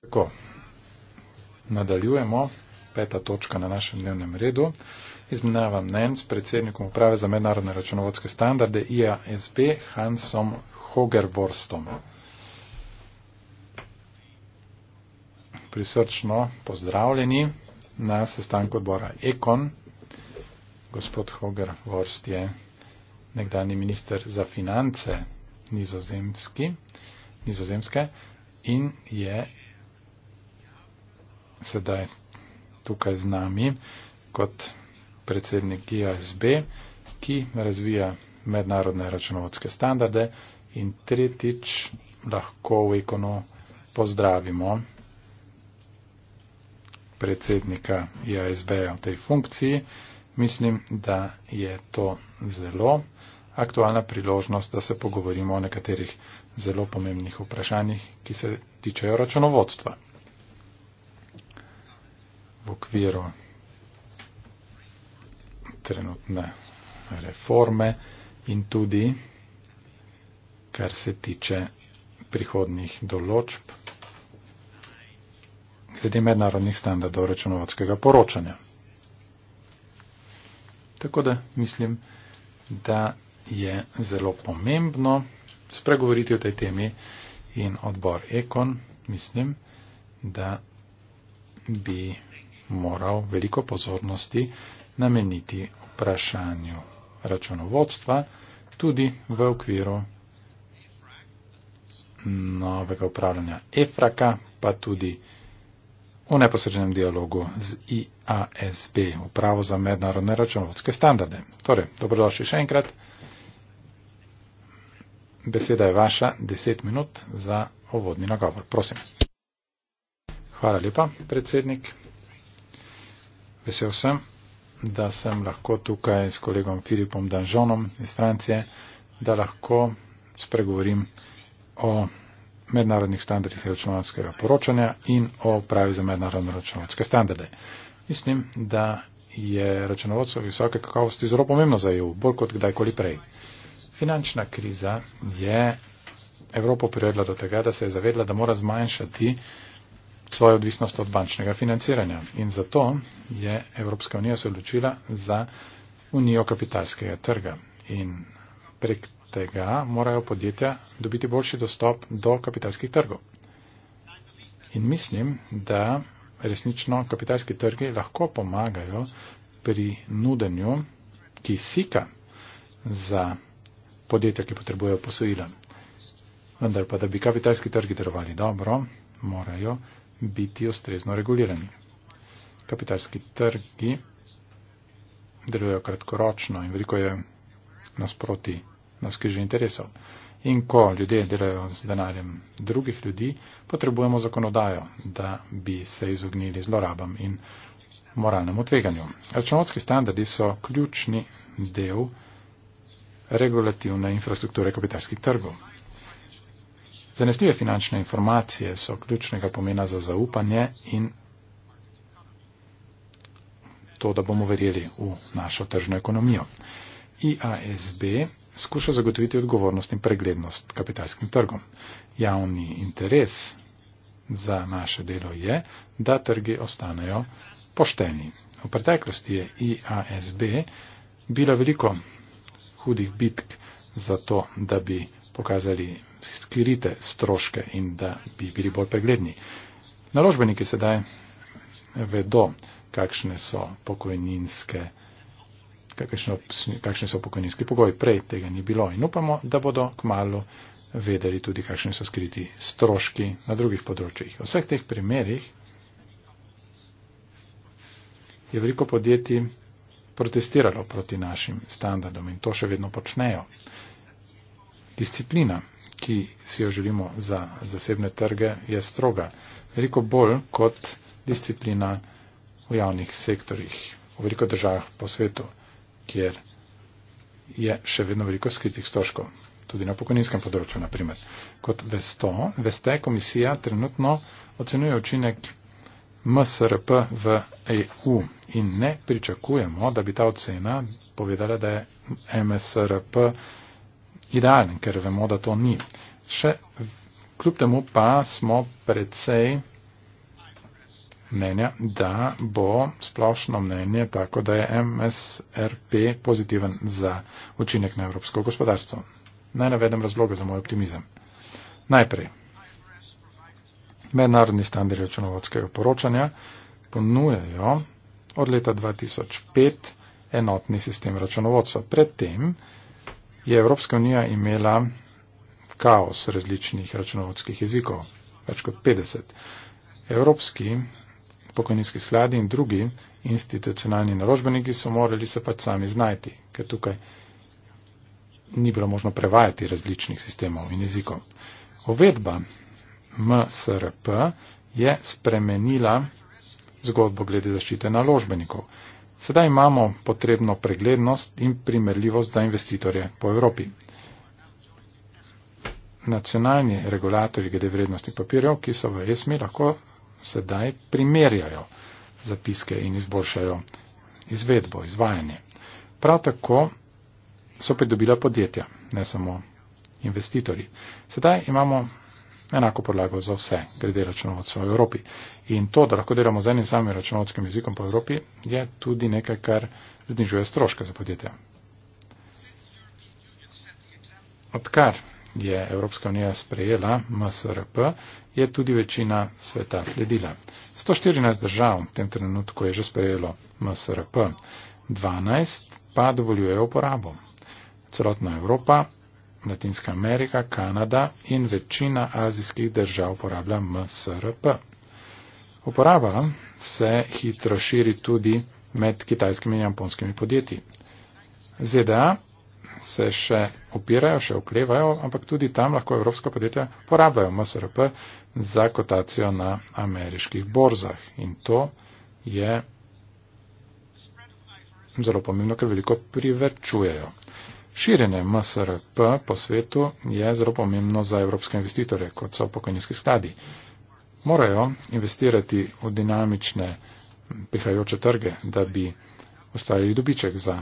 Tako, nadaljujemo, peta točka na našem dnevnem redu. Izmenjava mnen s predsednikom uprave za mednarodne računovodske standarde IASB Hansom Hogervorstom. Prisrčno pozdravljeni na sestanku odbora Ekon. Gospod Hogervorst je nekdani minister za finance nizozemski nizozemske in je sedaj tukaj z nami kot predsednik GSB, ki razvija mednarodne računovodske standarde in tretjič lahko v ikonu pozdravimo predsednika GSB v tej funkciji. Mislim, da je to zelo aktualna priložnost, da se pogovorimo o nekaterih zelo pomembnih vprašanjih, ki se tičejo računovodstva. V okviru trenutne reforme in tudi, kar se tiče prihodnih določb, glede mednarodnih standardov računovodskega poročanja. Tako da mislim, da je zelo pomembno, spregovoriti o tej temi in odbor Ekon, mislim, da bi moral veliko pozornosti nameniti vprašanju računovodstva, tudi v okviru novega upravljanja EFRAKA, pa tudi v neposrednem dialogu z IASB, upravo za mednarodne računovodske standarde. Torej, dobrodošli še enkrat. Beseda je vaša, deset minut za ovodni nagovor. Prosim. Hvala lepa, predsednik. Vesel sem, da sem lahko tukaj s kolegom Filipom Danžonom iz Francije, da lahko spregovorim o mednarodnih standardih računovodskega poročanja in o pravi za mednarodne računovodske standarde. Mislim, da je računovodstvo visoke kakovosti zelo pomembno za EU, bolj kot kdajkoli prej. Finančna kriza je Evropo privedla do tega, da se je zavedla, da mora zmanjšati svojo odvisnost od bančnega financiranja. In zato je Evropska unija se odločila za unijo kapitalskega trga. In prek tega morajo podjetja dobiti boljši dostop do kapitalskih trgov. In mislim, da resnično kapitalski trgi lahko pomagajo pri nudenju kisika za podjetja, ki potrebujejo posojila. Vendar pa, da bi kapitalski trgi delovali dobro, morajo biti ustrezno regulirani. Kapitalski trgi delujejo kratkoročno in veliko je nasproti nas, ki že interesov. In ko ljudje delajo z denarjem drugih ljudi, potrebujemo zakonodajo, da bi se izognili zlorabam in moralnemu tveganju. Računovodski standardi so ključni del regulativne infrastrukture kapitalskih trgov. Zanesljive finančne informacije so ključnega pomena za zaupanje in to, da bomo verjeli v našo tržno ekonomijo. IASB skuša zagotoviti odgovornost in preglednost kapitalskim trgom. Javni interes za naše delo je, da trgi ostanejo pošteni. V preteklosti je IASB bila veliko hudih bitk za to, da bi pokazali skirite stroške in da bi bili bolj pregledni. Naložbeniki sedaj vedo, kakšne so pokojninske kakšne so pokojninski pogoji. Prej tega ni bilo in upamo, da bodo kmalo vedeli tudi, kakšne so skriti stroški na drugih področjih. V vseh teh primerih je veliko podjetij protestiralo proti našim standardom in to še vedno počnejo. Disciplina, ki si jo želimo za zasebne trge, je stroga. Veliko bolj kot disciplina v javnih sektorjih, v veliko državah po svetu, kjer je še vedno veliko skritih stroškov, tudi na pokojninskem področju, naprimer. Kot veste, komisija trenutno ocenjuje učinek MSRP v EU. In ne pričakujemo, da bi ta ocena povedala, da je MSRP idealen, ker vemo, da to ni. Še kljub temu pa smo predvsej mnenja, da bo splošno mnenje tako, da je MSRP pozitiven za učinek na evropsko gospodarstvo. Naj navedem razloge za moj optimizem. Najprej, Mednarodni standardi računovodskega poročanja ponujajo od leta 2005 enotni sistem računovodstva. Predtem je Evropska unija imela kaos različnih računovodskih jezikov, več kot 50. Evropski pokojninski skladi in drugi institucionalni naložbeniki so morali se pač sami znajti, ker tukaj ni bilo možno prevajati različnih sistemov in jezikov. Ovedba MSRP je spremenila zgodbo glede zaščite naložbenikov. Sedaj imamo potrebno preglednost in primerljivost za investitorje po Evropi. Nacionalni regulatorji glede vrednostnih papirjev, ki so v ESMI, lahko sedaj primerjajo zapiske in izboljšajo izvedbo, izvajanje. Prav tako so pridobila podjetja, ne samo investitorji. Sedaj imamo enako podlago za vse glede računovodstva v Evropi. In to, da lahko delamo z enim samim računovodskim jezikom po Evropi, je tudi nekaj, kar znižuje stroške za podjetja. Odkar je Evropska unija sprejela MSRP, je tudi večina sveta sledila. 114 držav v tem trenutku je že sprejelo MSRP, 12 pa dovoljuje uporabo. Celotna Evropa Latinska Amerika, Kanada in večina azijskih držav uporablja MSRP. Uporaba se hitro širi tudi med kitajskimi in japonskimi podjetji. ZDA se še upirajo, še oklevajo, ampak tudi tam lahko evropska podjetja porabljajo MSRP za kotacijo na ameriških borzah. In to je zelo pomembno, ker veliko privrčujejo. Širjenje MSRP po svetu je zelo pomembno za evropske investitore, kot so pokojninski skladi. Morajo investirati v dinamične prihajajoče trge, da bi ustvarili dobiček za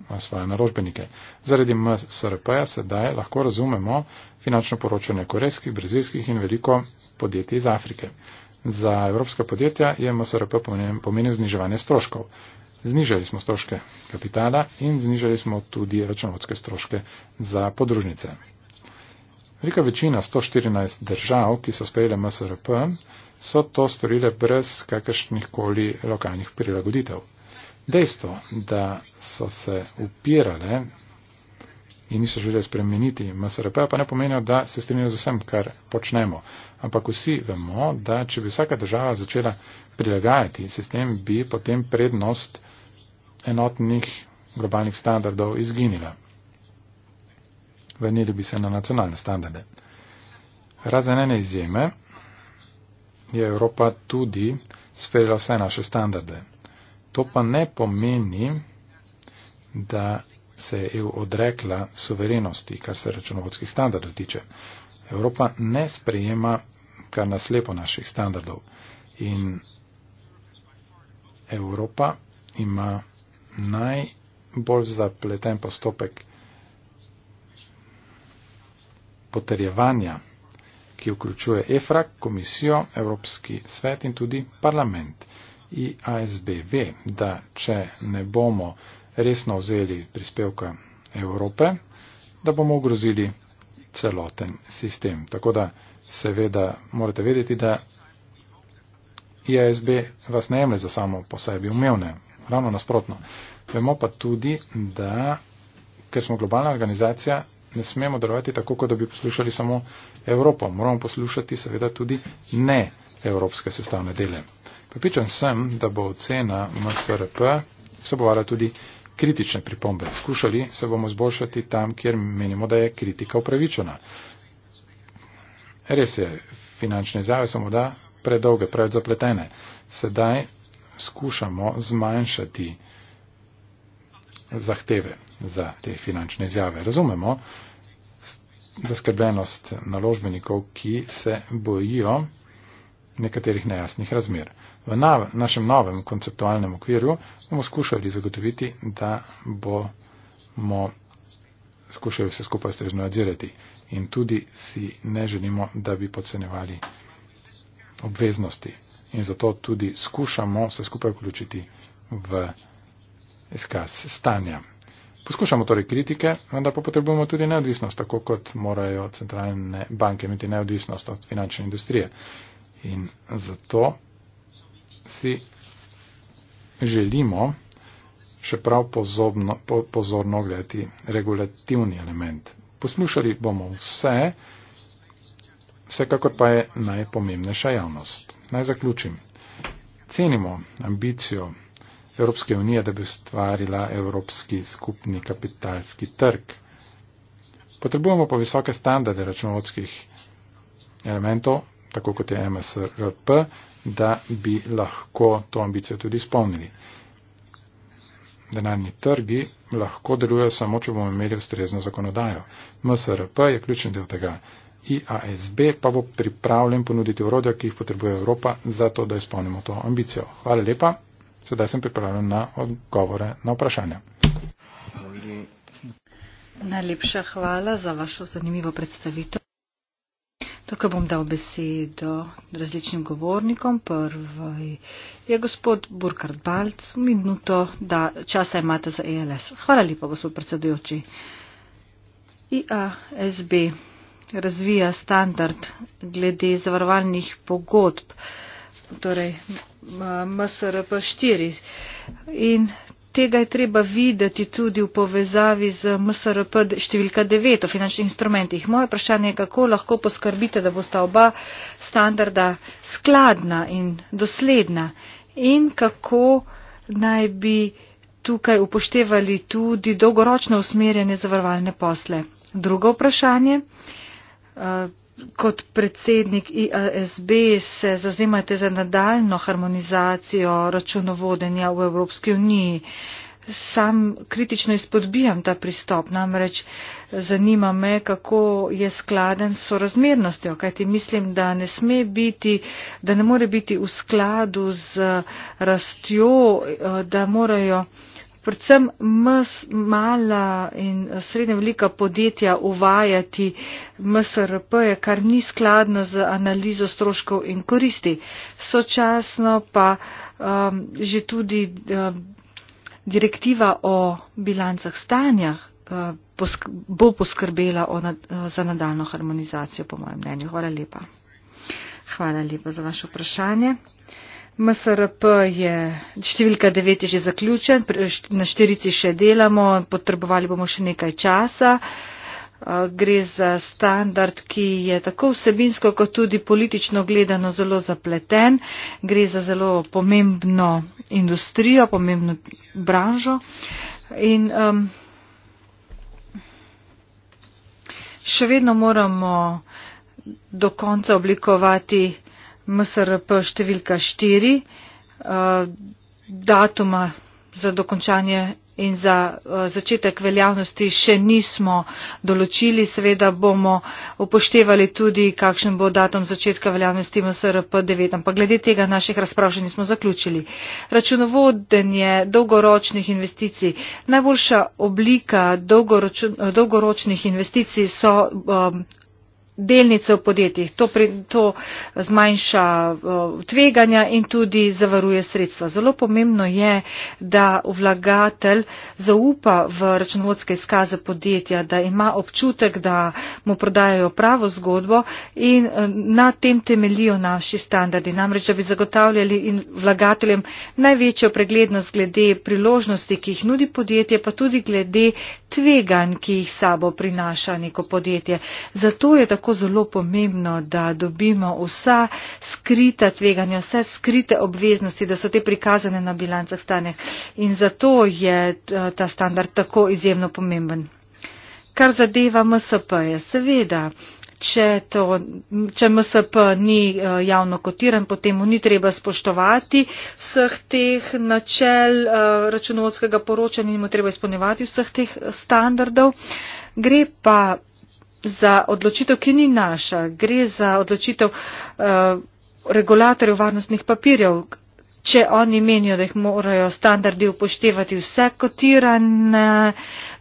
eh, svoje naložbenike. Zaradi MSRP-ja sedaj lahko razumemo finančno poročanje korejskih, brazilskih in veliko podjetij iz Afrike. Za evropska podjetja je MSRP pomenil zniževanje stroškov. Znižali smo stroške kapitala in znižali smo tudi računovodske stroške za podružnice. Velika večina 114 držav, ki so sprejele MSRP, so to storile brez kakršnih koli lokalnih prilagoditev. Dejstvo, da so se upirale in niso želeli spremeniti MSRP, pa ne pomeni, da se strinjajo z vsem, kar počnemo. Ampak vsi vemo, da če bi vsaka država začela prilagajati sistem, bi potem prednost enotnih globalnih standardov izginila. Vrnili bi se na nacionalne standarde. Razen ene izjeme je Evropa tudi sferila vse naše standarde. To pa ne pomeni, da se je EU odrekla suverenosti, kar se računovodskih standardov tiče. Evropa ne sprejema kar naslepo naših standardov in Evropa ima najbolj zapleten postopek potrjevanja, ki vključuje EFRAK, komisijo, Evropski svet in tudi parlament in ASB ve, da če ne bomo resno vzeli prispevka Evrope, da bomo ogrozili celoten sistem. Tako da seveda morate vedeti, da ISB vas ne jemlje za samo po sebi umevne ravno nasprotno. Vemo pa tudi, da, ker smo globalna organizacija, ne smemo delovati tako, kot da bi poslušali samo Evropo. Moramo poslušati seveda tudi ne evropske sestavne dele. Pripričan sem, da bo ocena MSRP vsebovala tudi kritične pripombe. Skušali se bomo zboljšati tam, kjer menimo, da je kritika upravičena. Res je, finančne izjave so morda predolge, preveč zapletene. Sedaj skušamo zmanjšati zahteve za te finančne izjave. Razumemo zaskrbljenost naložbenikov, ki se bojijo nekaterih nejasnih razmer. V našem novem konceptualnem okviru bomo skušali zagotoviti, da bomo skušali vse skupaj strežno nadzirati in tudi si ne želimo, da bi podcenevali obveznosti in zato tudi skušamo se skupaj vključiti v izkaz stanja. Poskušamo torej kritike, vendar pa potrebujemo tudi neodvisnost, tako kot morajo centralne banke imeti neodvisnost od finančne industrije. In zato si želimo še prav pozorno, po, pozorno gledati regulativni element. Poslušali bomo vse, Vsekakor pa je najpomembnejša javnost. Naj zaključim. Cenimo ambicijo Evropske unije, da bi ustvarila evropski skupni kapitalski trg. Potrebujemo pa visoke standarde računovodskih elementov, tako kot je MSRP, da bi lahko to ambicijo tudi izpolnili. Denarni trgi lahko delujejo samo, če bomo imeli ustrezno zakonodajo. MSRP je ključen del tega. IASB pa bo pripravljen ponuditi urodja, ki jih potrebuje Evropa, zato da izpolnimo to ambicijo. Hvala lepa. Sedaj sem pripravljen na odgovore na vprašanja. Najlepša hvala za vašo zanimivo predstavitev. Tukaj bom dal besedo različnim govornikom. Prvi je gospod Burkard Balc. Minuto, da časa imate za ELS. Hvala lepa, gospod predsedujoči. IASB razvija standard glede zavarovalnih pogodb, torej MSRP4. In tega je treba videti tudi v povezavi z MSRP številka 9 o finančnih instrumentih. Moje vprašanje je, kako lahko poskrbite, da bosta oba standarda skladna in dosledna in kako naj bi tukaj upoštevali tudi dolgoročno usmerjene zavarovalne posle. Drugo vprašanje. Eh, kot predsednik IASB se zazemate za nadaljno harmonizacijo računovodenja v Evropski uniji. Sam kritično izpodbijam ta pristop, namreč zanima me, kako je skladen s sorazmernostjo, kajti mislim, da ne sme biti, da ne more biti v skladu z rastjo, eh, da morajo predvsem ms, mala in srednje velika podjetja uvajati MSRP-je, kar ni skladno z analizo stroškov in koristi. Sočasno pa um, že tudi um, direktiva o bilancah stanjah uh, bo poskrbela uh, za nadaljno harmonizacijo, po mojem mnenju. Hvala lepa. Hvala lepa za vaše vprašanje. MSRP je številka 9 je že zaključen, na štirici še delamo, potrebovali bomo še nekaj časa. Gre za standard, ki je tako vsebinsko, kot tudi politično gledano zelo zapleten. Gre za zelo pomembno industrijo, pomembno branžo. In um, še vedno moramo do konca oblikovati MSRP številka 4, eh, datuma za dokončanje in za eh, začetek veljavnosti še nismo določili. Seveda bomo upoštevali tudi, kakšen bo datum začetka veljavnosti MSRP 9, ampak glede tega naših razprav še nismo zaključili. Računovodenje dolgoročnih investicij. Najboljša oblika dolgoročnih investicij so eh, delnice v podjetjih. To, pri, to zmanjša uh, tveganja in tudi zavaruje sredstva. Zelo pomembno je, da vlagatelj zaupa v računovodske izkaze podjetja, da ima občutek, da mu prodajajo pravo zgodbo in uh, na tem temelijo naši standardi. Namreč, da bi zagotavljali in vlagateljem največjo preglednost glede priložnosti, ki jih nudi podjetje, pa tudi glede tveganj, ki jih sabo prinaša neko podjetje. Zato je tako tako zelo pomembno, da dobimo vsa skrita tveganja, vse skrite obveznosti, da so te prikazane na bilancah stanja. In zato je eh, ta standard tako izjemno pomemben. Kar zadeva MSP je seveda. Če, to, če MSP ni eh, javno kotiran, potem mu ni treba spoštovati vseh teh načel eh, računovodskega poročanja in mu treba izpolnevati vseh teh standardov. Gre pa za odločitev, ki ni naša. Gre za odločitev uh, regulatorjev varnostnih papirjev, če oni menijo, da jih morajo standardi upoštevati vse kotirane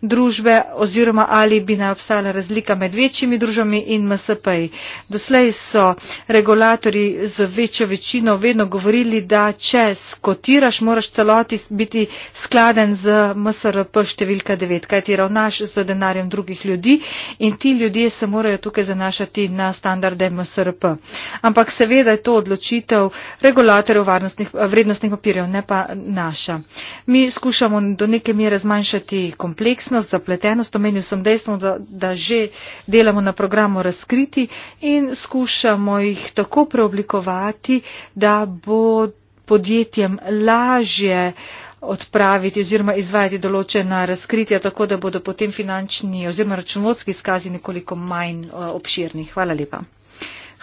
družbe oziroma ali bi naj obstala razlika med večjimi družbami in MSP-ji. Doslej so regulatori z večjo večino vedno govorili, da če skotiraš, moraš celoti biti skladen z MSRP številka 9, kaj ti ravnaš z denarjem drugih ljudi in ti ljudje se morajo tukaj zanašati na standarde MSRP. Ampak seveda je to odločitev regulatorjev varnostnih vrednostnih papirjev, ne pa naša. Mi skušamo do neke mere zmanjšati kompleksnost, zapletenost, omenil sem dejstvo, da, da že delamo na programu razkriti in skušamo jih tako preoblikovati, da bo podjetjem lažje odpraviti oziroma izvajati določena razkritja, tako da bodo potem finančni oziroma računovodski izkazi nekoliko manj eh, obširni. Hvala lepa.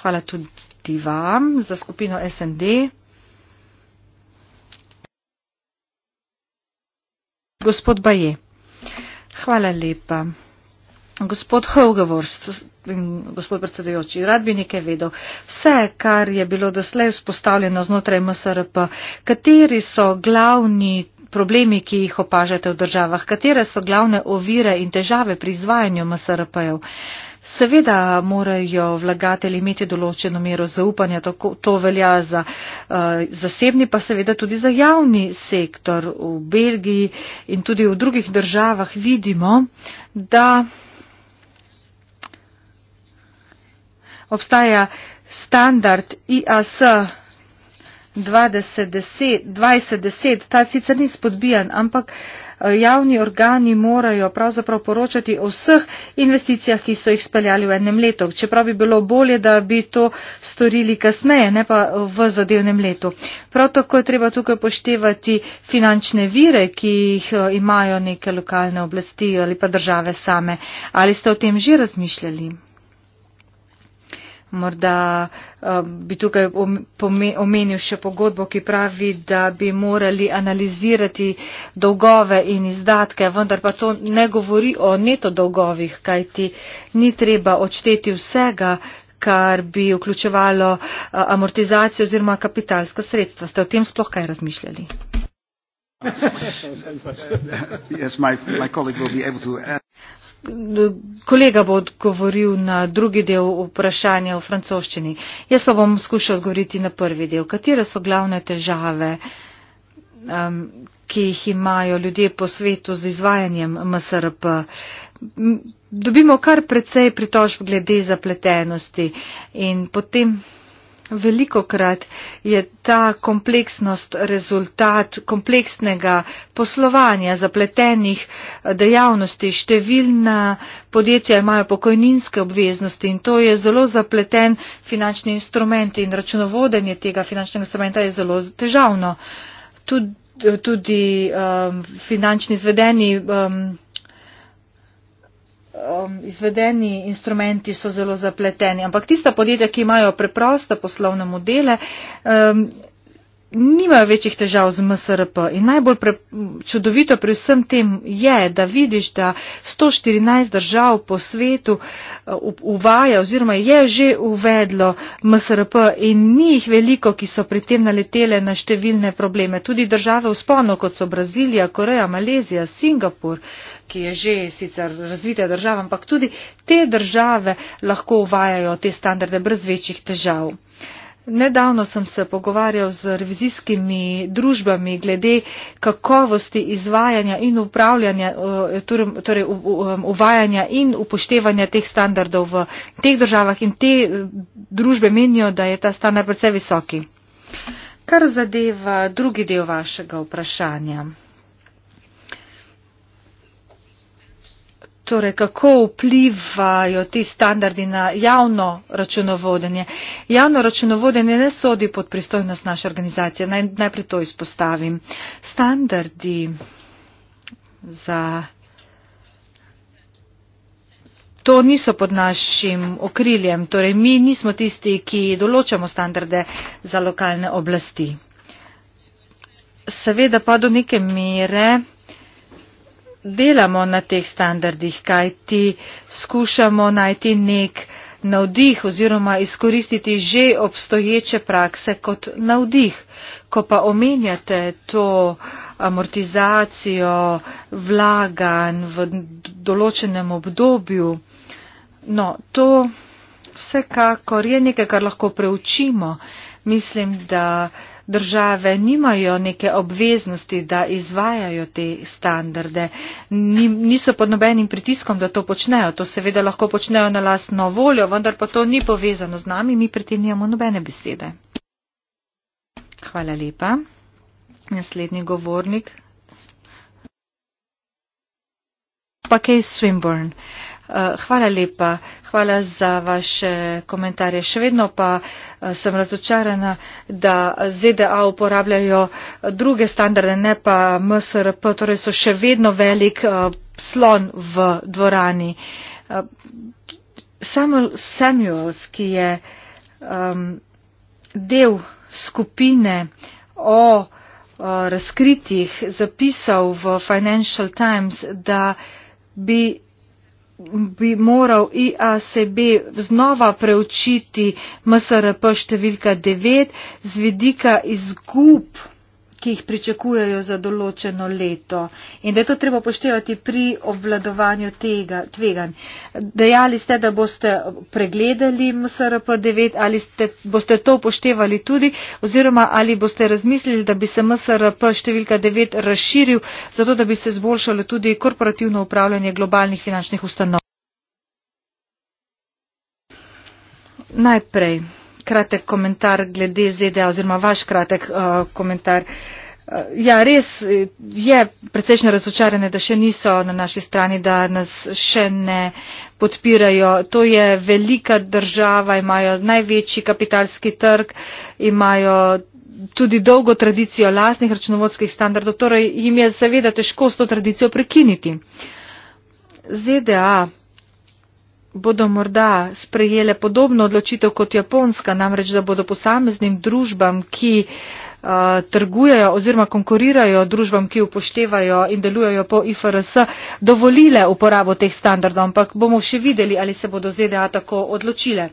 Hvala tudi vam za skupino SND. Gospod Baje. Hvala lepa. Gospod Hogevorst, gospod predsedujoči, rad bi nekaj vedel. Vse, kar je bilo doslej vzpostavljeno znotraj MSRP, kateri so glavni problemi, ki jih opažate v državah, katere so glavne ovire in težave pri izvajanju MSRP-ev, Seveda morajo vlagatelji imeti določeno mero zaupanja, tako, to velja za uh, zasebni, pa seveda tudi za javni sektor. V Belgiji in tudi v drugih državah vidimo, da obstaja standard IAS 2010, 2010 ta sicer ni spodbijan, ampak. Uh, javni organi morajo pravzaprav poročati o vseh investicijah, ki so jih speljali v enem letu. Čeprav bi bilo bolje, da bi to storili kasneje, ne pa v zadevnem letu. Prav tako je treba tukaj poštevati finančne vire, ki jih eh, imajo neke lokalne oblasti ali pa države same. Ali ste o tem že razmišljali? Morda um, bi tukaj omenil še pogodbo, ki pravi, da bi morali analizirati dolgove in izdatke, vendar pa to ne govori o neto dolgovih, kajti ni treba odšteti vsega, kar bi vključevalo uh, amortizacijo oziroma kapitalska sredstva. Ste o tem sploh kaj razmišljali? yes, my, my kolega bo odgovoril na drugi del vprašanja o francoščini. Jaz pa bom skušal odgovoriti na prvi del. Katere so glavne težave, um, ki jih imajo ljudje po svetu z izvajanjem MSRP? Dobimo kar precej pritožb glede zapletenosti in potem Veliko krat je ta kompleksnost rezultat kompleksnega poslovanja, zapletenih eh, dejavnosti. Številna podjetja imajo pokojninske obveznosti in to je zelo zapleten finančni instrument in računovodenje tega finančnega instrumenta je zelo težavno. Tudi, tudi eh, um, finančni izvedeni. Um, um, izvedeni instrumenti so zelo zapleteni. Ampak tista podjetja, ki imajo preproste poslovne modele, um, nimajo večjih težav z MSRP. In najbolj pre, čudovito pri vsem tem je, da vidiš, da 114 držav po svetu uh, uvaja oziroma je že uvedlo MSRP in ni jih veliko, ki so pri tem naletele na številne probleme. Tudi države v spono, kot so Brazilija, Koreja, Malezija, Singapur. Uh, ki je že sicer razvita država, ampak tudi te države lahko uvajajo te standarde brez večjih težav. Nedavno sem se pogovarjal z revizijskimi družbami glede kakovosti izvajanja in upravljanja, eh, torej, torej um, uvajanja in upoštevanja teh standardov v teh državah in te eh, družbe menijo, da je ta standard predvsej visoki. Kar zadeva drugi del vašega vprašanja. torej kako vplivajo ti standardi na javno računovodenje. Javno računovodenje ne sodi pod pristojnost naše organizacije. Naj, najprej to izpostavim. Standardi za. To niso pod našim okriljem, torej mi nismo tisti, ki določamo standarde za lokalne oblasti. Seveda pa do neke mere delamo na teh standardih, kajti skušamo najti nek navdih oziroma izkoristiti že obstoječe prakse kot navdih. Ko pa omenjate to amortizacijo vlagan v določenem obdobju, no, to vsekakor je nekaj, kar lahko preučimo. Mislim, da države nimajo neke obveznosti, da izvajajo te standarde. Ni, niso pod nobenim pritiskom, da to počnejo. To seveda lahko počnejo na lastno voljo, vendar pa to ni povezano z nami, mi pri tem nimamo nobene besede. Hvala lepa. Naslednji govornik. Pa Kej Swinburne. Eh, hvala lepa. Hvala za vaše komentarje. Še vedno pa eh, sem razočarana, da ZDA uporabljajo eh, druge standarde, ne pa MSRP, torej so še vedno velik slon v dvorani. Samuel Samuels, ki je um, del skupine o razkritjih, zapisal v Financial Times, da bi bi moral IASB znova preučiti MSRP številka 9 z vidika izgub ki jih pričakujejo za določeno leto in da je to treba poštevati pri obvladovanju tega tveganj. Dejali ste, da boste pregledali MSRP9, ali ste, boste to poštevali tudi oziroma ali boste razmislili, da bi se MSRP številka 9 razširil, zato da bi se zboljšalo tudi korporativno upravljanje globalnih finančnih ustanov. Najprej kratek komentar glede ZDA oziroma vaš kratek uh, komentar. Uh, ja, res eh, je precejšnje razočarane, da še niso na naši strani, da nas še ne podpirajo. To je velika država, imajo največji kapitalski trg, imajo tudi dolgo tradicijo lastnih računovodskih standardov, torej jim je seveda težko s to tradicijo prekiniti. ZDA bodo morda sprejele podobno odločitev kot Japonska, namreč da bodo posameznim družbam, ki eh, trgujejo oziroma konkurirajo družbam, ki upoštevajo in delujejo po IFRS, dovolile uporabo teh standardov, ampak bomo še videli, ali se bodo ZDA tako odločile.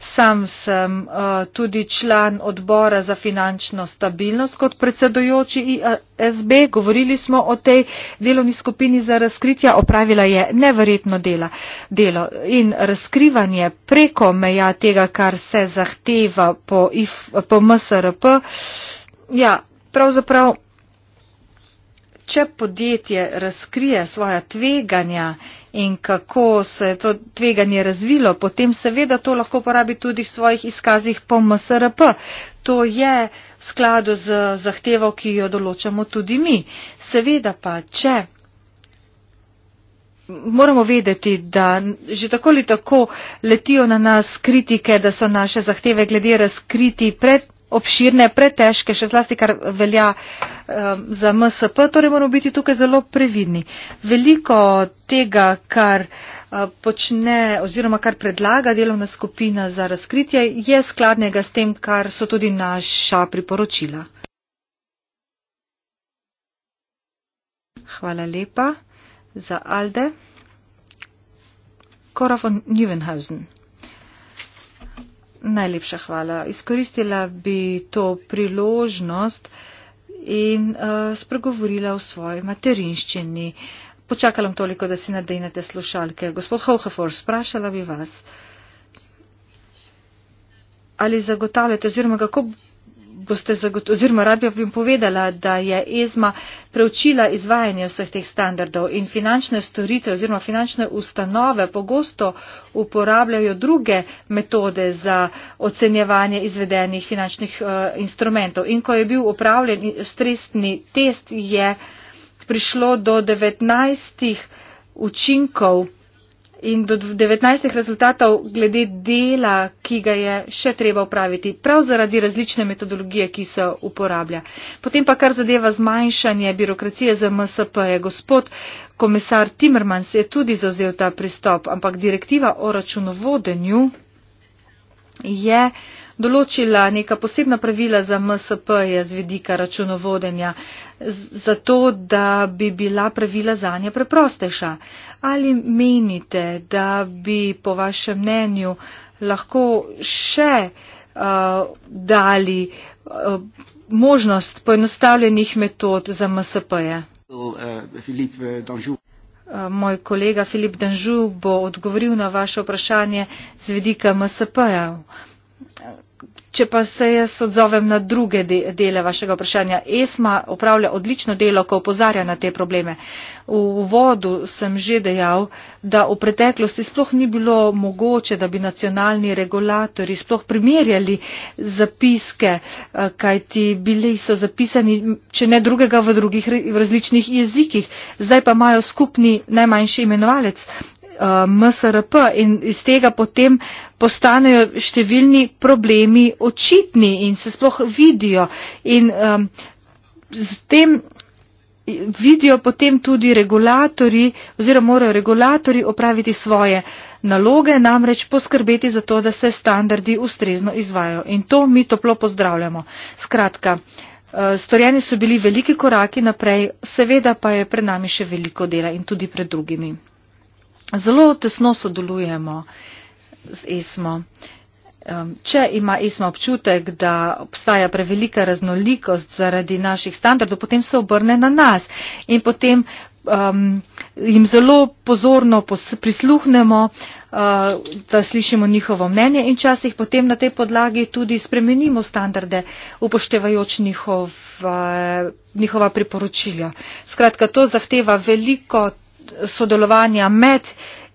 Sam sem uh, tudi član odbora za finančno stabilnost kot predsedojoči ISB. Govorili smo o tej delovni skupini za razkritja. Opravila je neverjetno dela, delo in razkrivanje preko meja tega, kar se zahteva po, IF, po MSRP. Ja, pravzaprav, če podjetje razkrije svoja tveganja, in kako se je to tveganje razvilo, potem seveda to lahko uporabi tudi v svojih izkazih po MSRP. To je v skladu z zahtevo, ki jo določamo tudi mi. Seveda pa, če moramo vedeti, da že tako ali tako letijo na nas kritike, da so naše zahteve glede razkriti pred obširne, pretežke, še zlasti kar velja um, za MSP, torej moramo biti tukaj zelo previdni. Veliko tega, kar uh, počne oziroma kar predlaga delovna skupina za razkritje, je skladnega s tem, kar so tudi naša priporočila. Hvala lepa za Alde. Korafon Nivenhausen. Najlepša hvala. Izkoristila bi to priložnost in uh, spregovorila o svoji materinščini. Počakala bom toliko, da si nadejnete slušalke. Gospod Hohefors, sprašala bi vas, ali zagotavljate oziroma kako boste zagotovili, oziroma rad bi vam povedala, da je ESMA preučila izvajanje vseh teh standardov in finančne storitve oziroma finančne ustanove pogosto uporabljajo druge metode za ocenjevanje izvedenih finančnih uh, instrumentov. In ko je bil upravljen stresni test, je prišlo do 19 učinkov in do 19 rezultatov glede dela, ki ga je še treba upraviti, prav zaradi različne metodologije, ki se uporablja. Potem pa kar zadeva zmanjšanje birokracije za MSP, je gospod komisar Timmermans je tudi zauzel ta pristop, ampak direktiva o računovodenju je določila neka posebna pravila za MSP je z vedika računovodenja, zato da bi bila pravila zanje preprostejša. Ali menite, da bi po vašem mnenju lahko še uh, dali uh, možnost poenostavljenih metod za MSP-je? Uh, eh, moj kolega Filip Danžu bo odgovoril na vaše vprašanje z vedika MSP-jev. Če pa se jaz odzovem na druge dele vašega vprašanja, ESMA upravlja odlično delo, ko opozarja na te probleme. V vodu sem že dejal, da v preteklosti sploh ni bilo mogoče, da bi nacionalni regulatori sploh primerjali zapiske, eh, kaj ti bili so zapisani, če ne drugega, v drugih v različnih jezikih. Zdaj pa imajo skupni najmanjši imenovalec Eh, MSRP in iz tega potem postanejo številni problemi očitni in se sploh vidijo. In um, z tem vidijo potem tudi regulatori oziroma morajo regulatori opraviti svoje naloge, namreč poskrbeti za to, da se standardi ustrezno izvajo. In to mi toplo pozdravljamo. Skratka, eh, storjeni so bili veliki koraki naprej, seveda pa je pred nami še veliko dela in tudi pred drugimi. Zelo tesno sodelujemo z ESMO. Če ima ESMO občutek, da obstaja prevelika raznolikost zaradi naših standardov, potem se obrne na nas in potem um, jim zelo pozorno prisluhnemo, uh, da slišimo njihovo mnenje in časih potem na tej podlagi tudi spremenimo standarde, upoštevajoč njihov, uh, njihova priporočila. Skratka, to zahteva veliko sodelovanja med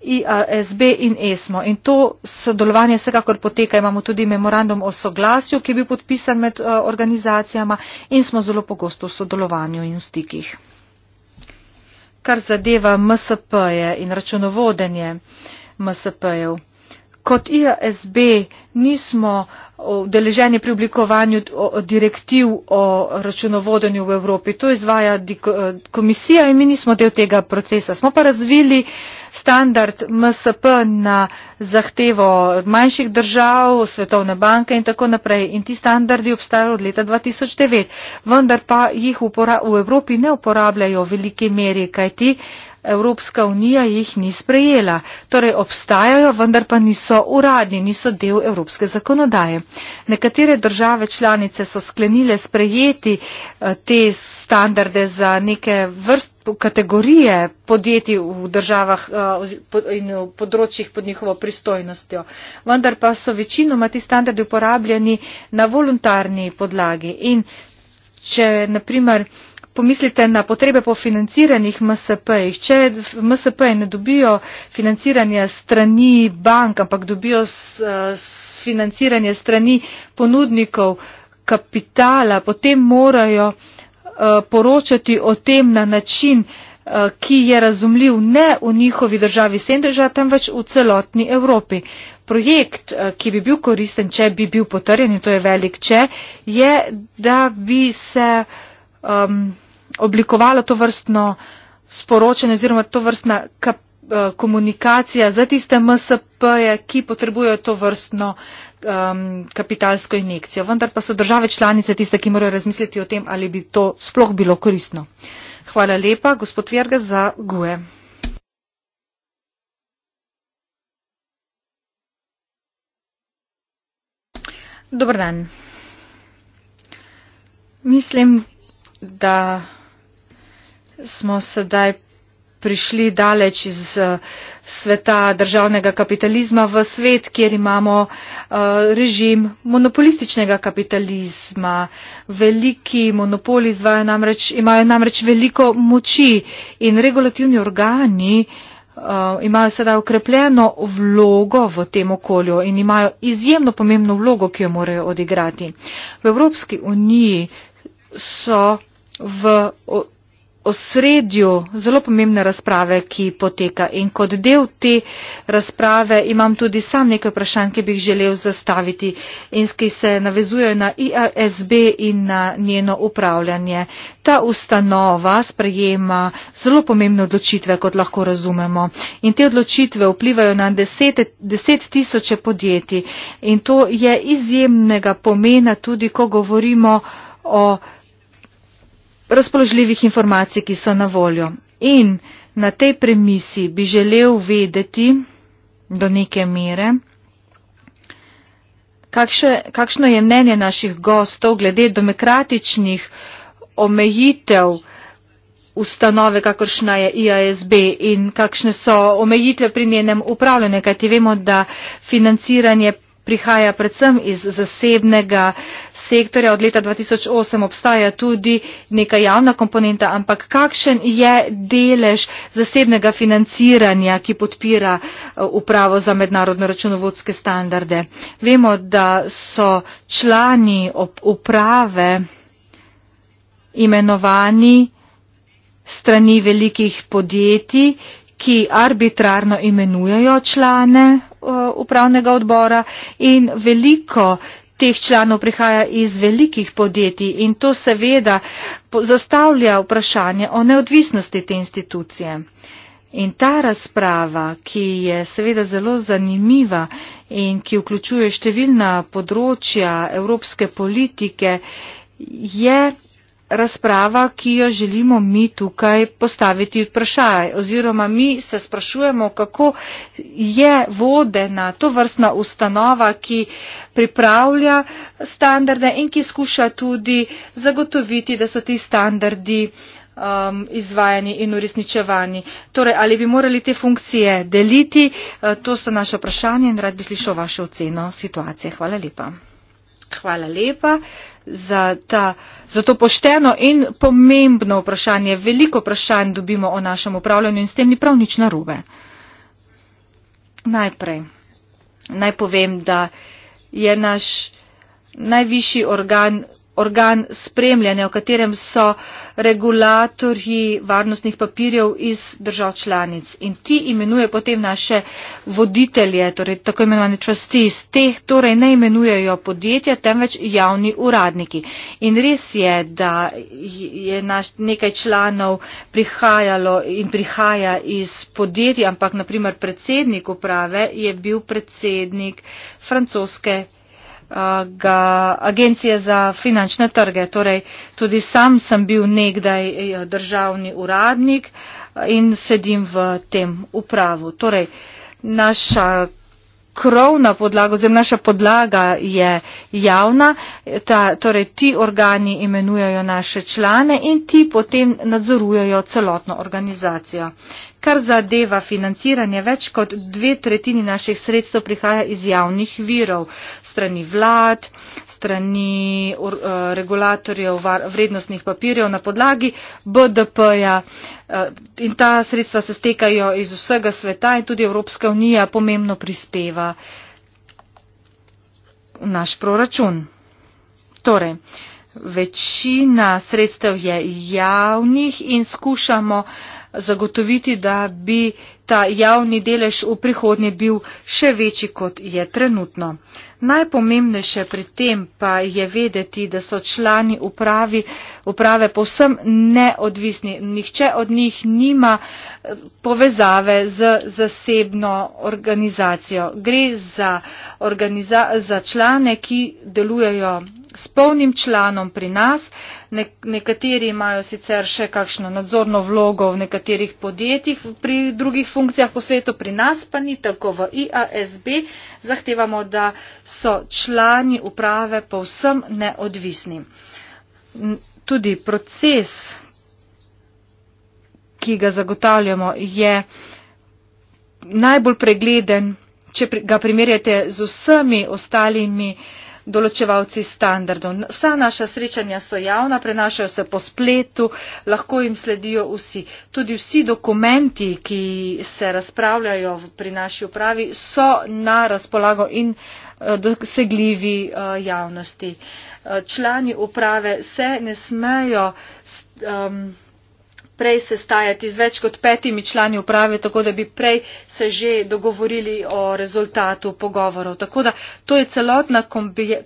iasb in esmo in to sodelovanje vsekakor poteka imamo tudi memorandum o soglasju ki je bil podpisan med eh, organizacijama in smo zelo pogosto v sodelovanju in v stikih kar zadeva msp je in računovodenje msp jev kot esb nismo udeleženi pri oblikovanju direktiv o računovodenju v evropi to izvaja komisija in mi nismo del tega procesa smo pa razvili standard msp na zahtevo manjših držav svetovne banke in tako naprej in ti standardi obstajajo od leta dva tisoč devet vendar pa jih v evropi ne uporabljajo v veliki meri kajti Evropska unija jih ni sprejela. Torej obstajajo, vendar pa niso uradni, niso del evropske zakonodaje. Nekatere države članice so sklenile sprejeti eh, te standarde za neke vrst kategorije podjetij v državah eh, in v področjih pod njihovo pristojnostjo. Vendar pa so večinoma ti standardi uporabljeni na voluntarni podlagi. In če, naprimer, pomislite na potrebe po financiranih msp jih če msp ji ne dobijo financiranja s strani bank ampak dobijo financiranje s strani ponudnikov kapitala potem morajo eh, poročati o tem na način eh, ki je razumljiv ne v njihovi državi sendeža temveč v celotni evropi projekt eh, ki bi bil koristen če bi bil potrjen in to je velik če je da bi se um, oblikovalo to vrstno sporočanje oziroma to vrstna eh, komunikacija za tiste MSP, -je, ki potrebujejo to vrstno um, kapitalsko injekcijo. Vendar pa so države članice tiste, ki morajo razmisliti o tem, ali bi to sploh bilo koristno. Hvala lepa, gospod Verga, za GUE. Dobar dan. Mislim, da smo sedaj prišli daleč iz eh, sveta državnega kapitalizma v svet, kjer imamo eh, režim monopolističnega kapitalizma. Veliki monopoli namreč, imajo namreč veliko moči in regulativni organi eh, imajo sedaj okrepljeno vlogo v tem okolju in imajo izjemno pomembno vlogo, ki jo morajo odigrati. V Evropski uniji so v osredju zelo pomembne razprave, ki poteka. In kot del te razprave imam tudi sam nekaj vprašanj, ki bi jih želel zastaviti in ki se navezujejo na IASB in na njeno upravljanje. Ta ustanova sprejema zelo pomembne odločitve, kot lahko razumemo. In te odločitve vplivajo na deset, deset tisoče podjetij. In to je izjemnega pomena tudi, ko govorimo o razpoložljivih informacij, ki so na voljo. In na tej premisi bi želel vedeti do neke mere, kakše, kakšno je mnenje naših gostov glede demokratičnih omejitev ustanove, kakršna je IASB in kakšne so omejitve pri njenem upravljanju, kajti vemo, da financiranje prihaja predvsem iz zasebnega sektorja od leta 2008 obstaja tudi neka javna komponenta, ampak kakšen je delež zasebnega financiranja, ki podpira uh, upravo za mednarodno računovodske standarde? Vemo, da so člani uprave imenovani strani velikih podjetij, ki arbitrarno imenujejo člane uh, upravnega odbora in veliko teh članov prihaja iz velikih podjetij in to seveda zastavlja vprašanje o neodvisnosti te institucije. In ta razprava, ki je seveda zelo zanimiva in ki vključuje številna področja evropske politike, je razprava, ki jo želimo mi tukaj postaviti vprašaj. Oziroma mi se sprašujemo, kako je vodena to vrstna ustanova, ki pripravlja standarde in ki skuša tudi zagotoviti, da so ti standardi um, izvajani in uresničevani. Torej, ali bi morali te funkcije deliti, uh, to so naše vprašanje in rad bi slišal vašo oceno situacije. Hvala lepa. Hvala lepa za, ta, za to pošteno in pomembno vprašanje. Veliko vprašanj dobimo o našem upravljanju in s tem ni prav nič narobe. Najprej naj povem, da je naš najvišji organ organ spremljanja, v katerem so regulatorji varnostnih papirjev iz držav članic. In ti imenuje potem naše voditelje, torej tako imenovane trustees. Teh torej ne imenujejo podjetja, temveč javni uradniki. In res je, da je naš nekaj članov prihajalo in prihaja iz podjetij, ampak naprimer predsednik uprave je bil predsednik francoske ga agencije za finančne trge. Torej, tudi sam sem bil nekdaj e, državni uradnik in sedim v tem upravu. Torej, naša krovna podlaga oziroma naša podlaga je javna, ta, torej ti organi imenujejo naše člane in ti potem nadzorujejo celotno organizacijo kar zadeva financiranje, več kot dve tretjini naših sredstev prihaja iz javnih virov, strani vlad, strani eh, regulatorjev vrednostnih papirjev na podlagi BDP-ja. Eh, in ta sredstva se stekajo iz vsega sveta in tudi Evropska unija pomembno prispeva v naš proračun. Torej, večina sredstev je javnih in skušamo uh, zagotoviti, da bi ta javni delež v prihodnje bil še večji, kot je trenutno. Najpomembnejše pri tem pa je vedeti, da so člani upravi uprave povsem neodvisni. Nihče od njih nima eh, povezave z zasebno organizacijo. Gre za, organiza za člane, ki delujejo s polnim članom pri nas. Ne nekateri imajo sicer še kakšno nadzorno vlogo v nekaterih podjetjih, pri drugih funkcijah po svetu, pri nas pa ni tako v IASB. Zahtevamo, da so člani uprave povsem neodvisni tudi proces, ki ga zagotavljamo, je najbolj pregleden, če ga primerjate z vsemi ostalimi določevalci standardov. Vsa naša srečanja so javna, prenašajo se po spletu, lahko jim sledijo vsi. Tudi vsi dokumenti, ki se razpravljajo pri naši upravi, so na razpolago in eh, dosegljivi eh, javnosti člani uprave se ne smejo um, prej sestajati z več kot petimi člani uprave, tako da bi prej se že dogovorili o rezultatu pogovorov. Tako da to je celotna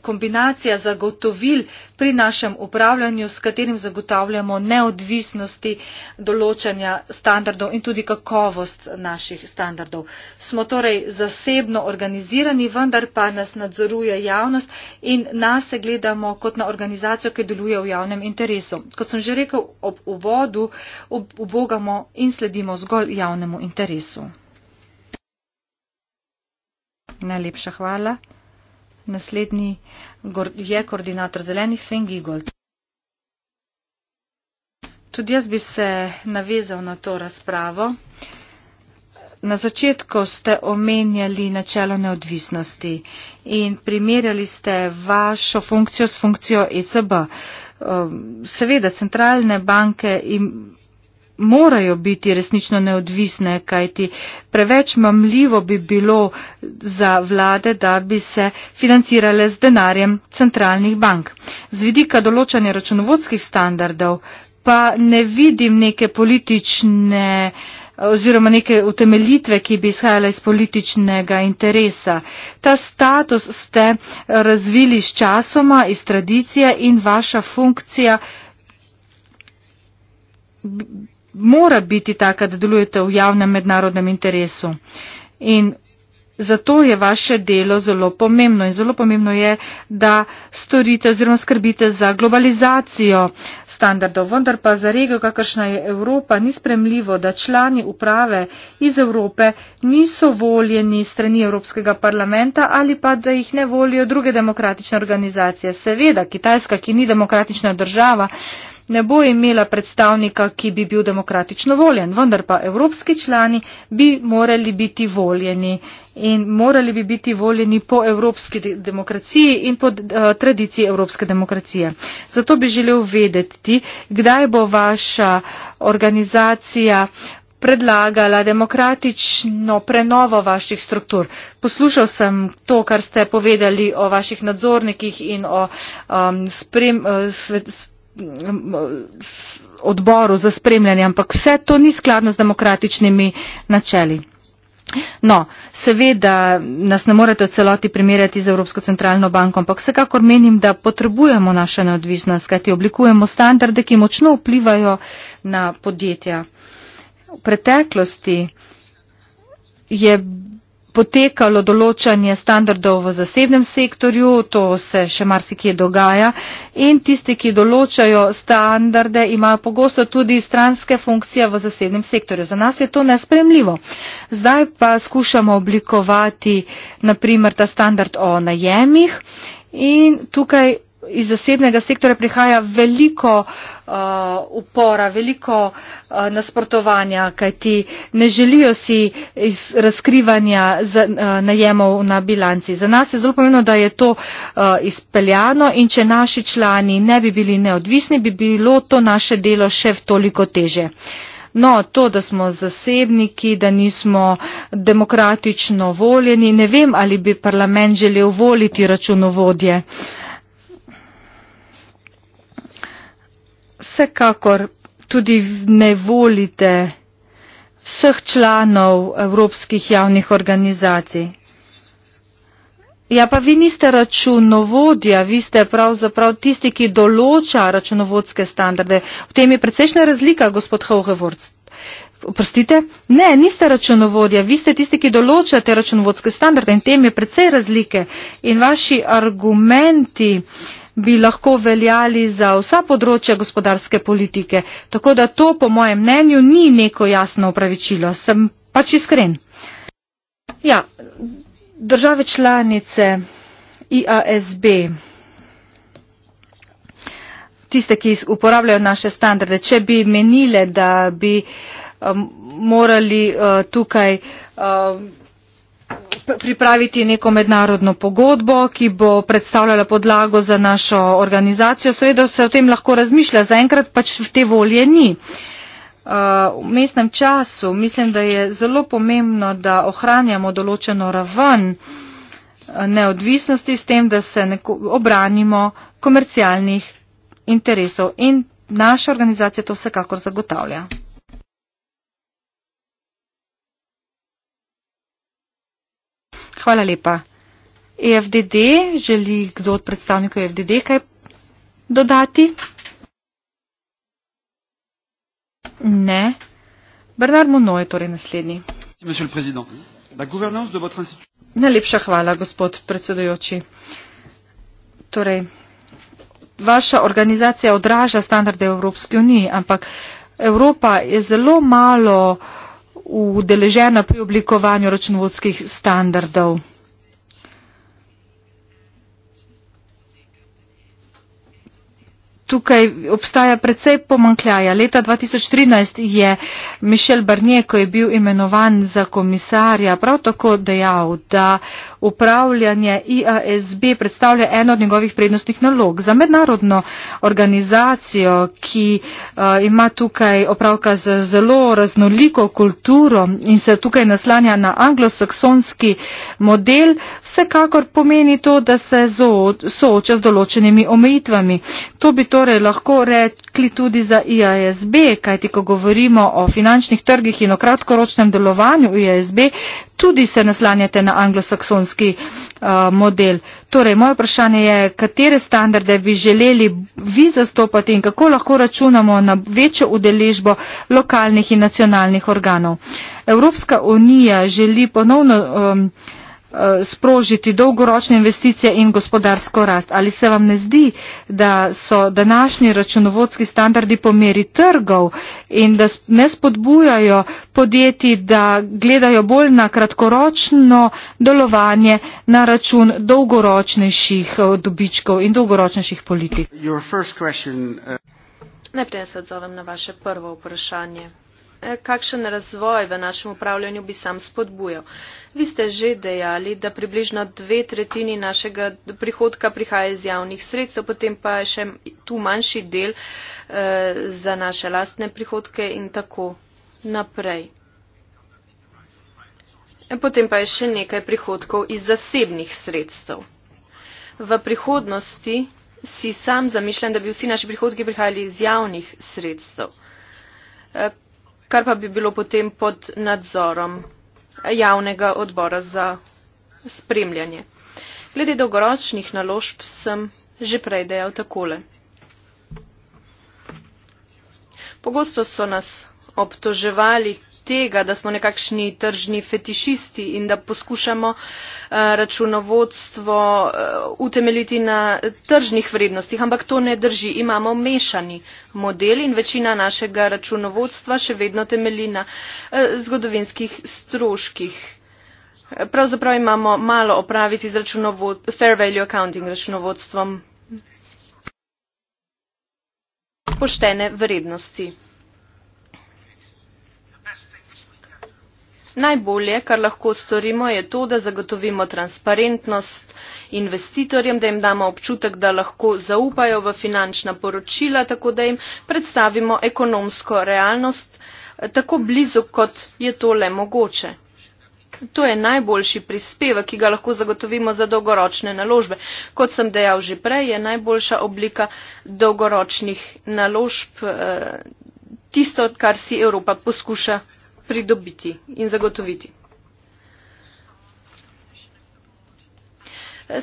kombinacija zagotovil pri našem upravljanju, s katerim zagotavljamo neodvisnosti določanja standardov in tudi kakovost naših standardov. Smo torej zasebno organizirani, vendar pa nas nadzoruje javnost in nas se gledamo kot na organizacijo, ki deluje v javnem interesu. Kot sem že rekel ob uvodu, ubogamo in sledimo zgolj javnemu interesu. Najlepša hvala. Naslednji je koordinator zelenih Sven Gigold. Tudi jaz bi se navezal na to razpravo. Na začetku ste omenjali načelo neodvisnosti in primerjali ste vašo funkcijo s funkcijo ECB. Ehm, seveda, centralne banke morajo biti resnično neodvisne, kajti preveč mamljivo bi bilo za vlade, da bi se financirale z denarjem centralnih bank. Z vidika določanja računovodskih standardov pa ne vidim neke politične oziroma neke utemeljitve, ki bi izhajala iz političnega interesa. Ta status ste razvili s časoma, iz tradicije in vaša funkcija mora biti taka, da delujete v javnem mednarodnem interesu. In zato je vaše delo zelo pomembno in zelo pomembno je, da storite oziroma skrbite za globalizacijo standardov. Vendar pa za regijo, kakršna je Evropa, ni spremljivo, da člani uprave iz Evrope niso voljeni strani Evropskega parlamenta ali pa da jih ne volijo druge demokratične organizacije. Seveda, Kitajska, ki ni demokratična država, ne bo imela predstavnika, ki bi bil demokratično voljen, vendar pa evropski člani bi morali biti voljeni in morali bi biti voljeni po evropski de demokraciji in po de eh, tradiciji evropske demokracije. Zato bi želel vedeti, kdaj bo vaša organizacija predlagala demokratično prenovo vaših struktur. Poslušal sem to, kar ste povedali o vaših nadzornikih in o um, sprem, eh, svet, Mm, odboru za spremljanje, ampak vse to ni skladno z demokratičnimi načeli. No, seveda nas ne morete v celoti primerjati z Evropsko centralno banko, ampak vsekakor menim, da potrebujemo našo neodvisnost, kajti oblikujemo standarde, ki močno vplivajo na podjetja. V preteklosti je potekalo določanje standardov v zasebnem sektorju, to se še marsikje dogaja, in tisti, ki določajo standarde, imajo pogosto tudi stranske funkcije v zasebnem sektorju. Za nas je to nespremljivo. Zdaj pa skušamo oblikovati, naprimer, ta standard o najemih in tukaj iz zasebnega sektorja prihaja veliko uh, upora, veliko uh, nasprotovanja, kajti ne želijo si razkrivanja z, uh, najemov na bilanci. Za nas je zelo pomembno, da je to uh, izpeljano in če naši člani ne bi bili neodvisni, bi bilo to naše delo še toliko teže. No, to, da smo zasebniki, da nismo demokratično voljeni, ne vem, ali bi parlament želel voliti računovodje. Uh, vsekakor tudi ne volite vseh članov evropskih javnih organizacij. Ja, pa vi niste računovodja, vi ste pravzaprav tisti, ki določa računovodske standarde. V tem je precejšna razlika, gospod Hauhevorc. Oprostite? Ne, niste računovodja, vi ste tisti, ki določate računovodske standarde in tem je precej razlike. In vaši argumenti, uh, bi lahko veljali za vsa področja gospodarske politike. Tako da to, po mojem mnenju, ni neko jasno opravičilo. Sem pač iskren. Ja, države članice IASB, tiste, ki uporabljajo naše standarde, če bi menile, da bi um, morali uh, tukaj. Um, pripraviti neko mednarodno pogodbo, ki bo predstavljala podlago za našo organizacijo. Seveda se o tem lahko razmišlja, zaenkrat pač te volje ni. Uh, v mestnem času mislim, da je zelo pomembno, da ohranjamo določeno raven uh, neodvisnosti s tem, da se obranimo komercialnih interesov in naša organizacija to vsekakor zagotavlja. Hvala lepa. EFDD, želi kdo od predstavnikov EFDD kaj dodati? Ne. Bernard Monod je torej naslednji. Najlepša hvala, gospod predsedujoči. Torej, vaša organizacija odraža standarde Evropske unije, ampak Evropa je zelo malo uh, udeležena pri oblikovanju računovodskih standardov. Tukaj obstaja precej pomankljaja. Leta 2013 je Mišel Barnier, ko je bil imenovan za komisarja, prav tako dejal, da upravljanje IASB predstavlja eno od njegovih prednostnih nalog. Za mednarodno organizacijo, ki eh, ima tukaj opravka z zelo raznoliko kulturo in se tukaj naslanja na anglosaksonski model, vsekakor pomeni to, da se sooča z določenimi omejitvami. To bi torej lahko rekli tudi za IASB, kajti ko govorimo o finančnih trgih in o kratkoročnem delovanju IASB, tudi se naslanjate na anglosaksonski model bolonski eh, model. Torej, moje vprašanje je, katere standarde bi želeli vi zastopati in kako lahko računamo na večjo udeležbo lokalnih in nacionalnih organov. Evropska unija želi ponovno. Um, Eh, sprožiti dolgoročne investicije in gospodarsko rast. Ali se vam ne zdi, da so današnji računovodski standardi po meri trgov in da ne spodbujajo podjetij, da gledajo bolj na kratkoročno delovanje na račun dolgoročnejših eh, dobičkov in dolgoročnejših politik? Eh, Najprej se odzovem na vaše prvo vprašanje. Kakšen razvoj v našem upravljanju bi sam spodbujal? Vi ste že dejali, da približno dve tretjini našega prihodka prihaja iz javnih sredstev, potem pa je še tu manjši del eh, za naše lastne prihodke in tako naprej. Potem pa je še nekaj prihodkov iz zasebnih sredstev. V prihodnosti si sam zamišljam, da bi vsi naši prihodki prihajali iz javnih sredstev, eh, kar pa bi bilo potem pod nadzorom javnega odbora za spremljanje. Glede dolgoročnih naložb sem že prej dejal takole. Pogosto so nas obtoževali tega, da smo nekakšni tržni fetišisti in da poskušamo eh, računovodstvo eh, utemeliti na tržnih vrednostih, ampak to ne drži. Imamo mešani model in večina našega računovodstva še vedno temeli na eh, zgodovinskih stroških. Pravzaprav imamo malo opraviti z fair value accounting računovodstvom poštene vrednosti. najbolje kar lahko storimo je to da zagotovimo transparentnost investitorjem da jim damo občutek da lahko zaupajo v finančna poročila tako da jim predstavimo ekonomsko realnost eh, tako blizu kot je to le mogoče. To je najboljši prispevek, ki ga lahko zagotovimo za dolgoročne naložbe. Kot sem dejal že prej, je najboljša oblika dolgoročnih naložb eh, tisto, kar si Evropa poskuša pridobiti in zagotoviti.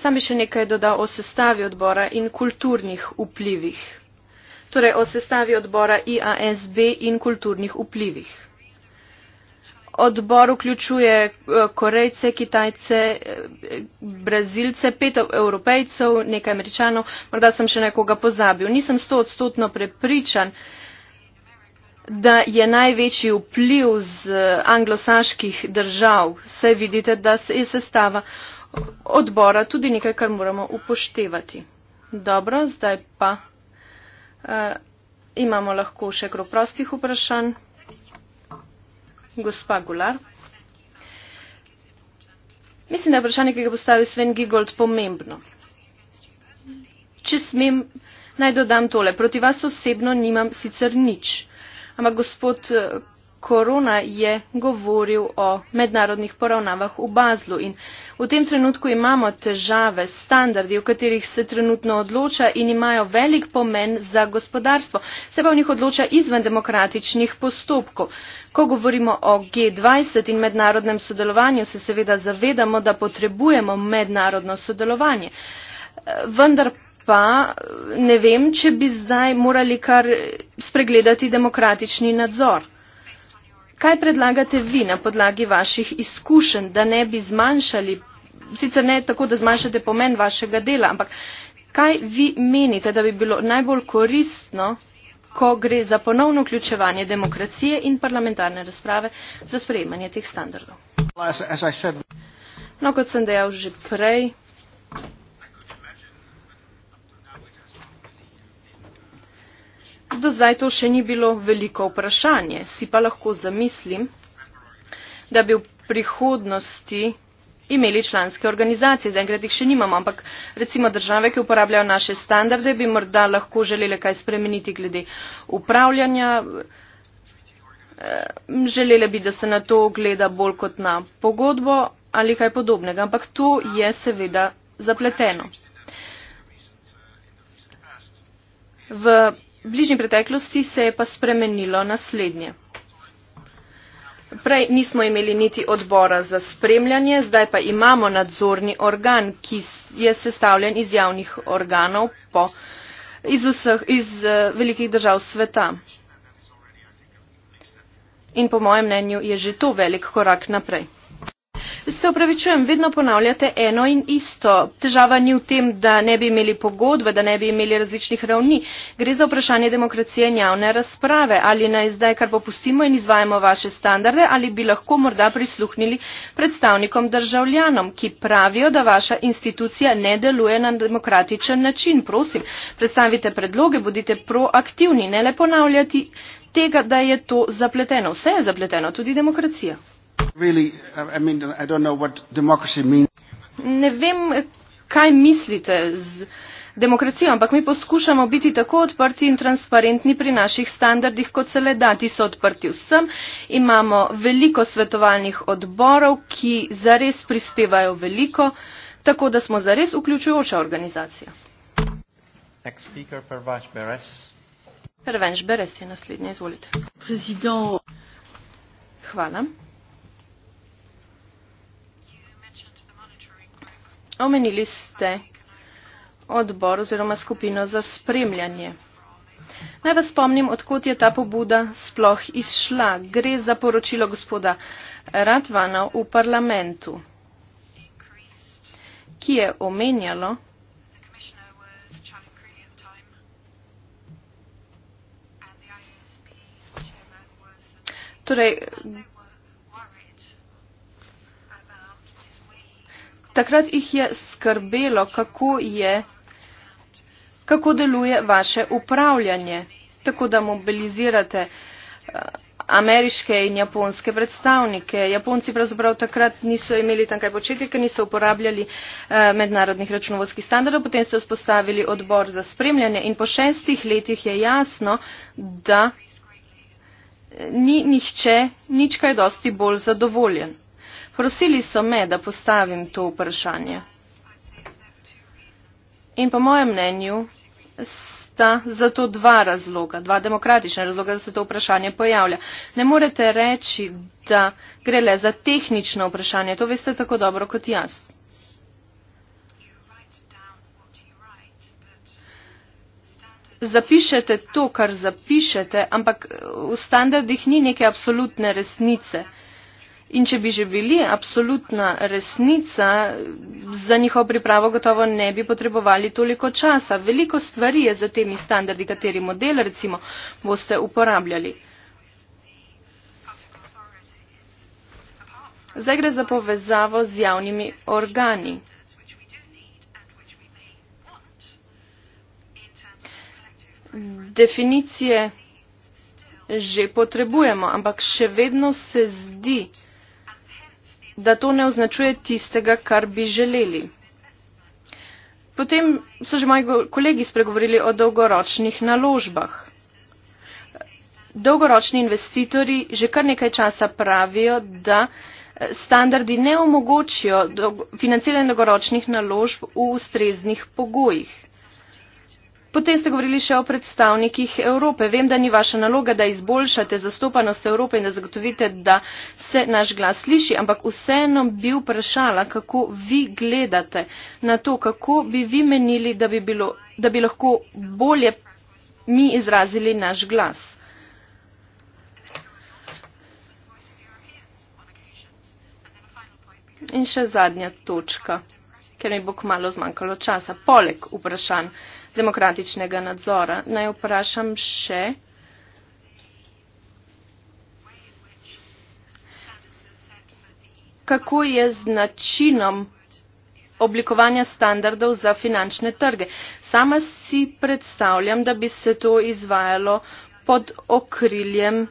Sam bi še nekaj dodal o sestavi odbora in kulturnih vplivih. Torej o sestavi odbora IASB in kulturnih vplivih. Odbor vključuje eh, Korejce, Kitajce, eh, Brazilce, pet evropejcev, nekaj američanov, morda sem še nekoga pozabil. Nisem sto odstotno prepričan, da je največji vpliv z eh, anglosaških držav. Vse vidite, da je sestava odbora tudi nekaj, kar moramo upoštevati. Dobro, zdaj pa uh, imamo lahko še gro prostih vprašanj. Gospa Gular. Mislim, da je vprašanje, ki ga postavi Sven Gigold, pomembno. Če smem, naj dodam tole. Proti vas osebno nimam sicer nič. Ampak gospod eh, Korona je govoril o mednarodnih poravnavah v Bazlu in v tem trenutku imamo težave s standardi, o katerih se trenutno odloča in imajo velik pomen za gospodarstvo. Se pa v njih odloča izven demokratičnih postopkov. Ko govorimo o G20 in mednarodnem sodelovanju, se seveda zavedamo, da potrebujemo mednarodno sodelovanje. Eh, vendar pa ne vem, če bi zdaj morali kar spregledati demokratični nadzor. Kaj predlagate vi na podlagi vaših izkušenj, da ne bi zmanjšali, sicer ne tako, da zmanjšate pomen vašega dela, ampak kaj vi menite, da bi bilo najbolj koristno, ko gre za ponovno vključevanje demokracije in parlamentarne razprave za sprejemanje teh standardov? No, kot sem dejal že prej, do zdaj to še ni bilo veliko vprašanje. Si pa lahko zamislim, da bi v prihodnosti imeli članske organizacije. Zaenkrat jih še nimamo, ampak recimo države, ki uporabljajo naše standarde, bi morda lahko želele kaj spremeniti glede upravljanja. Želele bi, da se na to gleda bolj kot na pogodbo ali kaj podobnega, ampak to je seveda zapleteno. V bližnji preteklosti se je pa spremenilo naslednje. Prej nismo imeli niti odbora za spremljanje, zdaj pa imamo nadzorni organ, ki je sestavljen iz javnih organov po, iz, vseh, iz eh, velikih držav sveta. In po mojem mnenju je že to velik korak naprej. Se upravičujem, vedno ponavljate eno in isto. Težava ni v tem, da ne bi imeli pogodbe, da ne bi imeli različnih ravni. Gre za vprašanje demokracije in javne razprave. Ali naj zdaj kar popustimo in izvajamo vaše standarde, ali bi lahko morda prisluhnili predstavnikom državljanom, ki pravijo, da vaša institucija ne deluje na demokratičen način. Prosim, predstavite predloge, bodite proaktivni, ne le ponavljati tega, da je to zapleteno. Vse je zapleteno, tudi demokracija. Ne vem, kaj mislite z demokracijo, ampak mi poskušamo biti tako odprti in transparentni pri naših standardih, kot se le da. Ti so odprti vsem. Imamo veliko svetovalnih odborov, ki zares prispevajo veliko, tako da smo zares vključujoča organizacija. Prevenš Beres je naslednji, izvolite. Hvala. Omenili ste odbor oziroma skupino za spremljanje. Naj vas spomnim, odkot je ta pobuda sploh izšla. Gre za poročilo gospoda Ratvana v parlamentu, ki je omenjalo, torej Takrat jih je skrbelo, kako, je, kako deluje vaše upravljanje, tako da mobilizirate eh, ameriške in japonske predstavnike. Japonci pravzaprav takrat niso imeli tam kaj početi, ker niso uporabljali eh, mednarodnih računovodskih standardov, potem so vzpostavili odbor za spremljanje in po šestih letih je jasno, da eh, ni nihče nič kaj dosti bolj zadovoljen. Prosili so me, da postavim to vprašanje. In po mojem mnenju sta zato dva razloga, dva demokratična razloga, da se to vprašanje pojavlja. Ne morete reči, da gre le za tehnično vprašanje, to veste tako dobro kot jaz. Zapišete to, kar zapišete, ampak v standardih ni neke absolutne resnice. In če bi že bili absolutna resnica, za njihovo pripravo gotovo ne bi potrebovali toliko časa. Veliko stvari je za temi standardi, kateri model recimo boste uporabljali. Zdaj gre za povezavo z javnimi organi. Definicije že potrebujemo, ampak še vedno se zdi, da je to, da to ne označuje tistega, kar bi želeli. Potem so že moji kolegi spregovorili o dolgoročnih naložbah. Dolgoročni investitorji že kar nekaj časa pravijo, da eh, standardi ne omogočijo financiranje dolgoročnih naložb v ustreznih pogojih. Potem ste govorili še o predstavnikih Evrope. Vem, da ni vaša naloga, da izboljšate zastopanost Evrope in da zagotovite, da se naš glas sliši, ampak vseeno bi vprašala, kako vi gledate na to, kako bi vi menili, da bi, bilo, da bi lahko bolje mi izrazili naš glas. In še zadnja točka, ker mi bo kmalo zmanjkalo časa, poleg vprašanj demokratičnega nadzora. Naj vprašam še, kako je z načinom oblikovanja standardov za finančne trge. Sama si predstavljam, da bi se to izvajalo pod okriljem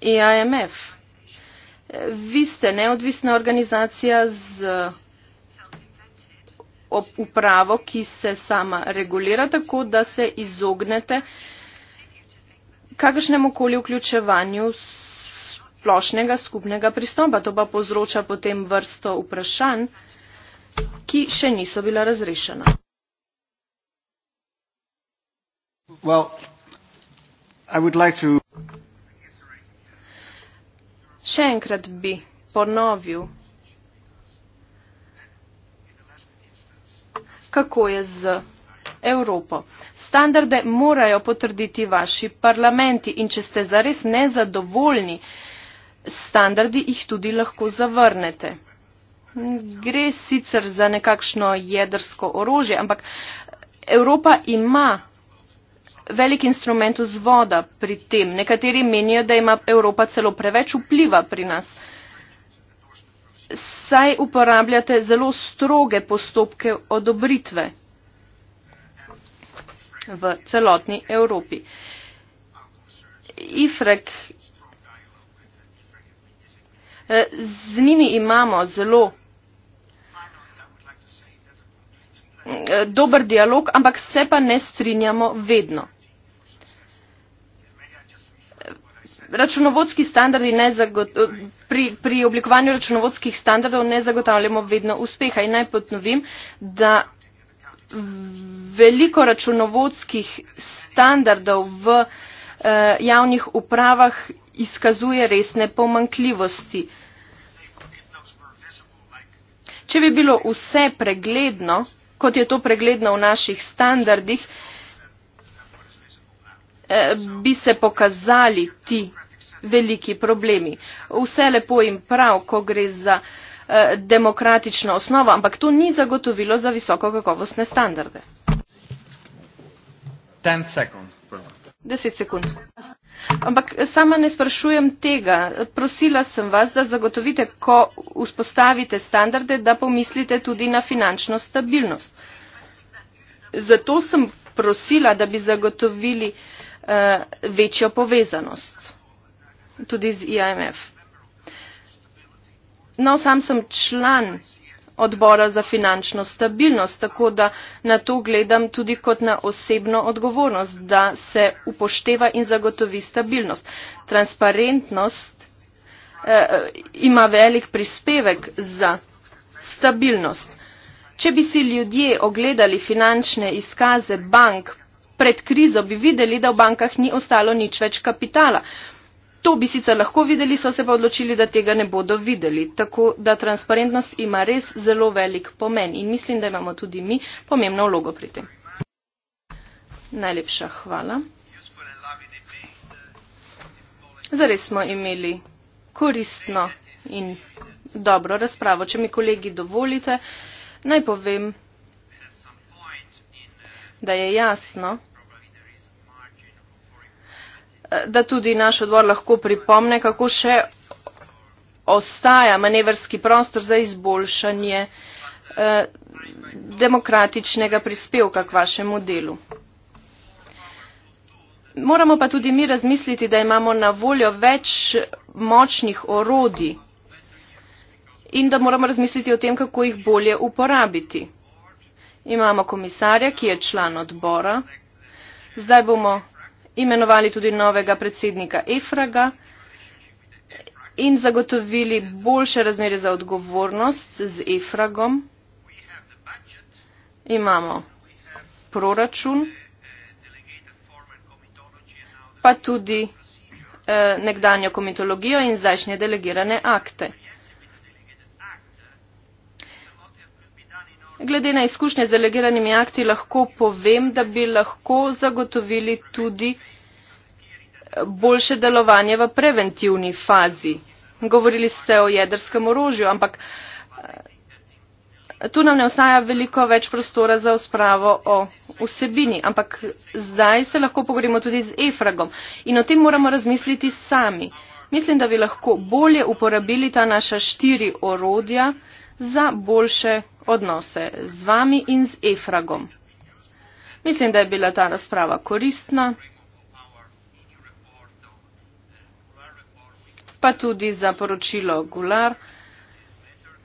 e IMF. Vi ste neodvisna organizacija z ob upravo, ki se sama regulira tako, da se izognete kakršnemu koli vključevanju splošnega skupnega pristopa. To pa povzroča potem vrsto vprašanj, ki še niso bila razrešena. Well, I would like to... Še enkrat bi ponovil kako je z Evropo. Standarde morajo potrditi vaši parlamenti in če ste zares nezadovoljni, standardi jih tudi lahko zavrnete. Gre sicer za nekakšno jedrsko orožje, ampak Evropa ima velik instrument vzvoda pri tem. Nekateri menijo, da ima Evropa celo preveč vpliva pri nas saj uporabljate zelo stroge postopke odobritve v celotni Evropi. Ifrek, eh, z njimi imamo zelo eh, dober dialog, ampak se pa ne strinjamo vedno. računovodski standardi ne eh, pri, pri oblikovanju računovodskih standardov ne zagotavljamo vedno uspeha in naj potnovim, da veliko računovodskih standardov v eh, javnih upravah izkazuje resne pomankljivosti. Če bi bilo vse pregledno, kot je to pregledno v naših standardih, eh, bi se pokazali ti veliki problemi. Vse lepo in prav, ko gre za eh, demokratično osnovo, ampak to ni zagotovilo za visoko kakovostne standarde. Deset sekund. Ampak sama ne sprašujem tega. Prosila sem vas, da zagotovite, ko vzpostavite standarde, da pomislite tudi na finančno stabilnost. Zato sem prosila, da bi zagotovili uh, večjo povezanost tudi z IMF. No, sam sem član odbora za finančno stabilnost, tako da na to gledam tudi kot na osebno odgovornost, da se upošteva in zagotovi stabilnost. Transparentnost eh, ima velik prispevek za stabilnost. Če bi si ljudje ogledali finančne izkaze bank pred krizo, bi videli, da v bankah ni ostalo nič več kapitala. To bi sicer lahko videli, so se pa odločili, da tega ne bodo videli. Tako da transparentnost ima res zelo velik pomen in mislim, da imamo tudi mi pomembno vlogo pri tem. Najlepša hvala. Zares smo imeli koristno in dobro razpravo. Če mi kolegi dovolite, naj povem, da je jasno, da tudi naš odbor lahko pripomne, kako še ostaja manevrski prostor za izboljšanje eh, demokratičnega prispevka k vašemu delu. Moramo pa tudi mi razmisliti, da imamo na voljo več močnih orodij in da moramo razmisliti o tem, kako jih bolje uporabiti. Imamo komisarja, ki je član odbora. Zdaj bomo imenovali tudi novega predsednika Efraga in zagotovili boljše razmere za odgovornost z Efragom. Imamo proračun, pa tudi eh, nekdanjo komitologijo in zdajšnje delegirane akte. Glede na izkušnje z delegiranimi akti lahko povem, da bi lahko zagotovili tudi eh, boljše delovanje v preventivni fazi. Govorili ste o jedrskem orožju, ampak eh, tu nam ne ostaja veliko več prostora za uspravo o vsebini, ampak zdaj se lahko pogovorimo tudi z Efragom in o tem moramo razmisliti sami. Mislim, da bi lahko bolje uporabili ta naša štiri orodja za boljše odnose z vami in z Efragom. Mislim, da je bila ta razprava koristna, pa tudi za poročilo Gular.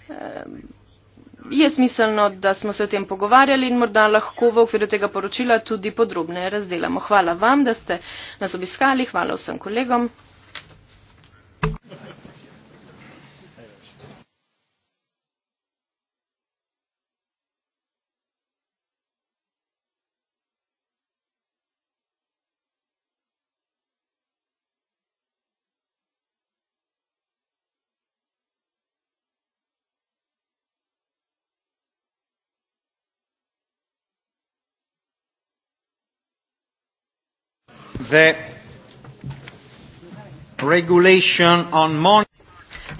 Ehm, je smiselno, da smo se o tem pogovarjali in morda lahko v okviru tega poročila tudi podrobneje razdelamo. Hvala vam, da ste nas obiskali. Hvala vsem kolegom. the regulation on money.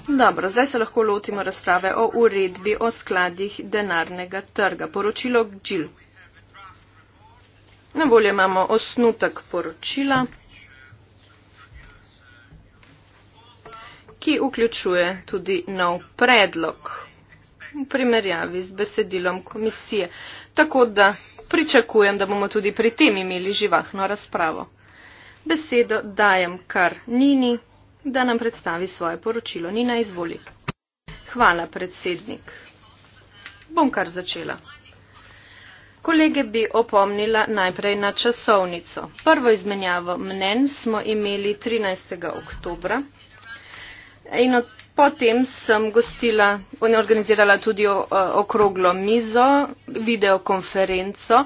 Dobro, zdaj se lahko lotimo razprave o uredbi o skladih denarnega trga. Poročilo GIL. Na volje imamo osnutek poročila, ki vključuje tudi nov predlog v primerjavi z besedilom komisije. Tako da pričakujem, da bomo tudi pri tem imeli živahno razpravo. Besedo dajem kar Nini, da nam predstavi svoje poročilo. Nina, izvoli. Hvala, predsednik. Bom kar začela. Kolege bi opomnila najprej na časovnico. Prvo izmenjavo mnen smo imeli 13. oktobra in od Potem sem gostila, on je organizirala tudi okroglo mizo, videokonferenco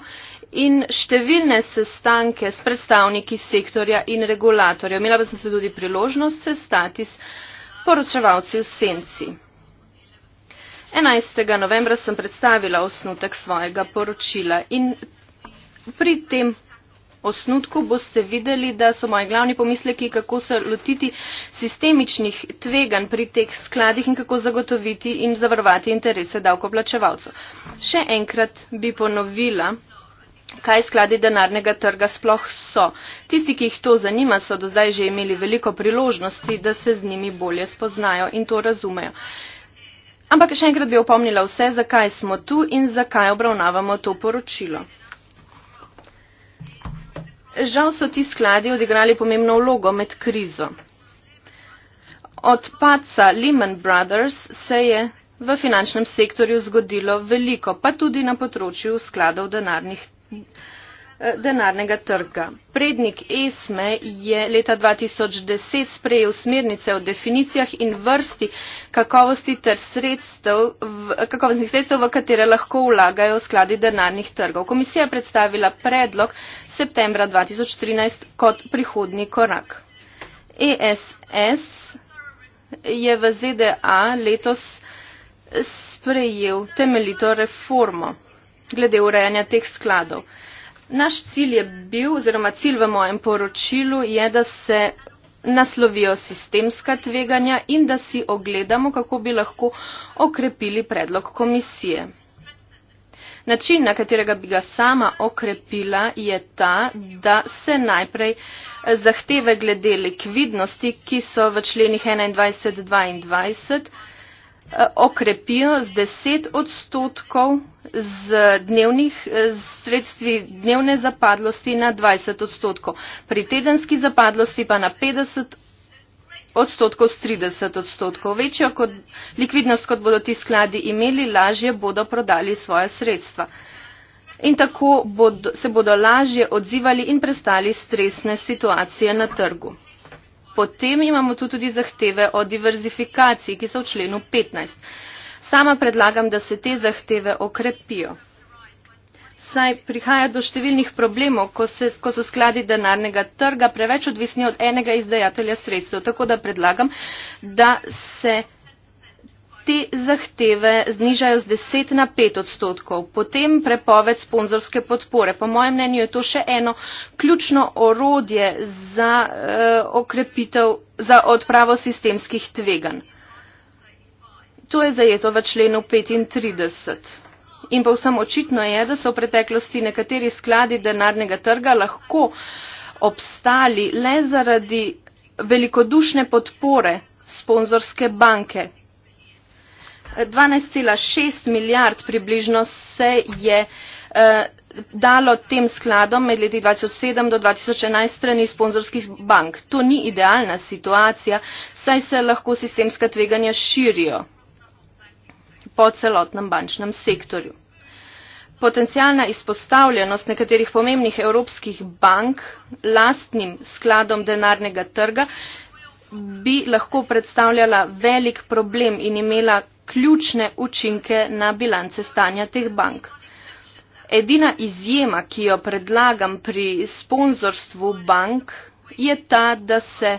in številne sestanke s predstavniki sektorja in regulatorjev. Imela pa sem se tudi priložnost sestati s poročevalci v senci. 11. novembra sem predstavila osnutek svojega poročila in pri tem osnutku boste videli, da so moji glavni pomisleki, kako se lotiti sistemičnih tveganj pri teh skladih in kako zagotoviti in zavarovati interese davkoplačevalcev. Še enkrat bi ponovila, kaj skladi denarnega trga sploh so. Tisti, ki jih to zanima, so do zdaj že imeli veliko priložnosti, da se z njimi bolje spoznajo in to razumejo. Ampak še enkrat bi opomnila vse, zakaj smo tu in zakaj obravnavamo to poročilo. Žal so ti skladi odigrali pomembno vlogo med krizo. Od paca Lehman Brothers se je v finančnem sektorju zgodilo veliko, pa tudi na področju skladov denarnih, eh, denarnega trga. Prednik ESME je leta 2010 sprejel smernice o definicijah in vrsti kakovosti ter sredstev, kakovostnih sredstev, v katere lahko vlagajo skladi denarnih trgov. Komisija je predstavila predlog septembra 2013 kot prihodni korak. ESS je v ZDA letos sprejel temeljito reformo glede urejanja teh skladov. Naš cilj je bil, oziroma cilj v mojem poročilu je, da se naslovijo sistemska tveganja in da si ogledamo, kako bi lahko okrepili predlog komisije. Način, na katerega bi ga sama okrepila, je ta, da se najprej eh, zahteve glede likvidnosti, ki so v členih 21-22, eh, okrepijo z 10 odstotkov z dnevnih eh, sredstvi dnevne zapadlosti na 20 odstotkov, pri tedenski zapadlosti pa na 50 odstotkov odstotkov s 30 odstotkov. Večjo kot, likvidnost, kot bodo ti skladi imeli, lažje bodo prodali svoje sredstva. In tako bodo, se bodo lažje odzivali in prestali stresne situacije na trgu. Potem imamo tu tudi zahteve o diverzifikaciji, ki so v členu 15. Sama predlagam, da se te zahteve okrepijo saj prihaja do številnih problemov, ko, se, ko so skladi denarnega trga preveč odvisni od enega izdajatelja sredstev. Tako da predlagam, da se te zahteve znižajo z 10 na 5 odstotkov. Potem prepoved sponzorske podpore. Po mojem mnenju je to še eno ključno orodje za, uh, okrepitev, za odpravo sistemskih tveganj. To je zajeto v členu 35 in povsem očitno je, da so v preteklosti nekateri skladi denarnega trga lahko obstali le zaradi velikodušne podpore sponzorske banke. 12,6 milijard približno se je eh, dalo tem skladom med leti 2007 do 2011 strani sponzorskih bank. To ni idealna situacija, saj se lahko sistemska tveganja širijo po celotnem bančnem sektorju. Potencijalna izpostavljenost nekaterih pomembnih evropskih bank lastnim skladom denarnega trga bi lahko predstavljala velik problem in imela ključne učinke na bilance stanja teh bank. Edina izjema, ki jo predlagam pri sponzorstvu bank, je ta, da se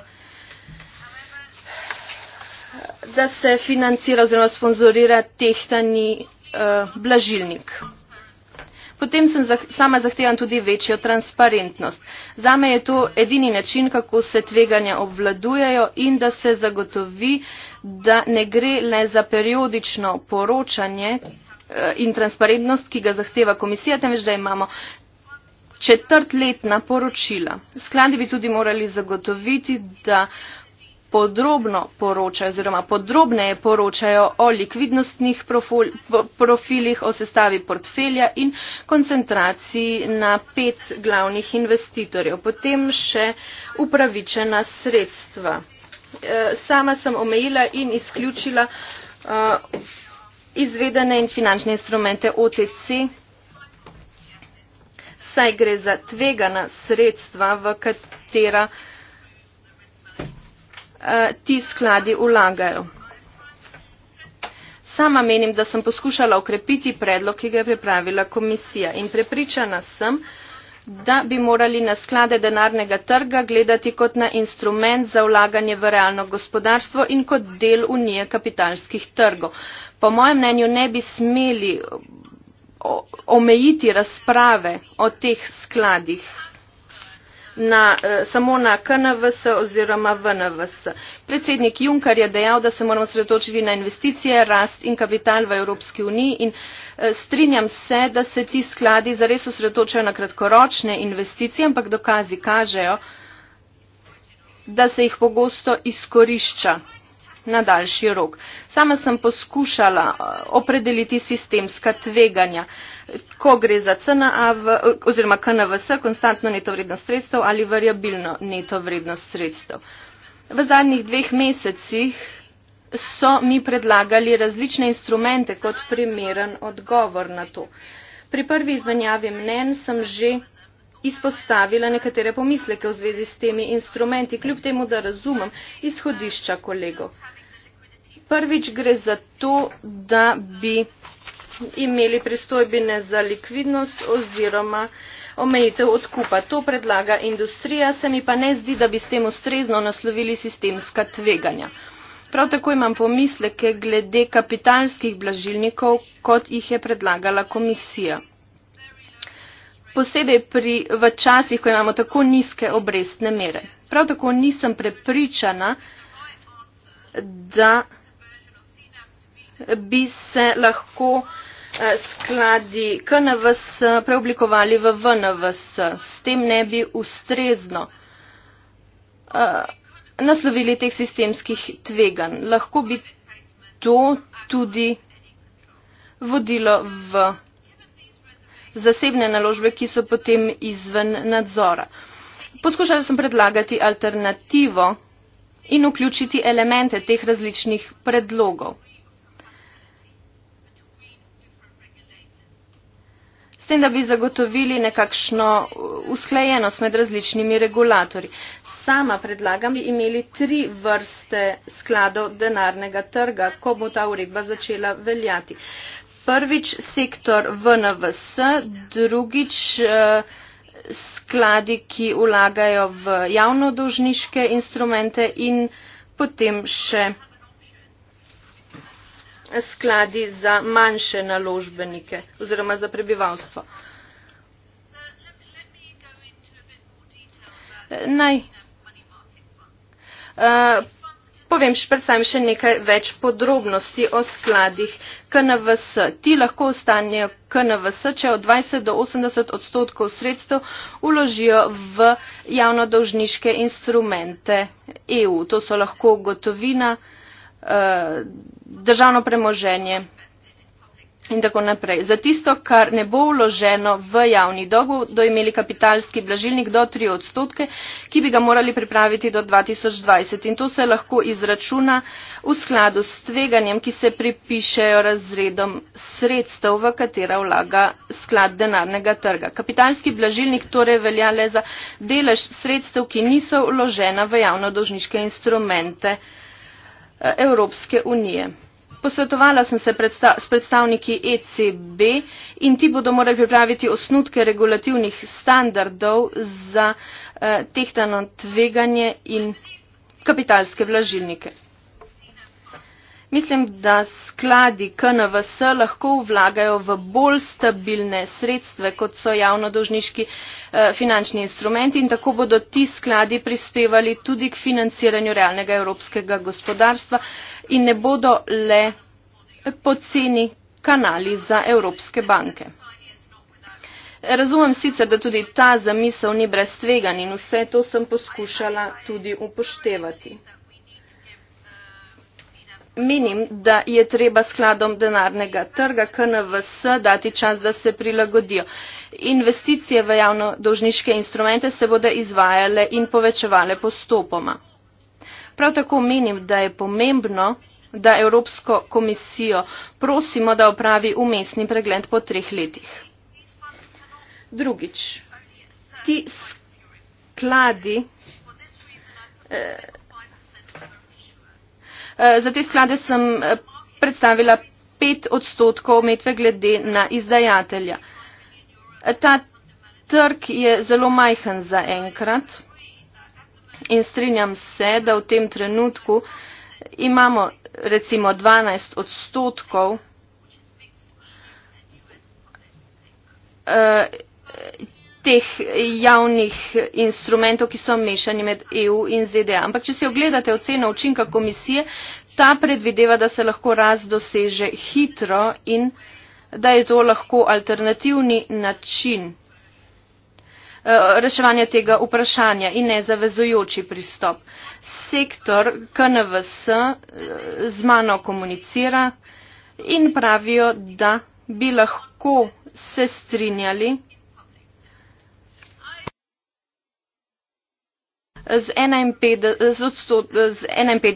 da se financira oziroma sponzorira tehtani eh, blažilnik. Potem sem zah sama zahtevam tudi večjo transparentnost. Zame je to edini način, kako se tveganja obvladujejo in da se zagotovi, da ne gre le za periodično poročanje eh, in transparentnost, ki ga zahteva komisija, temveč da imamo četrtletna poročila. Skladi bi tudi morali zagotoviti, da podrobno poročajo oziroma podrobneje poročajo o likvidnostnih profilih, o sestavi portfelja in koncentraciji na pet glavnih investitorjev. Potem še upravičena sredstva. E, sama sem omejila in izključila e, izvedene in finančne instrumente OTC saj gre za tvegana sredstva, v katera uh, Eh, ti skladi ulagajo. Sama menim, da sem poskušala ukrepiti predlog, ki ga je pripravila komisija in prepričana sem, da bi morali na sklade denarnega trga gledati kot na instrument za vlaganje v realno gospodarstvo in kot del unije kapitalskih trgov. Po mojem mnenju ne bi smeli omejiti razprave o teh skladih na, eh, samo na KNVS oziroma VNVS. Predsednik Juncker je dejal, da se moramo sredotočiti na investicije, rast in kapital v Evropski uniji in eh, strinjam se, da se ti skladi zares osredotočajo na kratkoročne investicije, ampak dokazi kažejo, da se jih pogosto izkorišča na daljši rok. Sama sem poskušala eh, opredeliti sistemska tveganja, ko gre za CNAV, oziroma KNVS, konstantno neto vrednost sredstev ali variabilno neto vrednost sredstev. V zadnjih dveh mesecih so mi predlagali različne instrumente kot primeren odgovor na to. Pri prvi izmenjavi mnen sem že izpostavila nekatere pomisleke v zvezi s temi instrumenti, kljub temu, da razumem izhodišča kolegov. Prvič gre za to, da bi imeli pristojbine za likvidnost oziroma omejitev odkupa. To predlaga industrija, se mi pa ne zdi, da bi s tem ustrezno naslovili sistemska tveganja. Prav tako imam pomisleke glede kapitalskih blažilnikov, kot jih je predlagala komisija. Posebej pri, v časih, ko imamo tako nizke obrestne mere. Prav tako nisem prepričana, da bi se lahko eh, skladi KNVS preoblikovali v VNVS. S tem ne bi ustrezno eh, naslovili teh sistemskih tveganj. Lahko bi to tudi vodilo v zasebne naložbe, ki so potem izven nadzora. Poskušala sem predlagati alternativo in vključiti elemente teh različnih predlogov. s tem, da bi zagotovili nekakšno uh, usklajenost med različnimi regulatorji. Sama predlagam, da bi imeli tri vrste skladov denarnega trga, ko bo ta uredba začela veljati. Prvič sektor VNVS, drugič eh, skladi, ki vlagajo v javnodožniške instrumente in potem še skladi za manjše naložbenike oziroma za prebivalstvo. Naj eh, povem predstavim še nekaj več podrobnosti o skladih KNVS. Ti lahko ostanejo KNVS, če od 20 do 80 odstotkov sredstev uložijo v javnodolžniške instrumente EU. To so lahko gotovina, Eh, državno premoženje in tako naprej. Za tisto, kar ne bo vloženo v javni dolg, bodo imeli kapitalski blažilnik do 3 odstotke, ki bi ga morali pripraviti do 2020. In to se lahko izračuna v skladu s tveganjem, ki se pripišejo razredom sredstev, v katera vlaga sklad denarnega trga. Kapitalski blažilnik torej velja le za delež sredstev, ki niso vložena v javno dožniške instrumente. Uh, Eh, Evropske unije. Posvetovala sem se predsta s predstavniki ECB in ti bodo morali pripraviti osnutke regulativnih standardov za eh, tehtano tveganje in kapitalske vlažilnike. Mislim, da skladi KNVS lahko vlagajo v bolj stabilne sredstve, kot so javnodožniški eh, finančni instrumenti in tako bodo ti skladi prispevali tudi k financiranju realnega evropskega gospodarstva in ne bodo le poceni kanali za evropske banke. Razumem sicer, da tudi ta zamisel ni brez tvegan in vse to sem poskušala tudi upoštevati menim, da je treba skladom denarnega trga KNVS dati čas, da se prilagodijo. Investicije v javno dožniške instrumente se bodo izvajale in povečevale postopoma. Prav tako menim, da je pomembno, da Evropsko komisijo prosimo, da opravi umestni pregled po treh letih. Drugič, ti skladi. Eh, Eh, za te sklade sem eh, predstavila pet odstotkov metve glede na izdajatelja. Eh, ta trg je zelo majhen za enkrat in strinjam se, da v tem trenutku imamo recimo 12 odstotkov uh, teh javnih instrumentov, ki so mešani med EU in ZDA. Ampak, če si ogledate oceno učinka komisije, ta predvideva, da se lahko rast doseže hitro in da je to lahko alternativni način eh, reševanja tega vprašanja in nezavezujoči pristop. Sektor KNVS eh, z mano komunicira in pravijo, da bi lahko se strinjali z, 51,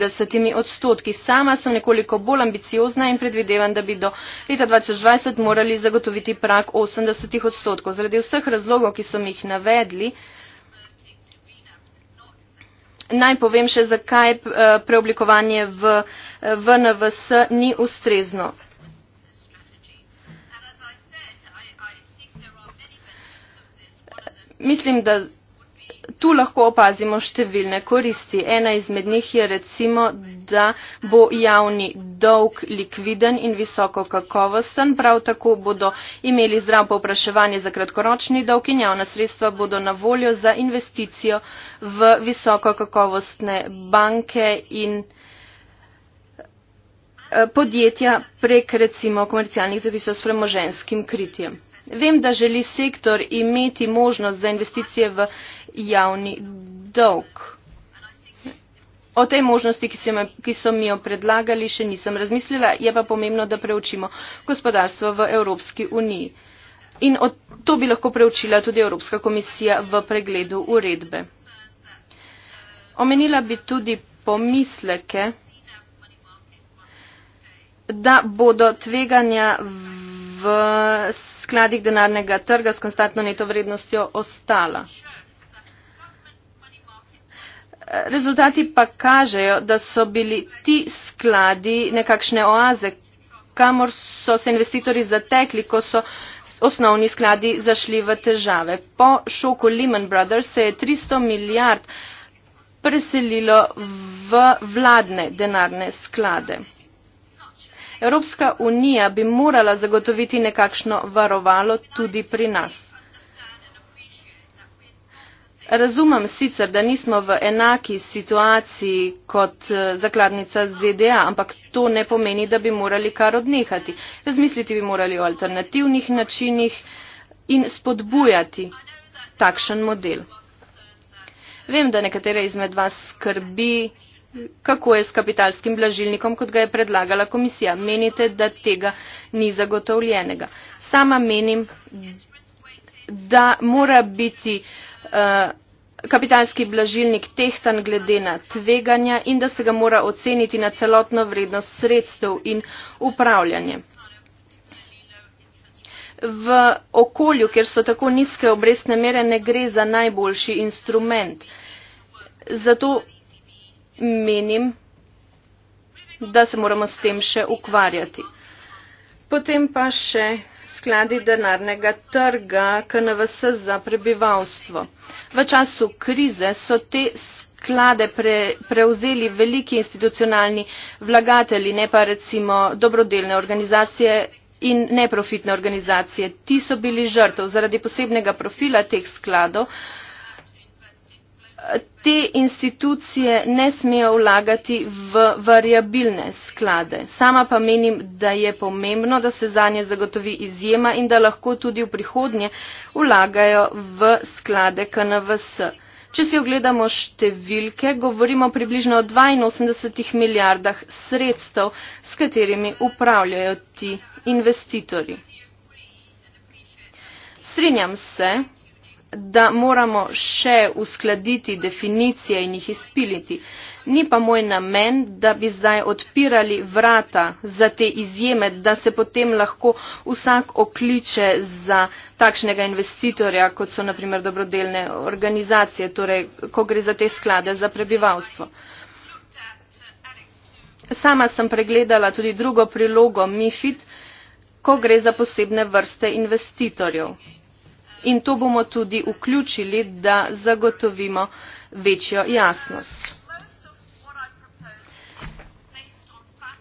z 51 odstotki. Sama sem nekoliko bolj ambiciozna in predvidevam, da bi do leta 2020 morali zagotoviti prak 80 odstotkov. Zaradi vseh razlogov, ki so mi jih navedli, Naj povem še, zakaj eh, preoblikovanje v eh, VNVS ni ustrezno. Mislim, da tu lahko opazimo številne koristi. Ena izmed njih je recimo, da bo javni dolg likviden in visoko kakovosten, prav tako bodo imeli zdrav popraševanje za kratkoročni dolg in javna sredstva bodo na voljo za investicijo v visoko kakovostne banke in eh, podjetja prek recimo komercialnih zapisov s premoženskim kritjem. Vem, da želi sektor imeti možnost za investicije v javni dolg. O tej možnosti, ki so mi jo predlagali, še nisem razmislila, je pa pomembno, da preučimo gospodarstvo v Evropski uniji. In to bi lahko preučila tudi Evropska komisija v pregledu uredbe. Omenila bi tudi pomisleke, da bodo tveganja v v skladih denarnega trga s konstantno neto vrednostjo ostala. Rezultati pa kažejo, da so bili ti skladi nekakšne oaze, kamor so se investitorji zatekli, ko so osnovni skladi zašli v težave. Po šoku Lehman Brothers se je 300 milijard preselilo v vladne denarne sklade. Evropska unija bi morala zagotoviti nekakšno varovalo tudi pri nas. Razumem sicer, da nismo v enaki situaciji kot eh, zakladnica ZDA, ampak to ne pomeni, da bi morali kar odnehati. Razmisliti bi morali o alternativnih načinih in spodbujati takšen model. Vem, da nekatere izmed vas skrbi Kako je s kapitalskim blažilnikom, kot ga je predlagala komisija? Menite, da tega ni zagotovljenega? Sama menim, da mora biti uh, kapitalski blažilnik tehtan glede na tveganja in da se ga mora oceniti na celotno vrednost sredstev in upravljanje. V okolju, kjer so tako nizke obrestne mere, ne gre za najboljši instrument. Zato menim, da se moramo s tem še ukvarjati. Potem pa še skladi denarnega trga KNVS za prebivalstvo. V času krize so te sklade pre, prevzeli veliki institucionalni vlagatelji, ne pa recimo dobrodelne organizacije in neprofitne organizacije. Ti so bili žrtev zaradi posebnega profila teh skladov te institucije ne smejo vlagati v variabilne sklade. Sama pa menim, da je pomembno, da se za nje zagotovi izjema in da lahko tudi v prihodnje vlagajo v sklade KNVS. Če si ogledamo številke, govorimo približno o 82 milijardah sredstev, s katerimi upravljajo ti investitorji. Strinjam se, da moramo še uskladiti definicije in jih izpiliti. Ni pa moj namen, da bi zdaj odpirali vrata za te izjeme, da se potem lahko vsak okliče za takšnega investitorja, kot so naprimer dobrodelne organizacije, torej ko gre za te sklade za prebivalstvo. Sama sem pregledala tudi drugo prilogo MIFID, ko gre za posebne vrste investitorjev in to bomo tudi vključili, da zagotovimo večjo jasnost.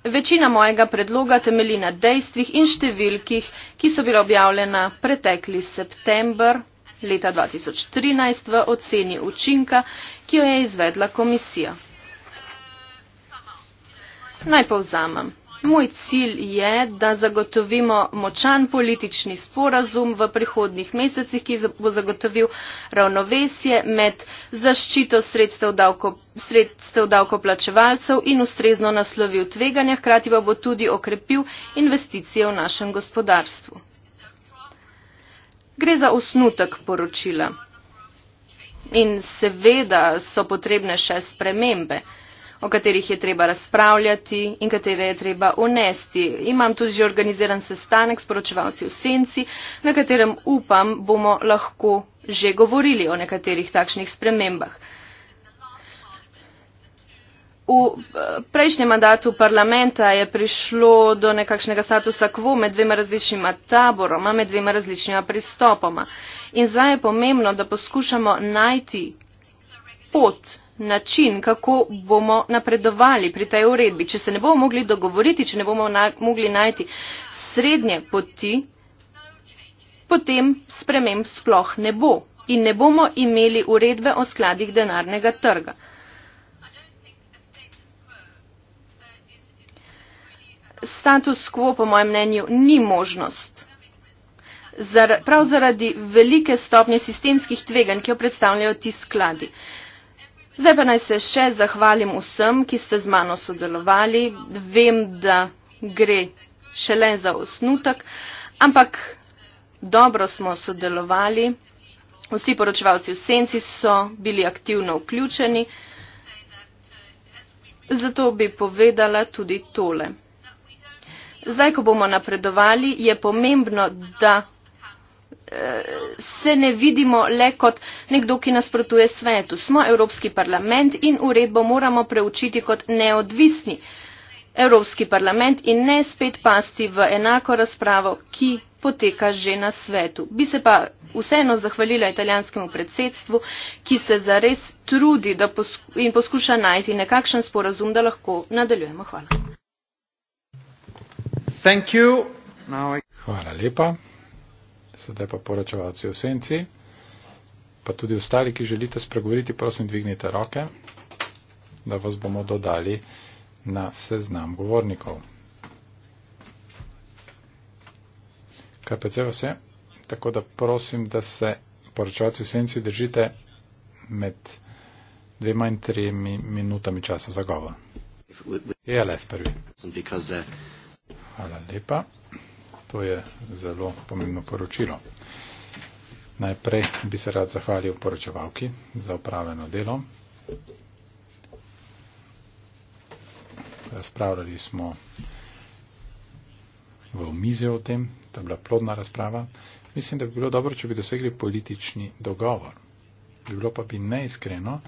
Večina mojega predloga temeli na dejstvih in številkih, ki so bila objavljena pretekli september leta 2013 v oceni učinka, ki jo je izvedla komisija. Naj povzamem. Moj cilj je, da zagotovimo močan politični sporazum v prihodnih mesecih, ki bo zagotovil ravnovesje med zaščito sredstev, davko, sredstev davkoplačevalcev in ustrezno naslovil tveganja, hkrati pa bo tudi okrepil investicije v našem gospodarstvu. Gre za osnutek poročila. In seveda so potrebne še spremembe o katerih je treba razpravljati in katere je treba unesti. Imam tudi že organiziran sestanek s poročevalci v senci, na katerem upam, bomo lahko že govorili o nekaterih takšnih spremembah. V eh, prejšnjem mandatu parlamenta je prišlo do nekakšnega statusa quo med dvema različnima taboroma, med dvema različnima pristopoma. In zdaj je pomembno, da poskušamo najti pot način, kako bomo napredovali pri tej uredbi. Če se ne bomo mogli dogovoriti, če ne bomo na, mogli najti srednje poti, potem sprememb sploh ne bo in ne bomo imeli uredbe o skladih denarnega trga. Status quo, po mojem mnenju, ni možnost. Zar, prav zaradi velike stopnje sistemskih tveganj, ki jo predstavljajo ti skladi. Zdaj pa naj se še zahvalim vsem, ki ste z mano sodelovali. Vem, da gre šele za osnutek, ampak dobro smo sodelovali. Vsi poročevalci v senci so bili aktivno vključeni. Zato bi povedala tudi tole. Zdaj, ko bomo napredovali, je pomembno, da se ne vidimo le kot nekdo ki nasprotuje svetu smo evropski parlament in uredbo moramo preučiti kot neodvisni evropski parlament in ne spet pasti v enako razpravo ki poteka že na svetu bi se pa vseeno zahvalila italijanskemu predsedstvu ki se zares trudi da posku in poskuša najti nekakšen sporazum da lahko nadaljujemo hvala Thank you. Now I... Hvala lepa sedaj pa poročevalci v senci, pa tudi ostali, ki želite spregovoriti, prosim, dvignite roke, da vas bomo dodali na seznam govornikov. KPC vas je, tako da prosim, da se poročevalci v senci držite med dvema in tremi minutami časa za govor. Je le prvi. Uh, Hvala lepa. To je zelo pomembno poročilo. Najprej bi se rad zahvalil poročevalki za upravljeno delo. Razpravljali smo v omizijo o tem, to je bila plodna razprava. Mislim, da bi bilo dobro, če bi dosegli politični dogovor. Bi bilo pa bi neiskreno,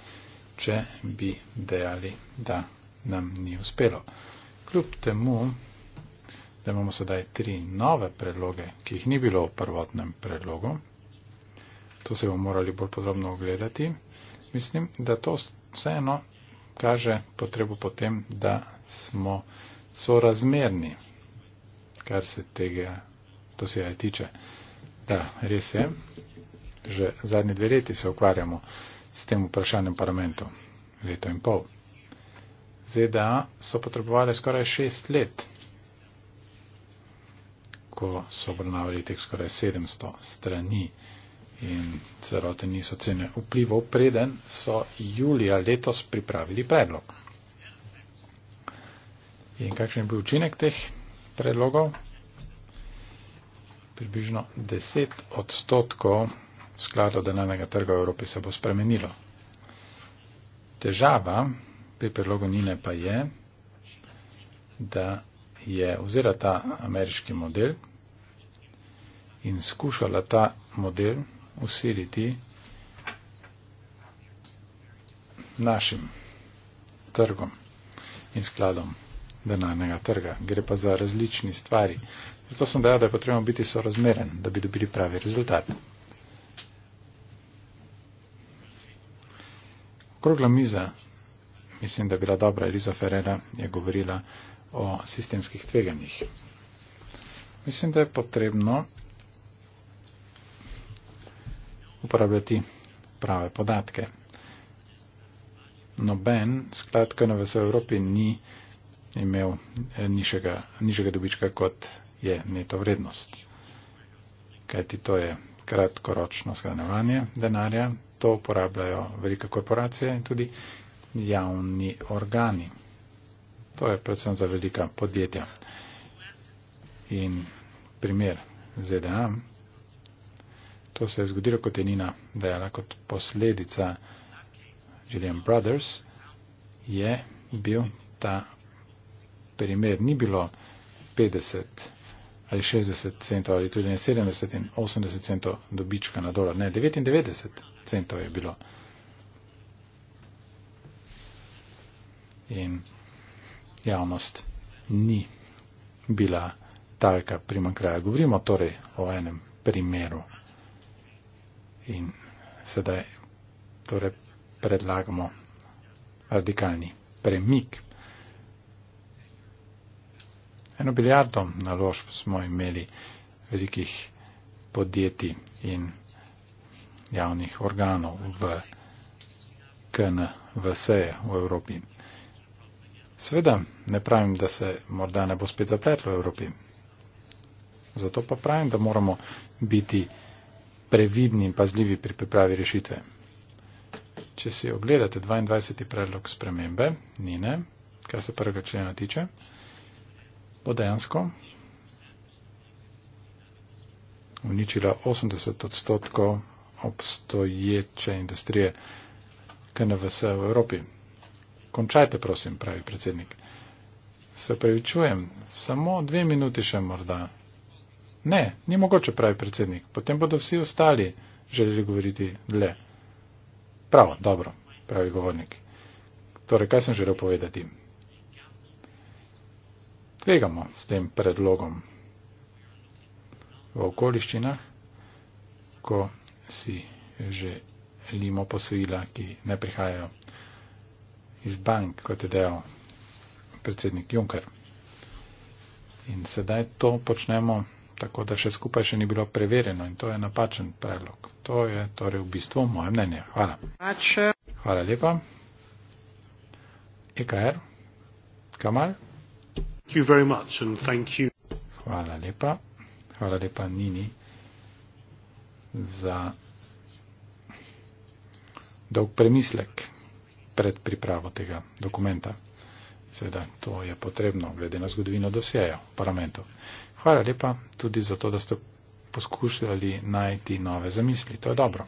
če bi dejali, da nam ni uspelo. Kljub temu da imamo sedaj tri nove predloge, ki jih ni bilo v prvotnem predlogu. To se bomo morali bolj podrobno ogledati. Mislim, da to vseeno kaže potrebo potem, da smo sorazmerni, kar se tega dosjeja tiče. Da, res je, že zadnji dve leti se ukvarjamo s tem vprašanjem parlamentu, leto in pol. ZDA e so potrebovali skoraj šest let, tako so obravnavali teh skoraj 700 strani in celote niso cene vplivov, preden so julija letos pripravili predlog. In kakšen je bil učinek teh predlogov? Približno 10 odstotkov skladov denarnega trga v Evropi se bo spremenilo. Težava pri predlogu Nine pa je, da je vzela ta ameriški model, in skušala ta model usiliti našim trgom in skladom denarnega trga. Gre pa za različni stvari. Zato sem dejal, da je potrebno biti sorazmeren, da bi dobili pravi rezultat. Okrogla miza, mislim, da je bila dobra Eliza Ferrera, je govorila o sistemskih tveganjih. Mislim, da je potrebno uporabljati prave podatke. Noben sklad KNVS v Evropi ni imel eh, nižjega, nižjega dobička, kot je neto vrednost. Kajti to je kratkoročno skranevanje denarja, to uporabljajo velike korporacije in tudi javni organi. To je predvsem za velika podjetja. In primer ZDA To se je zgodilo, kot je Nina dejala, kot posledica Julian Brothers je bil ta primer. Ni bilo 50 ali 60 centov ali tudi 70 in 80 centov dobička na dolar. Ne, 99 centov je bilo. In javnost ni bila talka primankraja. Govorimo torej o enem primeru in sedaj torej predlagamo radikalni premik. Eno biljardo naložb smo imeli velikih podjetij in javnih organov v KNVS v Evropi. Sveda ne pravim, da se morda ne bo spet zapletlo v Evropi. Zato pa pravim, da moramo biti previdni in pazljivi pri pripravi rešitve. Če si ogledate 22. predlog spremembe, Nine, kar se prvega člena tiče, bo dejansko uničila 80 odstotkov obstoječe industrije KNVS v Evropi. Končajte, prosim, pravi predsednik. Se pravičujem, samo dve minuti še morda. Ne, ni mogoče pravi predsednik. Potem bodo vsi ostali želeli govoriti dlje. Prav, dobro, pravi govornik. Torej, kaj sem želel povedati? Tvegamo s tem predlogom v okoliščinah, ko si že limo posojila, ki ne prihajajo iz bank, kot je dejal predsednik Juncker. In sedaj to počnemo tako da še skupaj še ni bilo preverjeno in to je napačen predlog. To je torej v bistvu moje mnenje. Hvala. Pač. Hvala lepa. EKR. Er, Kamal. Hvala lepa. Hvala lepa Nini za dolg premislek pred pripravo tega dokumenta. Seveda, to je potrebno, glede na zgodovino dosjejo v parlamentu. Hvala lepa tudi za to, da ste poskušali najti nove zamisli. To je dobro.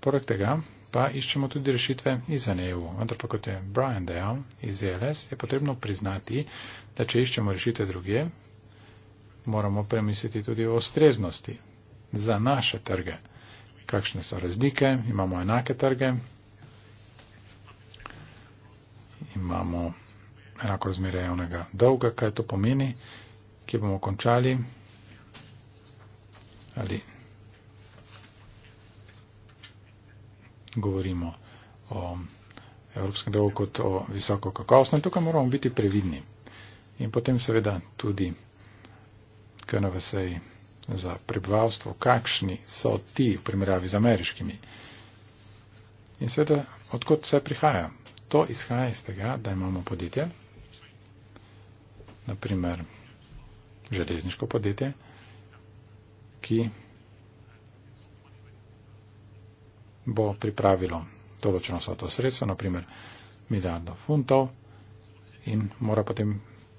Poleg tega pa iščemo tudi rešitve izven EU. Vendar pa, kot je Brian dejal iz ELS, je potrebno priznati, da če iščemo rešitve druge, moramo premisliti tudi o ustreznosti za naše trge. Kakšne so razlike, imamo enake trge, imamo enako razmere javnega dolga, kaj to pomeni ki bomo končali. Ali govorimo o evropskem dolgu kot o visoko kakovostnem, tukaj moramo biti previdni. In potem seveda tudi KNVSEJ za prebivalstvo, kakšni so ti v primerjavi z ameriškimi. In seveda, odkot vse prihaja? To izhaja iz tega, da imamo podjetje, naprimer železniško podjetje, ki bo pripravilo določeno svato sredstvo, naprimer milijardo funtov in mora potem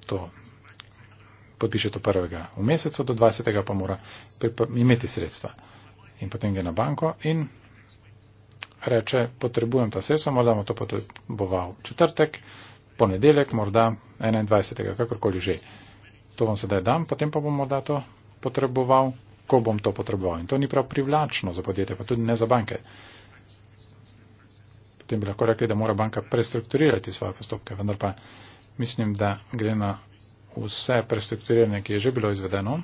to podpiše to prvega v mesecu, do 20. pa mora imeti sredstva. In potem gre na banko in reče, potrebujem ta sredstva, morda bomo to potreboval četrtek, ponedeljek, morda 21. kakorkoli že to vam sedaj dam, potem pa bom morda to potreboval, ko bom to potreboval. In to ni prav privlačno za podjetje, pa tudi ne za banke. Potem bi lahko rekli, da mora banka prestrukturirati svoje postopke, vendar pa mislim, da gre na vse prestrukturiranje, ki je že bilo izvedeno,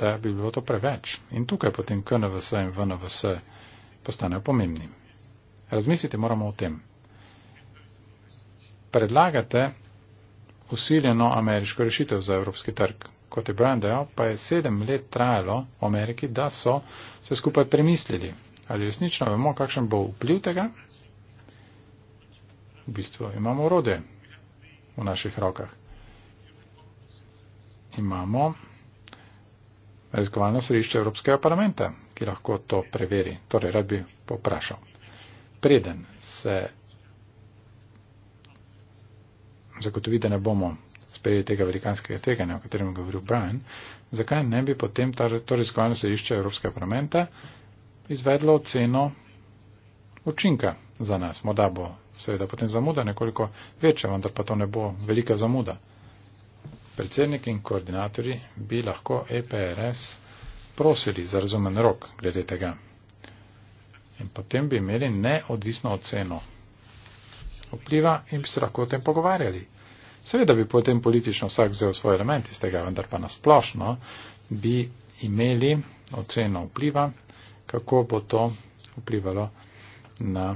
da bi bilo to preveč. In tukaj potem KNVS in VNVS postanejo pomembni. Razmislite moramo o tem. Predlagate usiljeno ameriško rešitev za evropski trg. Kot je Brian dejal, pa je sedem let trajalo v Ameriki, da so se skupaj premislili. Ali resnično vemo, kakšen bo vpliv tega? V bistvu imamo urode v naših rokah. Imamo raziskovalno središče Evropskega parlamenta, ki lahko to preveri. Torej, rad bi poprašal. Preden se zagotoviti, da ne bomo sprejeli tega velikanskega tveganja, o katerem je govoril Brian, zakaj ne bi potem ta, to raziskovalno središče Evropskega parlamenta izvedlo oceno učinka za nas. Morda bo seveda potem zamuda nekoliko večja, vendar pa to ne bo velika zamuda. Predsednik in koordinatori bi lahko EPRS prosili za razumen rok glede tega. In potem bi imeli neodvisno oceno vpliva in bi se lahko o tem pogovarjali. Seveda bi potem politično vsak vzel svoj element iz tega, vendar pa nasplošno bi imeli oceno vpliva, kako bo to vplivalo na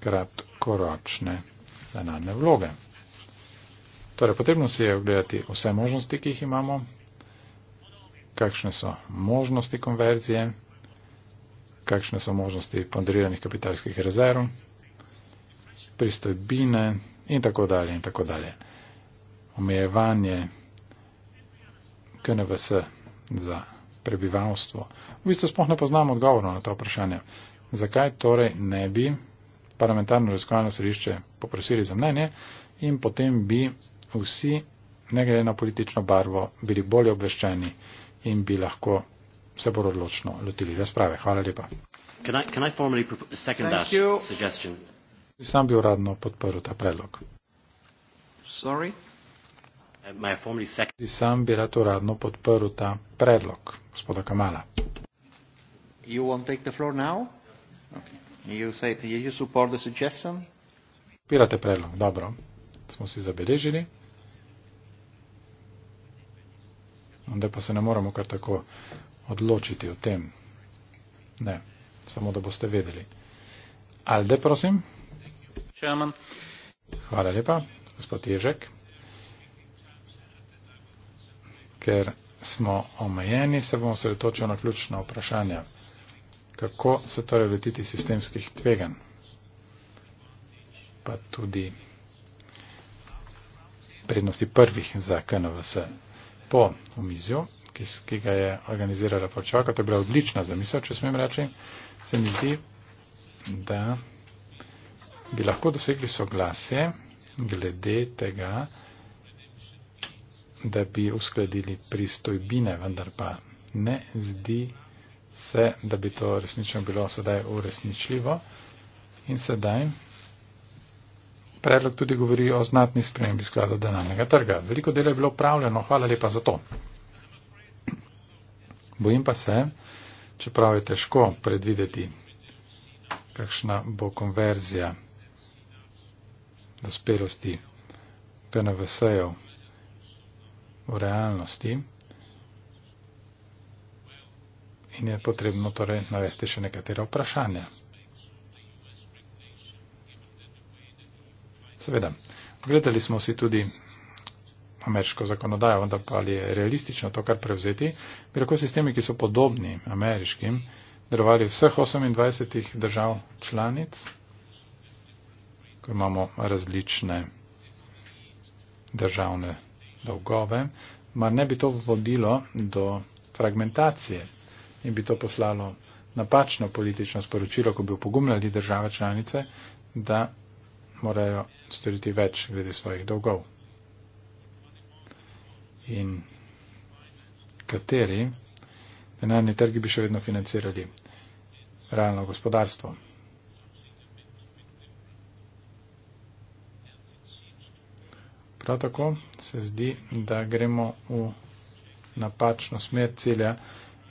kratkoročne denarne vloge. Torej, potrebno si je ogledati vse možnosti, ki jih imamo, kakšne so možnosti konverzije, kakšne so možnosti ponderiranih kapitalskih rezerv, pristojbine in tako dalje in tako dalje. Omejevanje KNVS za prebivalstvo. V bistvu spoh ne poznam odgovor na to vprašanje. Zakaj torej ne bi parlamentarno raziskovalno središče poprosili za mnenje in potem bi vsi, ne glede na politično barvo, bili bolje obveščeni in bi lahko se bolj odločno lotili razprave. Hvala lepa. Can I, can I Tudi sam bi uradno podprl ta predlog. Uh, Tudi sam bi rad uradno podprl ta predlog, gospoda Kamala. Pirate predlog, dobro. Smo si zabeležili. Onda pa se ne moramo kar tako odločiti o tem. Ne, samo da boste vedeli. Alde, prosim. Chairman. Hvala lepa, gospod Ježek. Ker smo omejeni, se bomo sredotočili na ključna vprašanja. Kako se torej lotiti sistemskih tveganj? Pa tudi prednosti prvih za KNVS. Po omizju, ki, ki ga je organizirala počaka, to je bila odlična zamisel, če smem reči, se mi zdi, da bi lahko dosegli soglasje glede tega, da bi uskladili pristojbine, vendar pa ne zdi se, da bi to resnično bilo sedaj uresničljivo. In sedaj predlog tudi govori o znatni spremembi sklada denarnega trga. Veliko dela je bilo upravljeno, hvala lepa za to. Bojim pa se, čeprav je težko predvideti, kakšna bo konverzija dospelosti PNVS-jev v realnosti in je potrebno torej navesti še nekatera vprašanja. Seveda, gledali smo si tudi ameriško zakonodajo, vendar pa ali je realistično to, kar prevzeti, bi lahko sistemi, ki so podobni ameriškim, delovali vseh 28 držav članic ko imamo različne državne dolgove, mar ne bi to vodilo do fragmentacije in bi to poslalo napačno politično sporočilo, ko bi upogumljali države članice, da morajo storiti več glede svojih dolgov. In kateri denarni trgi bi še vedno financirali realno gospodarstvo. prav tako se zdi, da gremo v napačno smer celja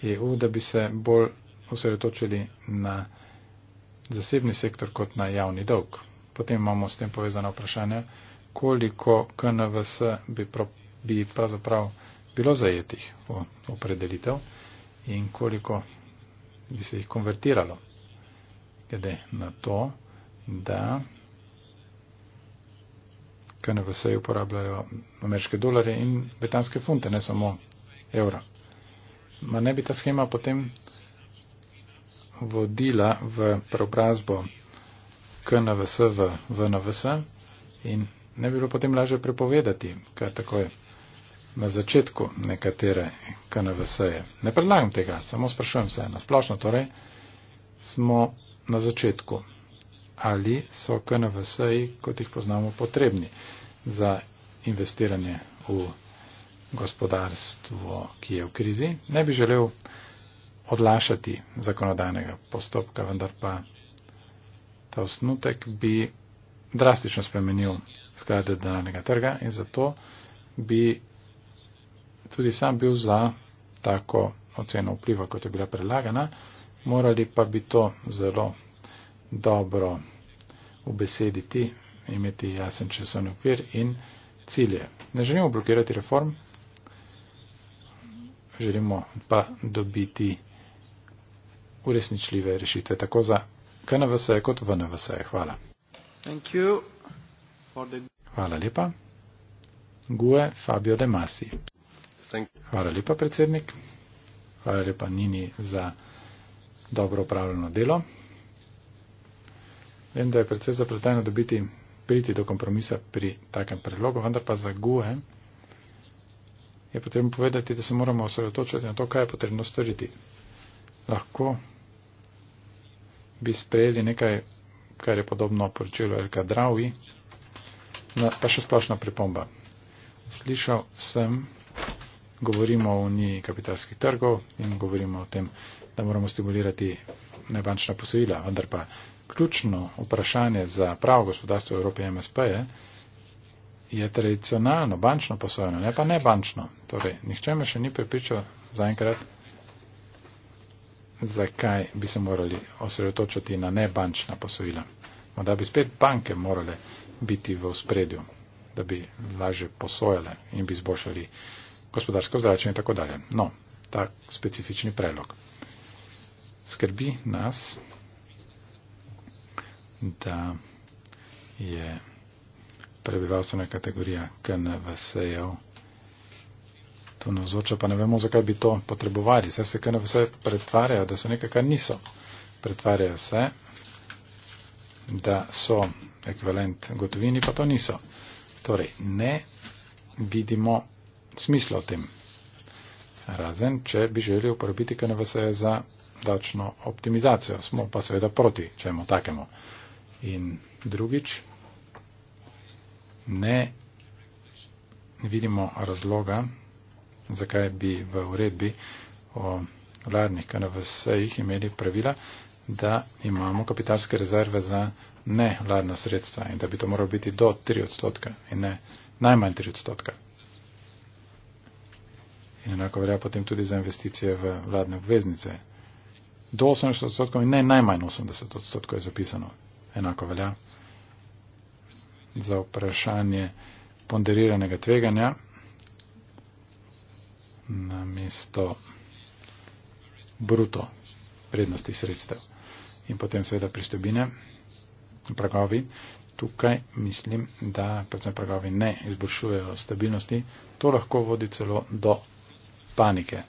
EU, da bi se bolj osredotočili na zasebni sektor kot na javni dolg. Potem imamo s tem povezane vprašanje, koliko KNVS bi, pro, bi pravzaprav bilo zajetih v opredelitev in koliko bi se jih konvertiralo. Glede na to, da KNVS-ji uporabljajo ameriške dolarje in britanske funte, ne samo evra. Ma ne bi ta schema potem vodila v preobrazbo KNVS v VNVS in ne bi bilo potem lažje prepovedati, kar tako je na začetku nekatere KNVS-je. Ne predlagam tega, samo sprašujem se. Na splošno torej smo na začetku. Ali so KNVS-ji, kot jih poznamo, potrebni? za investiranje v gospodarstvo, ki je v krizi. Ne bi želel odlašati zakonodajnega postopka, vendar pa ta osnutek bi drastično spremenil sklade denarnega trga in zato bi tudi sam bil za tako oceno vpliva, kot je bila predlagana, morali pa bi to zelo dobro ubesediti imeti jasen časovni okvir in cilje. Ne želimo blokirati reform, želimo pa dobiti uresničljive rešitve tako za KNVS e kot VNVS. E. Hvala. Hvala lepa. Gue Fabio De Masi. Hvala lepa, predsednik. Hvala lepa Nini za dobro upravljeno delo. Vem, da je predvsej zapleteno dobiti priti do kompromisa pri takem predlogu, vendar pa za guhe je potrebno povedati, da se moramo osredotočiti na to, kaj je potrebno storiti. Lahko bi sprejeli nekaj, kar je podobno poročilo El Kadravi, pa še splošna pripomba. Slišal sem, govorimo o uniji kapitalskih trgov in govorimo o tem, da moramo stimulirati nebančna posojila, vendar pa ključno vprašanje za pravo gospodarstvo Evrope MSP je, je tradicionalno bančno posojeno, ne pa ne bančno. Torej, nihče me še ni pripričal zaenkrat, zakaj bi se morali osredotočiti na nebančna posojila. Morda bi spet banke morale biti v spredju, da bi lažje posojale in bi izboljšali gospodarsko zračenje in tako dalje. No, ta specifični predlog. Skrbi nas, da je prebivalstvena kategorija KNVS-jev. To navzoča, pa ne vemo, zakaj bi to potrebovali. Zdaj se KNVS pretvarjajo, da so nekaj, kar niso. Pretvarjajo se, da so ekvivalent gotovini, pa to niso. Torej, ne vidimo smisla v tem. Razen, če bi želeli uporabiti KNVS za davčno optimizacijo. Smo pa seveda proti čemu takemu. In drugič, ne vidimo razloga, zakaj bi v uredbi o vladnih KNVS-jih imeli pravila, da imamo kapitalske rezerve za ne vladna sredstva in da bi to moralo biti do 3 odstotka in ne najmanj 3 odstotka. In enako velja potem tudi za investicije v vladne obveznice. Do 80 odstotkov in ne najmanj 80 odstotkov je zapisano enako velja za vprašanje ponderiranega tveganja na mesto bruto prednosti sredstev in potem seveda pristobine, pragovi. Tukaj mislim, da predvsem pragovi ne izboljšujejo stabilnosti. To lahko vodi celo do panike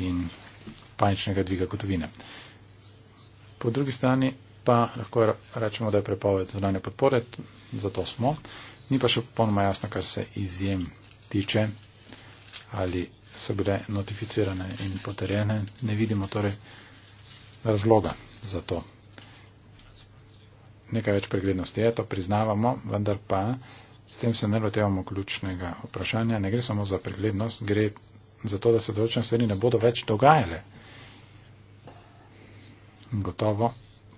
in paničnega dviga gotovine. Po drugi strani pa lahko rečemo, da je prepoved zunanje podpore, zato smo. Ni pa še popolnoma jasno, kar se izjem tiče, ali so bile notificirane in potrjene. Ne vidimo torej razloga za to. Nekaj več preglednosti je, to priznavamo, vendar pa s tem se ne lotevamo ključnega vprašanja. Ne gre samo za preglednost, gre za to, da se določene stvari ne bodo več dogajale. Gotovo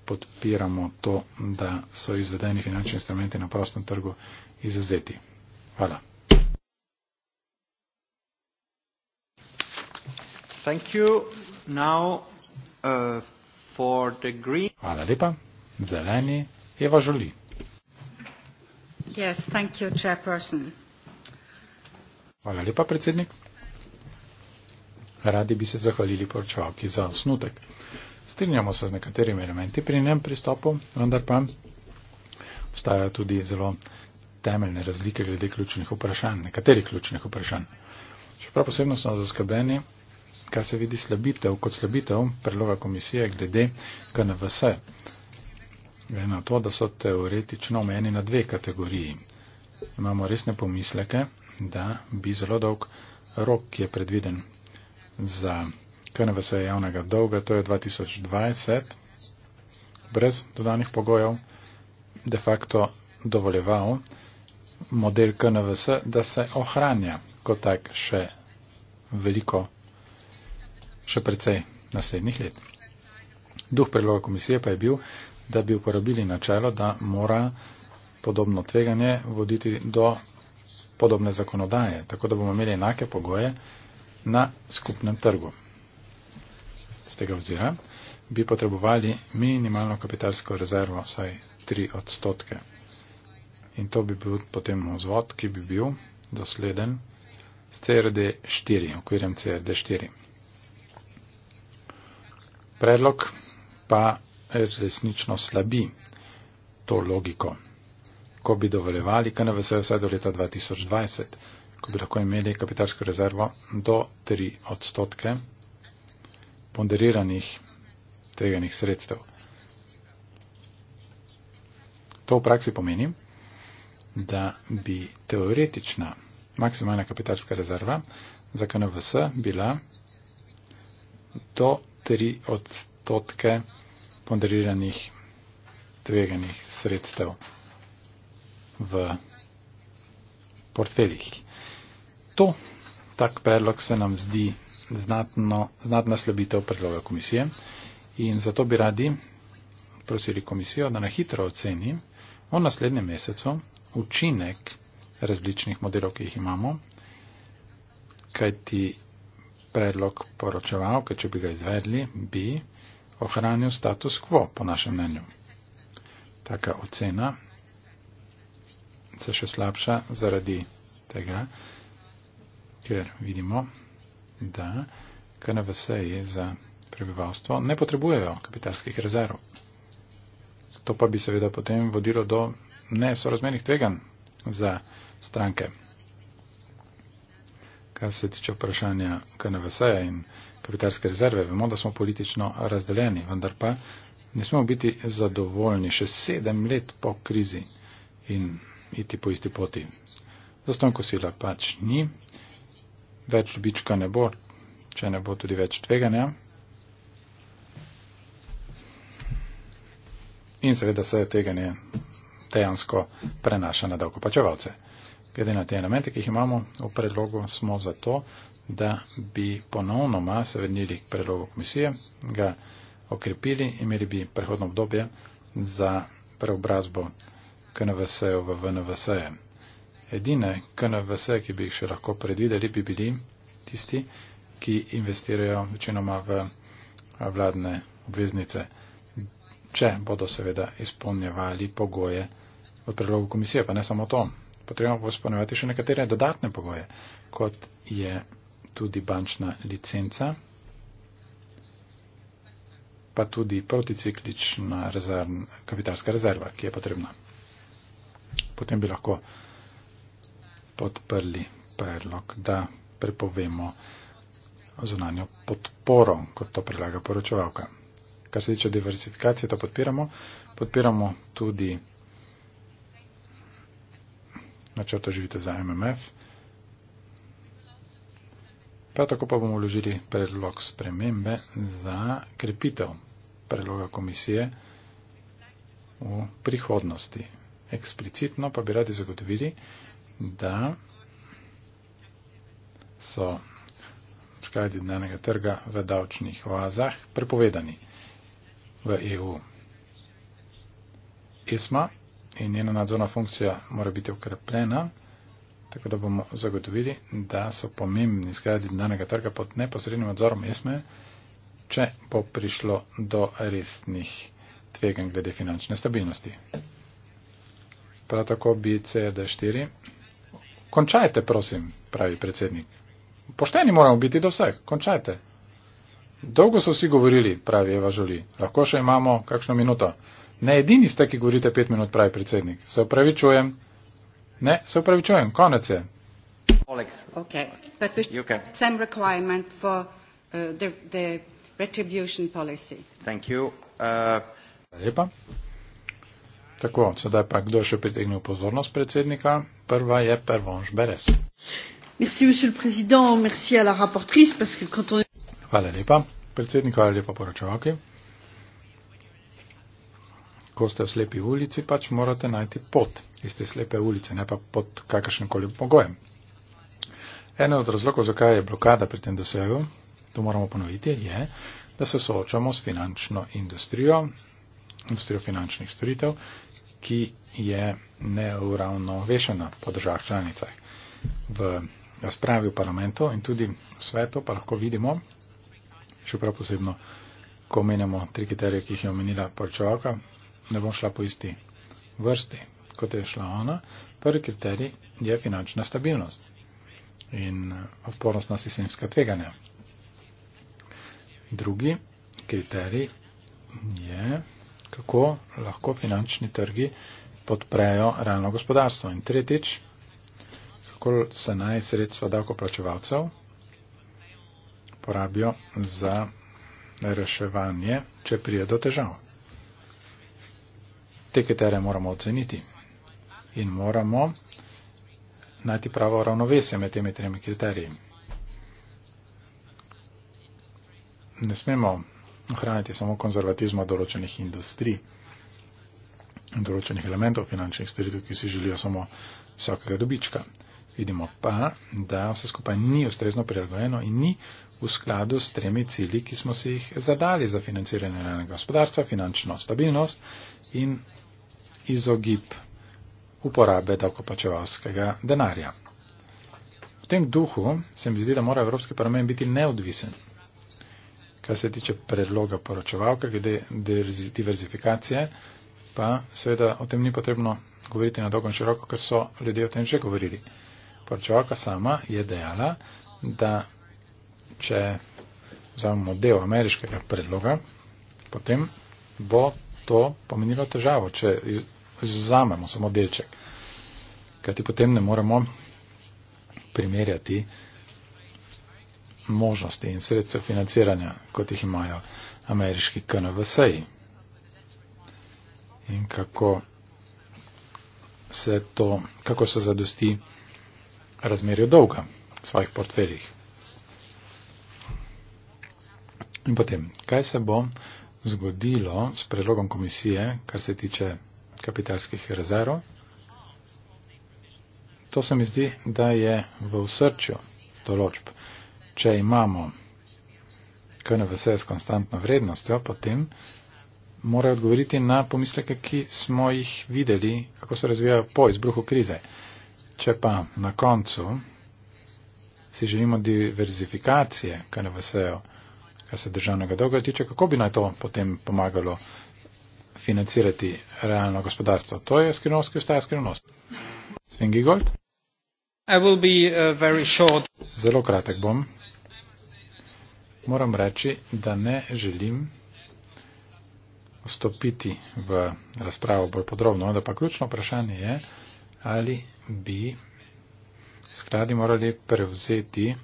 podpiramo to, da so izvedeni finančni instrumenti na prostem trgu izazeti. Hvala. Thank you. Now, uh, for the green... Hvala lepa. Zeleni Eva Žuli. Yes, thank you, chairperson. Hvala lepa, predsednik. Radi bi se zahvalili poročevalki za osnutek. Strinjamo se z nekaterimi elementi pri njem pristopu, vendar pa obstajajo tudi zelo temeljne razlike glede ključnih vprašanj, nekaterih ključnih vprašanj. Še prav posebno smo zaskrbljeni, kaj se vidi slabitev kot slabitev predloga komisije glede KNVS. Glede na to, da so teoretično omejeni na dve kategoriji. Imamo resne pomisleke, da bi zelo dolg rok, ki je predviden za KNVS javnega dolga, to je 2020, brez dodanih pogojev, de facto dovoljeval model KNVS, da se ohranja kot tak še veliko, še precej naslednjih let. Duh predloga komisije pa je bil, da bi uporabili načelo, da mora podobno tveganje voditi do podobne zakonodaje, tako da bomo imeli enake pogoje na skupnem trgu z tega vzira, bi potrebovali minimalno kapitalsko rezervo vsaj 3 odstotke. In to bi bil potem vzvod, ki bi bil dosleden s CRD4, okvirjem CRD4. Predlog pa resnično slabi to logiko. Ko bi dovoljevali KNVS vsaj do leta 2020, ko bi lahko imeli kapitalsko rezervo do 3 odstotke ponderiranih tveganih sredstev. To v praksi pomeni, da bi teoretična maksimalna kapitalska rezerva za KNVS bila do 3 odstotke ponderiranih tveganih sredstev v portfeljih. To, tak predlog se nam zdi znatno, znatna slabitev predloga komisije in zato bi radi prosili komisijo, da na hitro oceni v naslednjem mesecu učinek različnih modelov, ki jih imamo, kajti predlog poročeval, ker če bi ga izvedli, bi ohranil status quo, po našem mnenju. Taka ocena se še slabša zaradi tega, ker vidimo, da KNVS-ji za prebivalstvo ne potrebujejo kapitalskih rezerv. To pa bi seveda potem vodilo do nesorazmernih tveganj za stranke. Kar se tiče vprašanja KNVS-ja in kapitalske rezerve, vemo, da smo politično razdeljeni, vendar pa ne smemo biti zadovoljni še sedem let po krizi in iti po isti poti. Zastonj kosila pač ni, več dobička ne bo, če ne bo tudi več tveganja. In seveda se tveganje dejansko prenaša na davkoplačevalce. Glede na te elemente, ki jih imamo v predlogu, smo za to, da bi ponovno se vrnili k predlogu komisije, ga okrepili, imeli bi prehodno obdobje za preobrazbo KNVS-ev v VNVS-e. Edine KNVS, ki bi jih še lahko predvideli, bi bili tisti, ki investirajo večinoma v vladne obveznice, če bodo seveda izpolnjevali pogoje v predlogu komisije, pa ne samo to. Potrebno bo izpolnjevati še nekatere dodatne pogoje, kot je tudi bančna licenca, pa tudi proticiklična rezerv, kapitalska rezerva, ki je potrebna. Potem bi lahko podprli predlog, da prepovemo zunanjo podporo, kot to predlaga poročevalka. Kar se tiče diversifikacije, to podpiramo. Podpiramo tudi načrto živite za MMF. Prav tako pa bomo vložili predlog spremembe za krepitev predloga komisije v prihodnosti. Eksplicitno pa bi radi zagotovili, da so skladi dnevnega trga v davčnih oazah prepovedani v EU. ESMA in njena nadzorna funkcija mora biti ukrepljena, tako da bomo zagotovili, da so pomembni skladi dnevnega trga pod neposrednim nadzorom ESME, če bo prišlo do resnih tveganj glede finančne stabilnosti. Prav tako bi CRD 4 Končajte, prosim, pravi predsednik. Pošteni moramo biti do vseh, končajte. Dolgo so vsi govorili, pravi Eva Žoli. Lahko še imamo kakšno minuto. Ne edini ste, ki govorite pet minut, pravi predsednik. Se upravičujem. Ne, se upravičujem, konec je. Okay. Uh, uh, Hvala lepa. Tako, sedaj pa kdo še pritegnil pozornost predsednika? Prva je Pervonš Beres. Merci, monsieur le président, merci à la rapportrice, parce que quand on... Hvala lepa, predsednik, hvala lepa poročevalki. Ko ste v slepi ulici, pač morate najti pot iz te slepe ulice, ne pa pod kakršnikoli pogojem. Ena od razlogov, zakaj je blokada pri tem dosegu, to moramo ponoviti, je, da se soočamo s finančno industrijo, industrijo finančnih storitev, ki je neuravnovešena po državah članicah. V razpravi v parlamentu in tudi v svetu pa lahko vidimo, še prav posebno, ko omenjamo tri kriterije, ki jih je omenila poročevalka, ne bom šla po isti vrsti, kot je šla ona. Prvi kriterij je finančna stabilnost in eh, odpornost na sistemska tveganja. Drugi kriterij je kako lahko finančni trgi podprejo realno gospodarstvo. In tretjič, kako se naj sredstva davkoplačevalcev porabijo za reševanje, če prije do težav. Te kriterije moramo oceniti in moramo najti pravo ravnovesje med temi tremi kriteriji. Ne smemo ohraniti samo konzervatizma določenih industrij in določenih elementov finančnih storitev, ki si želijo samo visokega dobička. Vidimo pa, da vse skupaj ni ustrezno prilagojeno in ni v skladu s tremi cilji, ki smo si jih zadali za financiranje realnega gospodarstva, finančno stabilnost in izogib uporabe davkopačevalskega denarja. V tem duhu se mi zdi, da mora Evropski parlament biti neodvisen kar se tiče predloga poročevalka, glede diverzifikacije, pa seveda o tem ni potrebno govoriti na dolgo in široko, ker so ljudje o tem že govorili. Poročevalka sama je dejala, da če vzamemo del ameriškega predloga, potem bo to pomenilo težavo, če vzamemo samo delček, kajti potem ne moremo primerjati uh, možnosti in sredstev financiranja, kot jih imajo ameriški KNVS-ji. In kako se to, kako se zadosti razmerju dolga v svojih portfeljih. In potem, kaj se bo zgodilo s predlogom komisije, kar se tiče kapitalskih rezerv? To se mi zdi, da je v srčju določb če imamo KNVS s konstantno vrednostjo, potem mora odgovoriti na pomisleke, ki smo jih videli, kako se razvijajo po izbruhu krize. Če pa na koncu si želimo diverzifikacije KNVS, kar se državnega dolga tiče, kako bi naj to potem pomagalo financirati realno gospodarstvo. To je skrivnost, ki ostaja skrivnost. Svingigold? Uh, Zelo kratek bom moram reči, da ne želim vstopiti v razpravo bolj podrobno, da pa ključno vprašanje je, ali bi skladi morali prevzeti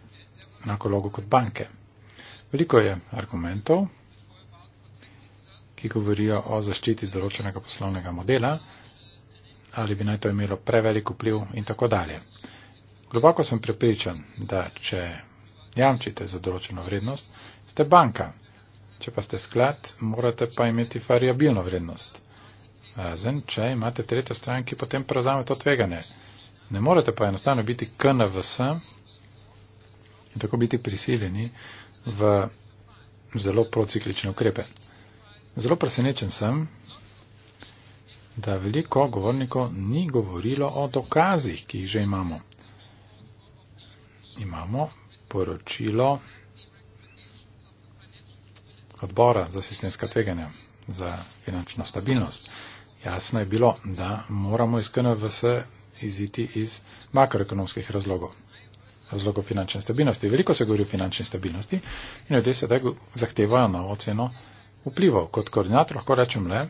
enako logo kot banke. Veliko je argumentov, ki govorijo o zaščiti določenega poslovnega modela, ali bi naj to imelo prevelik vpliv in tako dalje. Globoko sem prepričan, da če jamčite za določeno vrednost, ste banka. Če pa ste sklad, morate pa imeti variabilno vrednost. Razen, če imate tretjo stran, ki potem prevzame to tveganje. Ne morete pa enostavno biti KNVS in tako biti prisiljeni v zelo prociklične ukrepe. Zelo presenečen sem, da veliko govornikov ni govorilo o dokazih, ki jih že imamo. Imamo poročilo odbora za sistemska tveganja za finančno stabilnost. Jasno je bilo, da moramo iz KNVS iziti iz makroekonomskih razlogov, razlogov finančne stabilnosti. Veliko se govori o finančni stabilnosti in ljudje se tako zahtevajo na oceno vplivov. Kot koordinator lahko rečem le,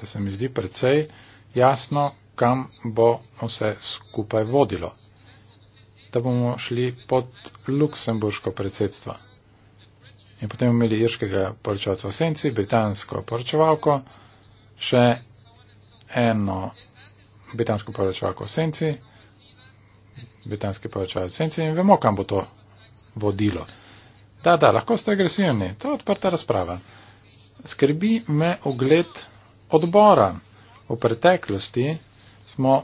da se mi zdi precej jasno, kam bo vse skupaj vodilo da bomo šli pod luksemburško predsedstvo. In potem imeli irškega poročevalca v senci, britansko poročevalko, še eno britansko poročevalko v senci, britanski poročevalc v senci in vemo, kam bo to vodilo. Da, da, lahko ste agresivni, to je odprta razprava. Skrbi me ogled odbora. V preteklosti smo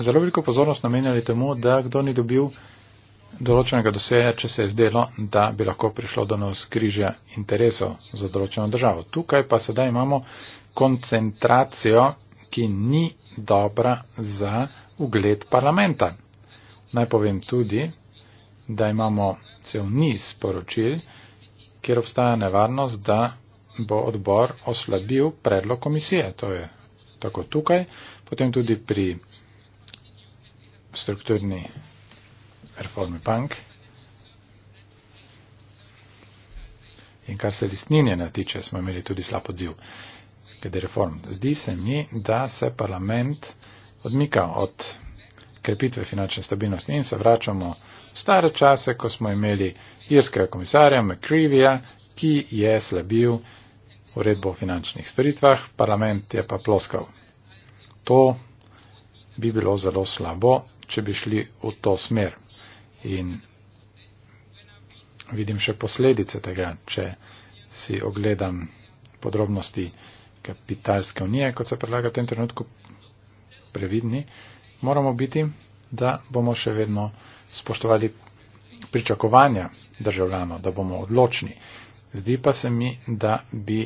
zelo veliko pozornost namenjali temu, da kdo ni dobil določenega doseja, če se je zdelo, da bi lahko prišlo do navskrižja interesov za določeno državo. Tukaj pa sedaj imamo koncentracijo, ki ni dobra za ugled parlamenta. Naj povem tudi, da imamo cel niz poročil, kjer obstaja nevarnost, da bo odbor oslabil predlog komisije. To je tako tukaj, potem tudi pri strukturni reformi bank. In kar se listninje natiče, smo imeli tudi slab odziv, glede reform. Zdi se mi, da se parlament odmika od krepitve finančne stabilnosti in se vračamo v stare čase, ko smo imeli irskega komisarja McCreevyja, ki je slabil uredbo o finančnih storitvah, parlament je pa ploskal. To bi bilo zelo slabo če bi šli v to smer. In vidim še posledice tega, če si ogledam podrobnosti kapitalske unije, kot se predlaga v tem trenutku, previdni, moramo biti, da bomo še vedno spoštovali pričakovanja državljanov, da bomo odločni. Zdi pa se mi, da bi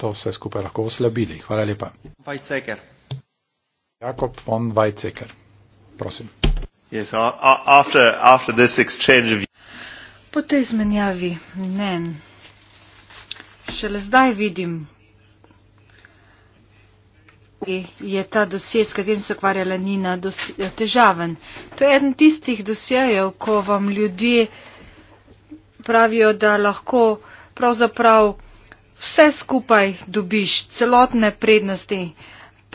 to vse skupaj lahko oslabili. Hvala lepa. Vajceker. Jakob von Vajceker prosim. Yes, after, after this exchange of... Po tej izmenjavi mnen šele zdaj vidim, da je ta dosje, s katerim se ukvarja Lenina, težaven. To je eden tistih dosjejev, ko vam ljudje pravijo, da lahko pravzaprav vse skupaj dobiš, celotne prednosti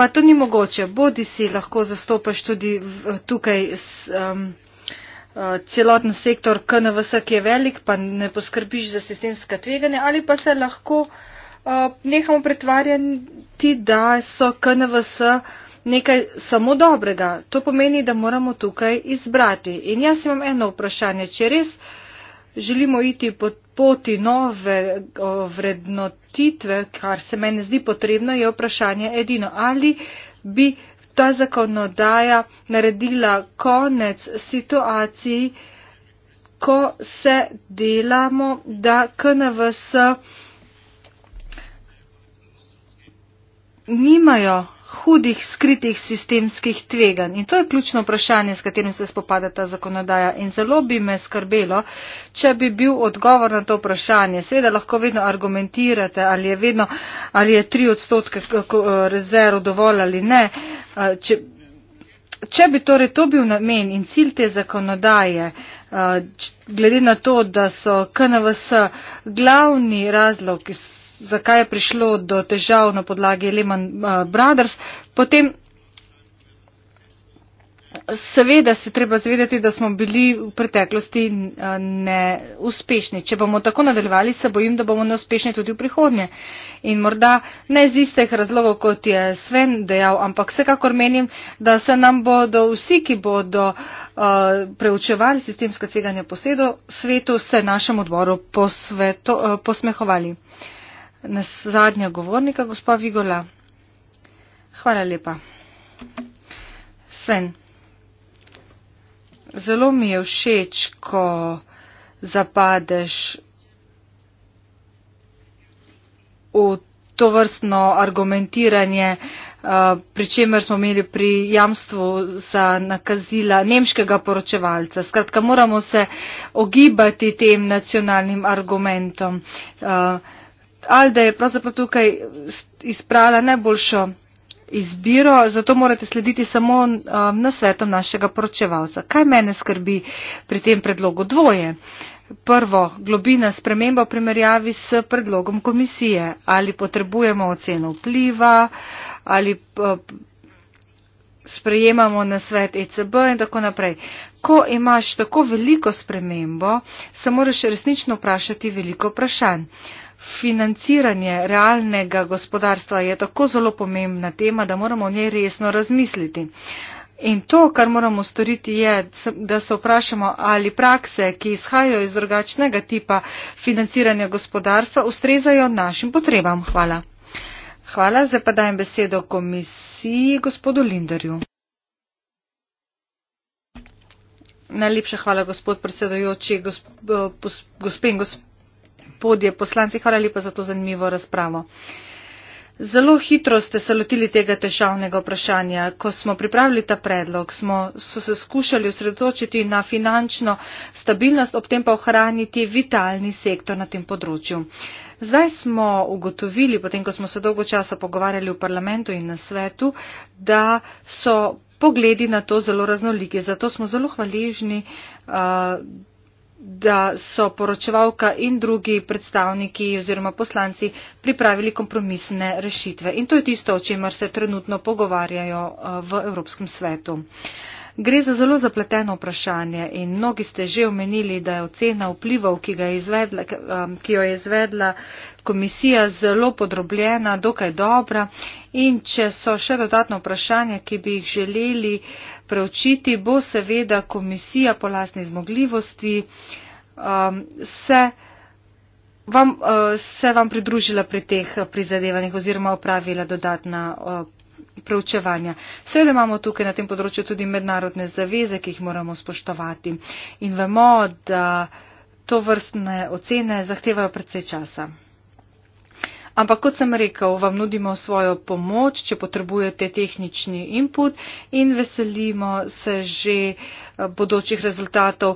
pa to ni mogoče. Bodi si lahko zastopaš tudi tukaj um, uh, celoten sektor KNVS, ki je velik, pa ne poskrbiš za sistemska tveganja, ali pa se lahko uh, nehamo pretvarjati, da so KNVS nekaj samo dobrega. To pomeni, da moramo tukaj izbrati. In jaz imam eno vprašanje, če res. Uh, želimo iti po poti nove vrednotitve, kar se meni zdi potrebno, je vprašanje edino, ali bi ta zakonodaja naredila konec situaciji, ko se delamo, da KNVS nimajo hudih skritih sistemskih tveganj. In to je ključno vprašanje, s katerim se spopada ta zakonodaja. In zelo bi me skrbelo, če bi bil odgovor na to vprašanje. Seveda lahko vedno argumentirate, ali je, vedno, ali je tri odstotke rezerv dovolj ali ne. Če, če bi torej to bil namen in cilj te zakonodaje, glede na to, da so KNVS glavni razlog, ki so zakaj je prišlo do težav na podlagi Lehman uh, Brothers. Potem seveda se treba zvedeti, da smo bili v preteklosti uh, neuspešni. Če bomo tako nadaljevali, se bojim, da bomo neuspešni tudi v prihodnje. In morda ne iz istih razlogov, kot je Sven dejal, ampak vsekakor menim, da se nam bodo vsi, ki bodo uh, preučevali sistemska tveganja posedo, svetu se našem odboru posveto, uh, posmehovali zadnja govornika, gospod Vigola. Hvala lepa. Sven, zelo mi je všeč, ko zapadeš v to vrstno argumentiranje, eh, pri čemer smo imeli pri jamstvu za nakazila nemškega poročevalca. Skratka, moramo se ogibati tem nacionalnim argumentom. Uh, alde je pravzaprav tukaj izbrala najboljšo izbiro, zato morate slediti samo um, na svetom našega poročevalca. Kaj mene skrbi pri tem predlogu? Dvoje. Prvo, globina sprememba v primerjavi s predlogom komisije. Ali potrebujemo oceno vpliva, ali uh, sprejemamo na svet ECB in tako naprej. Ko imaš tako veliko spremembo, se moraš resnično vprašati veliko vprašanj financiranje realnega gospodarstva je tako zelo pomembna tema, da moramo o njej resno razmisliti. In to, kar moramo storiti, je, da se vprašamo, ali prakse, ki izhajajo iz drugačnega tipa financiranja gospodarstva, ustrezajo našim potrebam. Hvala. Hvala, zdaj pa dajem besedo komisiji gospodu Linderju. Najlepša hvala, gospod predsedojoči, gospe in gospod podje poslanci, hvala lepa za to zanimivo razpravo. Zelo hitro ste se lotili tega težavnega vprašanja. Ko smo pripravili ta predlog, smo so se skušali osredotočiti na finančno stabilnost, ob tem pa ohraniti vitalni sektor na tem področju. Zdaj smo ugotovili, potem ko smo se dolgo časa pogovarjali v parlamentu in na svetu, da so pogledi na to zelo raznoliki. Zato smo zelo hvaležni. Uh, da so poročevalka in drugi predstavniki oziroma poslanci pripravili kompromisne rešitve. In to je tisto, o čemer se trenutno pogovarjajo eh, v Evropskem svetu. Gre za zelo zapleteno vprašanje in mnogi ste že omenili, da je ocena vplivov, ki, je izvedla, eh, ki jo je izvedla komisija, zelo podrobljena, dokaj dobra. In če so še dodatno vprašanje, ki bi jih želeli preučiti, bo seveda komisija po lasni zmogljivosti um, se, vam, uh, se vam pridružila pri teh prizadevanjih oziroma opravila dodatna uh, preučevanja. Seveda imamo tukaj na tem področju tudi mednarodne zaveze, ki jih moramo spoštovati in vemo, da to vrstne ocene zahtevajo predvsej časa. Ampak kot sem rekel, vam nudimo svojo pomoč, če potrebujete tehnični input in veselimo se že eh, bodočih rezultatov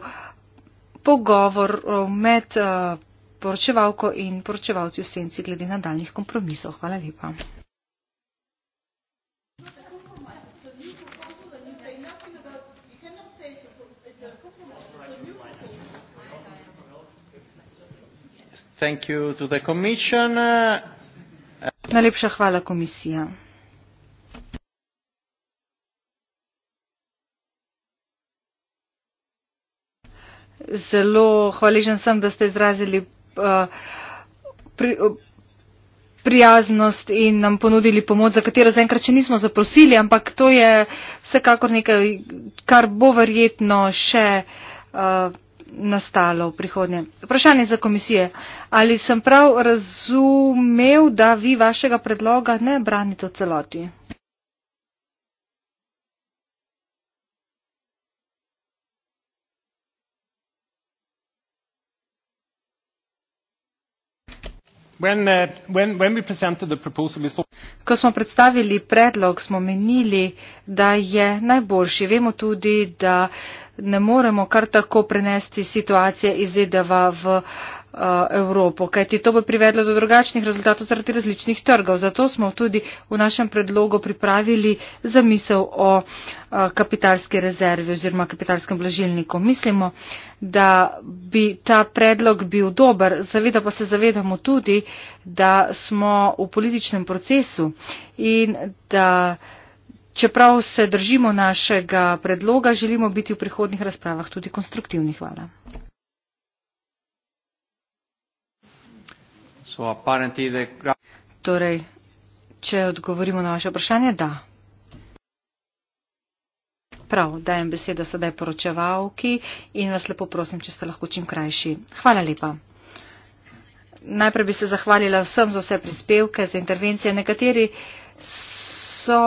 pogovorov med eh, poročevalko in poročevalci v senci glede nadaljnih kompromisov. Hvala lepa. najlepša hvala komisija. zelo hvaležen sem da ste izrazili uh, pri, uh, prijaznost in nam ponudili pomoč za katero zaenkrat še nismo zaprosili ampak to je vsekakor nekaj kar bo verjetno še uh, nastalo v prihodnje. Vprašanje za komisije. Ali sem prav razumev, da vi vašega predloga ne branite v celoti? When, uh, when, when proposal, Ko smo predstavili predlog, smo menili, da je najboljši. Vemo tudi, da uh, ne moremo kar tako prenesti situacije iz ZDA v uh, Evropo, kajti to bo privedlo do drugačnih rezultatov zaradi različnih trgov. Zato smo tudi v našem predlogu pripravili zamisel o uh, kapitalski rezervi oziroma kapitalskem blažilniku. Mislimo, da bi ta predlog bil dober, zaveda pa se zavedamo tudi, da smo v političnem procesu in da čeprav se držimo našega predloga, želimo biti v prihodnih razpravah tudi konstruktivni. Hvala. So torej, če odgovorimo na vaše vprašanje, da. Prav, dajem besedo sedaj poročevalki in vas lepo prosim, če ste lahko čim krajši. Hvala lepa. Najprej bi se zahvalila vsem za vse prispevke, za intervencije. Nekateri so.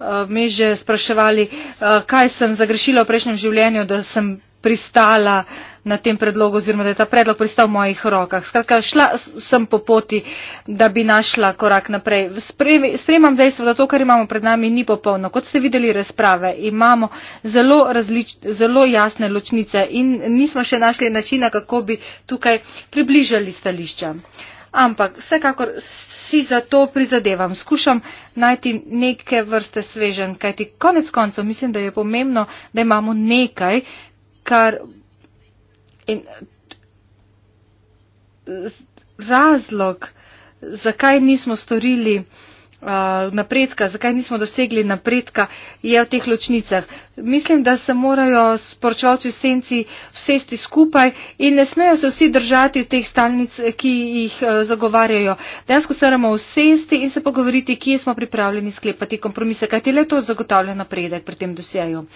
Eh, mi že spraševali, eh, kaj sem zagrešila v prejšnjem življenju, da sem pristala na tem predlogu oziroma da je ta predlog pristal v mojih rokah. Skratka, šla sem po poti, da bi našla korak naprej. Spremam dejstvo, da to, kar imamo pred nami, ni popolno. Kot ste videli razprave, imamo zelo, različ, zelo jasne ločnice in nismo še našli načina, kako bi tukaj približali stališča ampak vsekakor si za to prizadevam, skušam najti neke vrste svežen, kajti konec koncev mislim, da je pomembno, da imamo nekaj, kar. In razlog, zakaj nismo storili Uh, napredka, zakaj nismo dosegli napredka, je v teh ločnicah. Mislim, da se morajo sporočevalci v senci vsesti skupaj in ne smejo se vsi držati v teh stalnic, ki jih uh, zagovarjajo. Dejansko se moramo vsesti in se pogovoriti, kje smo pripravljeni sklepati kompromise, kajti le to zagotavlja napredek pri tem dosjeju.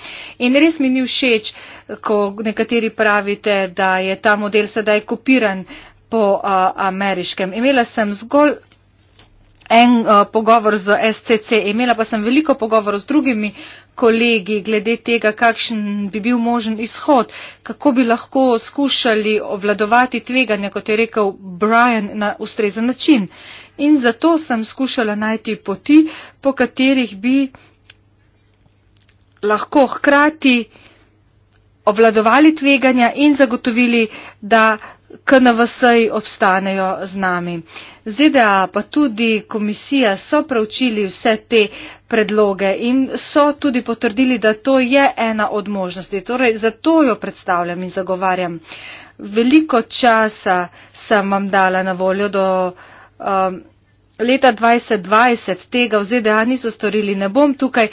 In res mi ni všeč, ko nekateri pravite, da je ta model sedaj kopiran. Po a, uh, ameriškem. Imela sem zgolj en uh, pogovor z SCC, imela pa sem veliko pogovorov z drugimi kolegi glede tega, kakšen bi bil možen izhod, kako bi lahko skušali obvladovati tveganja, kot je rekel Brian, na ustrezen način. In zato sem skušala najti poti, po katerih bi lahko hkrati obvladovali tveganja in zagotovili, da KNVS-ji obstanejo z nami. ZDA pa tudi komisija so pravčili vse te predloge in so tudi potrdili, da to je ena od možnosti. Torej, zato jo predstavljam in zagovarjam. Veliko časa sem vam dala na voljo do. Um, leta 2020 tega v ZDA niso storili, ne bom tukaj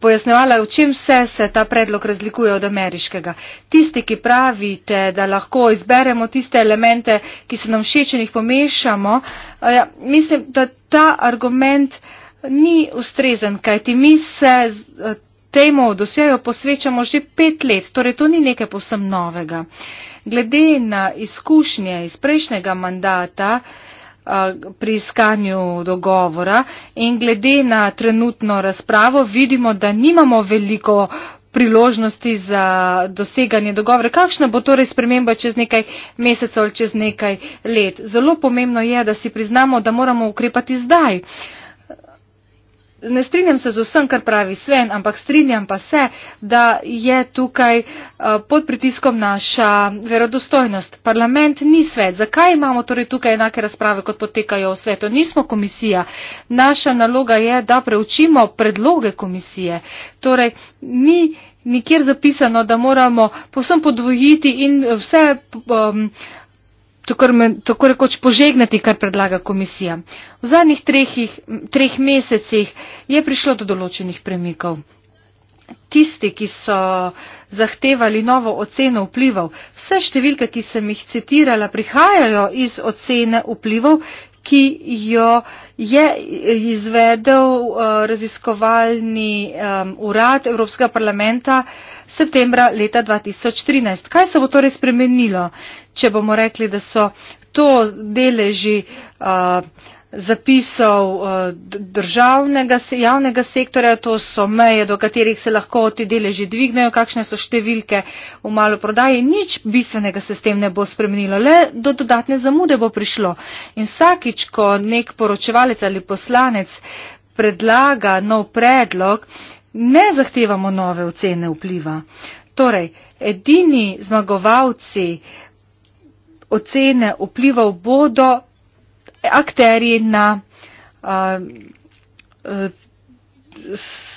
pojasnevala, v čem vse se ta predlog razlikuje od ameriškega. Tisti, ki pravite, da lahko izberemo tiste elemente, ki so nam všeč in jih pomešamo, ja, mislim, da ta argument ni ustrezen, kajti mi se eh, temu dosjeju posvečamo že pet let, torej to ni nekaj posem novega. Glede na izkušnje iz prejšnjega mandata, pri iskanju dogovora in glede na trenutno razpravo vidimo, da nimamo veliko priložnosti za doseganje dogovora. Kakšna bo torej sprememba čez nekaj mesecev ali čez nekaj let? Zelo pomembno je, da si priznamo, da moramo ukrepati zdaj. Uh, Ne strinjam se z vsem, kar pravi Sven, ampak strinjam pa se, da je tukaj eh, pod pritiskom naša verodostojnost. Parlament ni svet. Zakaj imamo torej tukaj enake razprave, kot potekajo v svetu? Nismo komisija. Naša naloga je, da preučimo predloge komisije. Torej, ni nikjer zapisano, da moramo posem podvojiti in vse. Um, tako rekoč požegnati, kar predlaga komisija. V zadnjih treh, treh mesecih je prišlo do določenih premikov. Tisti, ki so uh, zahtevali novo oceno vplivov. Vse številke, ki sem jih citirala, prihajajo iz ocene vplivov, ki jo je izvedel uh, raziskovalni um, urad Evropskega parlamenta septembra leta 2013. Kaj se bo torej spremenilo, če bomo rekli, da so to deleži uh, zapisov eh, državnega javnega sektorja, to so meje, do katerih se lahko ti deleži dvignejo, kakšne so številke v maloprodaji. Nič bistvenega se s tem ne bo spremenilo, le do dodatne zamude bo prišlo. In vsakič, ko nek poročevalec ali poslanec predlaga nov predlog, ne zahtevamo nove ocene vpliva. Torej, edini zmagovalci ocene vplivov bodo akteri na uh, e,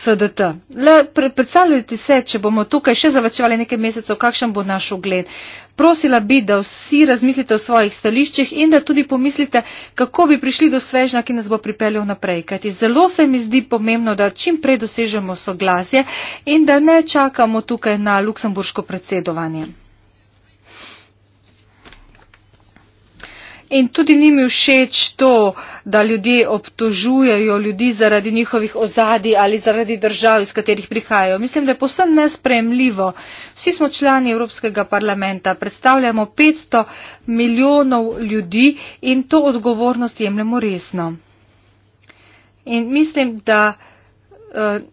SDT. Le predstavljajte se, če bomo tukaj še zavačevali nekaj mesecev, kakšen bo naš ogled. Prosila bi, da vsi razmislite o svojih stališčih in da tudi pomislite, kako bi prišli do svežnja, ki nas bo pripeljal naprej. Kajti zelo se mi zdi pomembno, da čim prej dosežemo soglasje in da ne čakamo tukaj na luksemburško predsedovanje. In tudi ni mi všeč to, da ljudje obtožujejo ljudi zaradi njihovih ozadij ali zaradi držav, iz katerih prihajajo. Mislim, da je posebno nespremljivo. Vsi smo člani Evropskega parlamenta, predstavljamo 500 milijonov ljudi in to odgovornost jemljemo resno. In mislim, da. Uh,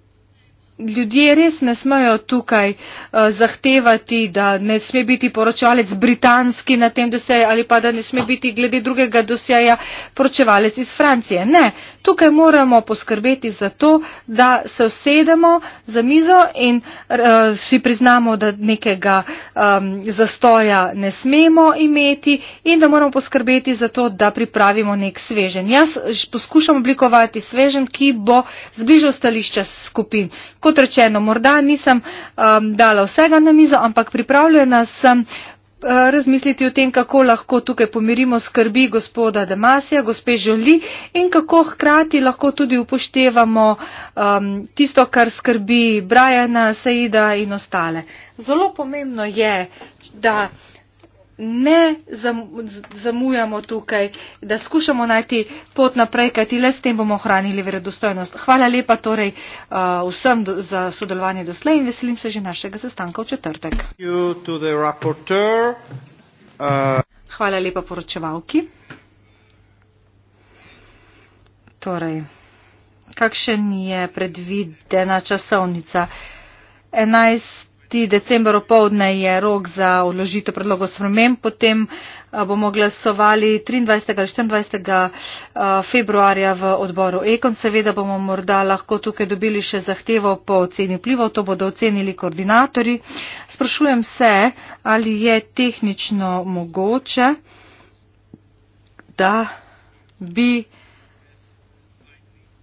ljudje res ne smejo tukaj uh, zahtevati, da ne sme biti poročevalec britanski na tem doseju ali pa da ne sme biti glede drugega doseja poročevalec iz Francije. Ne, tukaj moramo poskrbeti za to, da se usedemo za mizo in uh, si priznamo, da nekega um, zastoja ne smemo imeti in da moramo poskrbeti za to, da pripravimo nek svežen. Jaz poskušam oblikovati svežen, ki bo zbližal stališča skupin kot rečeno, morda nisem um, dala vsega na mizo, ampak pripravljena sem uh, razmisliti o tem, kako lahko tukaj pomirimo skrbi gospoda Demasija, gospe Žoli in kako hkrati lahko tudi upoštevamo um, tisto, kar skrbi Brajana, Saida in ostale. Zelo pomembno je, da ne zam, zamujamo tukaj, da skušamo najti pot naprej, kajti le s tem bomo ohranili verodostojnost. Hvala lepa torej uh, vsem do, za sodelovanje doslej in veselim se že našega sestanka v četrtek. Uh, Hvala lepa poročevalki. Torej, kakšen je predvidena časovnica? 11. 30. december opovdne je rok za odložitev predlogov sprememb, potem eh, bomo glasovali 23. ali 24. Eh, februarja v odboru Ekon. Seveda bomo morda lahko tukaj dobili še zahtevo po oceni vplivov, to bodo ocenili koordinatori. Sprašujem se, ali je tehnično mogoče, da bi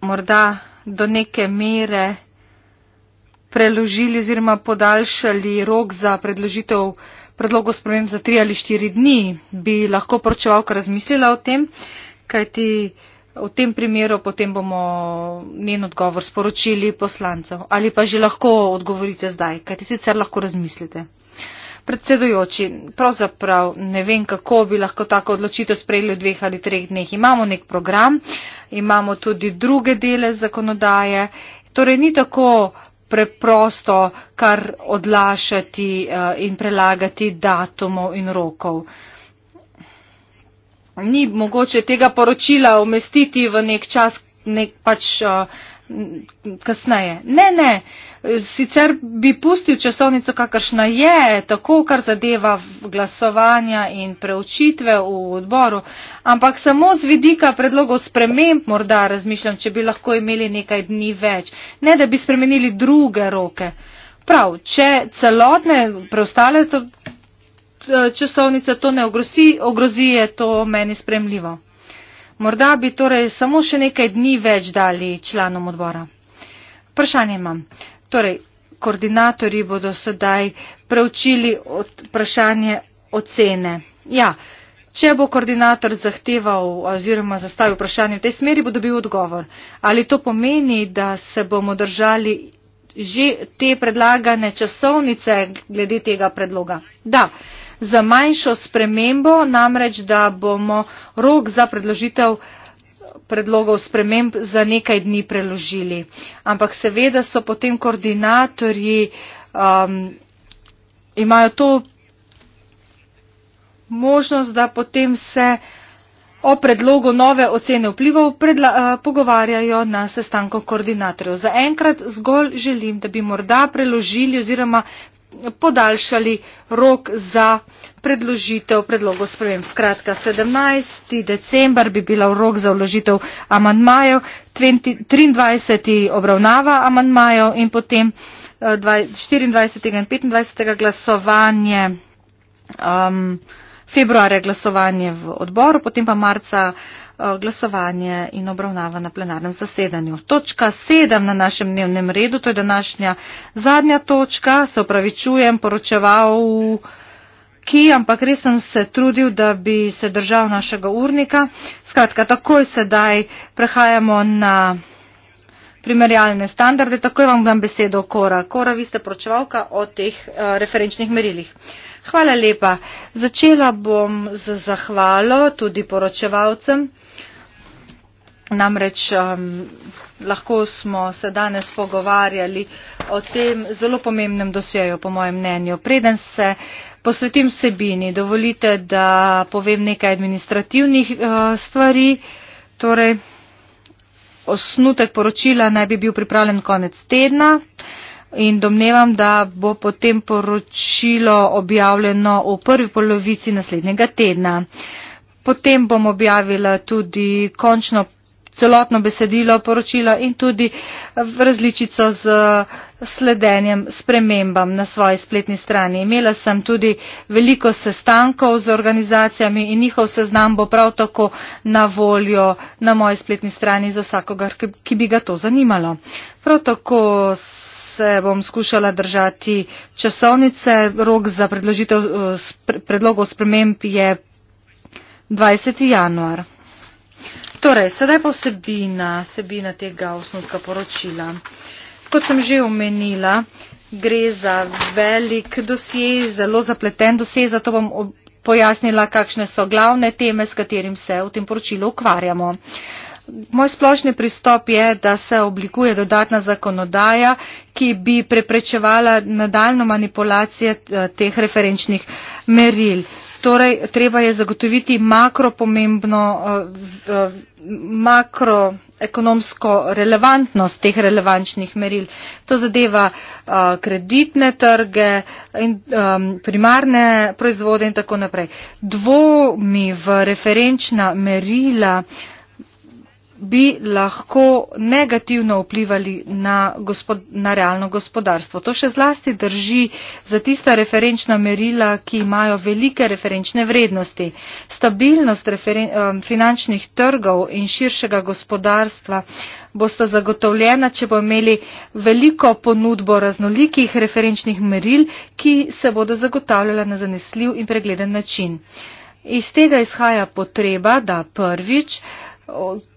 morda do neke mere preložili oziroma podaljšali rok za predložitev predlogov sprememb za tri ali štiri dni, bi lahko poročevalka razmislila o tem, kajti v tem primeru potem bomo njen odgovor sporočili poslancev. Ali pa že lahko odgovorite zdaj, kajti sicer lahko razmislite. Predsedujoči, pravzaprav ne vem, kako bi lahko tako odločitev sprejeli v dveh ali treh dneh. Imamo nek program, imamo tudi druge dele zakonodaje. Torej ni tako preprosto kar odlašati eh, in prelagati datumov in rokov. Ni mogoče tega poročila umestiti v nek čas, nek pač uh, kasneje. Ne, ne. Uh, sicer bi pustil časovnico, kakršna je, tako kar zadeva glasovanja in preučitve v odboru, ampak samo z vidika predlogov sprememb morda razmišljam, če bi lahko imeli nekaj dni več, ne da bi spremenili druge roke. Prav, če celotne preostale to, časovnice to ne ogrozi, ogrozi je to meni spremljivo. Morda bi torej samo še nekaj dni več dali članom odbora. Vprašanje imam. Torej, koordinatorji bodo sedaj preučili vprašanje ocene. Ja, če bo koordinator zahteval oziroma zastavil vprašanje v tej smeri, bo dobil odgovor. Ali to pomeni, da se bomo držali že te predlagane časovnice glede tega predloga? Da. Za manjšo spremembo namreč, da bomo rok za predložitev predlogov sprememb za nekaj dni preložili. Ampak seveda so potem koordinatorji, um, imajo to možnost, da potem se o predlogu nove ocene vplivov predla, uh, pogovarjajo na sestanku koordinatorjev. Za enkrat zgolj želim, da bi morda preložili oziroma podaljšali rok za predložitev predlogov sprejem. Skratka, 17. decembar bi bila rok za vložitev amandmajev, 23. obravnava amandmajev in potem 24. Eh, in 25. glasovanje, um, februarja glasovanje v odboru, potem pa marca uh, Eh, glasovanje in obravnava na plenarnem zasedanju. Točka sedem na našem dnevnem redu, to je današnja zadnja točka, se opravičujem, poročeval v ki, ampak res sem se trudil, da bi se držal našega urnika. Skratka, takoj sedaj prehajamo na primerjalne standarde, takoj vam dam besedo Kora. Kora, vi ste pročevalka o teh a, eh, referenčnih merilih. Hvala lepa. Začela bom z zahvalo tudi poročevalcem. Namreč um, lahko smo se danes pogovarjali o tem zelo pomembnem dosjeju, po mojem mnenju. Preden se posvetim sebini, dovolite, da povem nekaj administrativnih uh, stvari. Torej, osnutek poročila naj bi bil pripravljen konec tedna in domnevam, da bo potem poročilo objavljeno v prvi polovici naslednjega tedna. Potem bom objavila tudi končno celotno besedilo poročila in tudi različico z sledenjem spremembam na svoji spletni strani. Imela sem tudi veliko sestankov z organizacijami in njihov seznam bo prav tako na voljo na moji spletni strani za vsakogar, ki bi ga to zanimalo. Prav tako se bom skušala držati časovnice. Rok za predložitev eh, predlogov sprememb je 20. januar. Torej, sedaj pa vsebina, vsebina tega osnovnega poročila. Kot sem že omenila, gre za velik dosjej, zelo zapleten dosjej, zato bom pojasnila, kakšne so glavne teme, s katerim se v tem poročilu ukvarjamo. Moj splošni pristop je, da se oblikuje dodatna zakonodaja, ki bi preprečevala nadaljno manipulacijo eh, teh referenčnih meril. Torej, treba je zagotoviti makropomembno, uh, eh, uh, eh, makroekonomsko relevantnost teh relevančnih meril. To zadeva uh, kreditne trge, in, um, primarne proizvode in tako naprej. Dvomi v referenčna merila uh, bi lahko negativno vplivali na, gospod, na realno gospodarstvo. To še zlasti drži za tista referenčna merila, ki imajo velike referenčne vrednosti. Stabilnost referen, finančnih trgov in širšega gospodarstva bosta zagotovljena, če bo imeli veliko ponudbo raznolikih referenčnih meril, ki se bodo zagotavljala na zanesljiv in pregleden način. Iz tega izhaja potreba, da prvič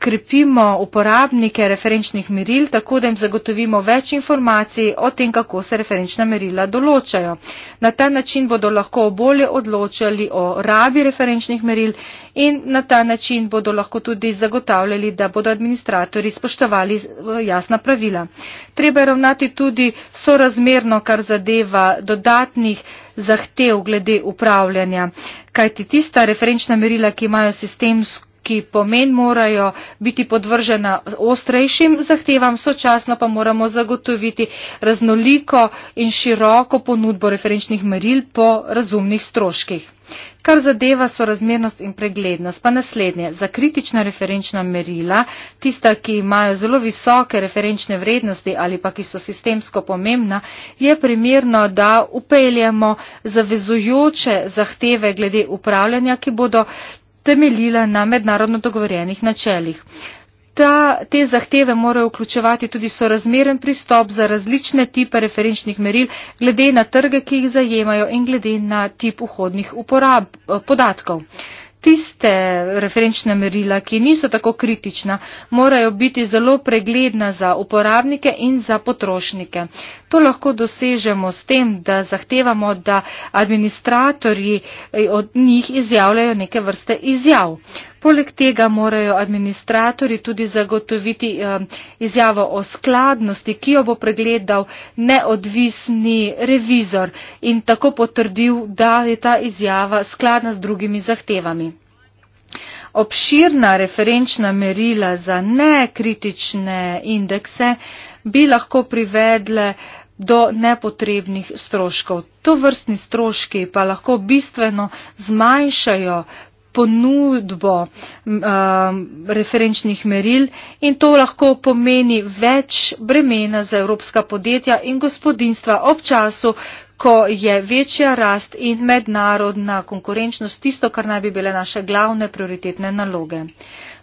krepimo uporabnike referenčnih meril, tako da jim zagotovimo več informacij o tem, kako se referenčna merila določajo. Na ta način bodo lahko bolje odločali o rabi referenčnih meril in na ta način bodo lahko tudi zagotavljali, da bodo administratori spoštovali jasna pravila. Treba je ravnati tudi sorazmerno, kar zadeva dodatnih zahtev glede upravljanja, kajti tista referenčna merila, ki imajo sistemsko ki pomen morajo biti podvržena ostrejšim zahtevam, sočasno pa moramo zagotoviti raznoliko in široko ponudbo referenčnih meril po razumnih stroških. Kar zadeva so razmernost in preglednost, pa naslednje, za kritična referenčna merila, tista, ki imajo zelo visoke referenčne vrednosti ali pa ki so sistemsko pomembna, je primerno, da upeljamo zavezujoče zahteve glede upravljanja, ki bodo temeljila na mednarodno dogovorjenih načeljih. Ta, te zahteve morajo vključevati tudi sorazmeren pristop za različne tipe referenčnih meril, glede na trge, ki jih zajemajo in glede na tip vhodnih uporab, eh, podatkov tiste referenčne merila, ki niso tako kritična, morajo biti zelo pregledna za uporabnike in za potrošnike. To lahko dosežemo s tem, da zahtevamo, da administratorji eh, od njih izjavljajo neke vrste izjav. Poleg tega morajo administratori tudi zagotoviti eh, izjavo o skladnosti, ki jo bo pregledal neodvisni revizor in tako potrdil, da je ta izjava skladna z drugimi zahtevami. Obširna referenčna merila za nekritične indekse bi lahko privedle do nepotrebnih stroškov. To vrstni stroški pa lahko bistveno zmanjšajo ponudbo um, referenčnih meril in to lahko pomeni več bremena za evropska podjetja in gospodinstva ob času, ko je večja rast in mednarodna konkurenčnost tisto, kar naj bi bile naše glavne prioritetne naloge.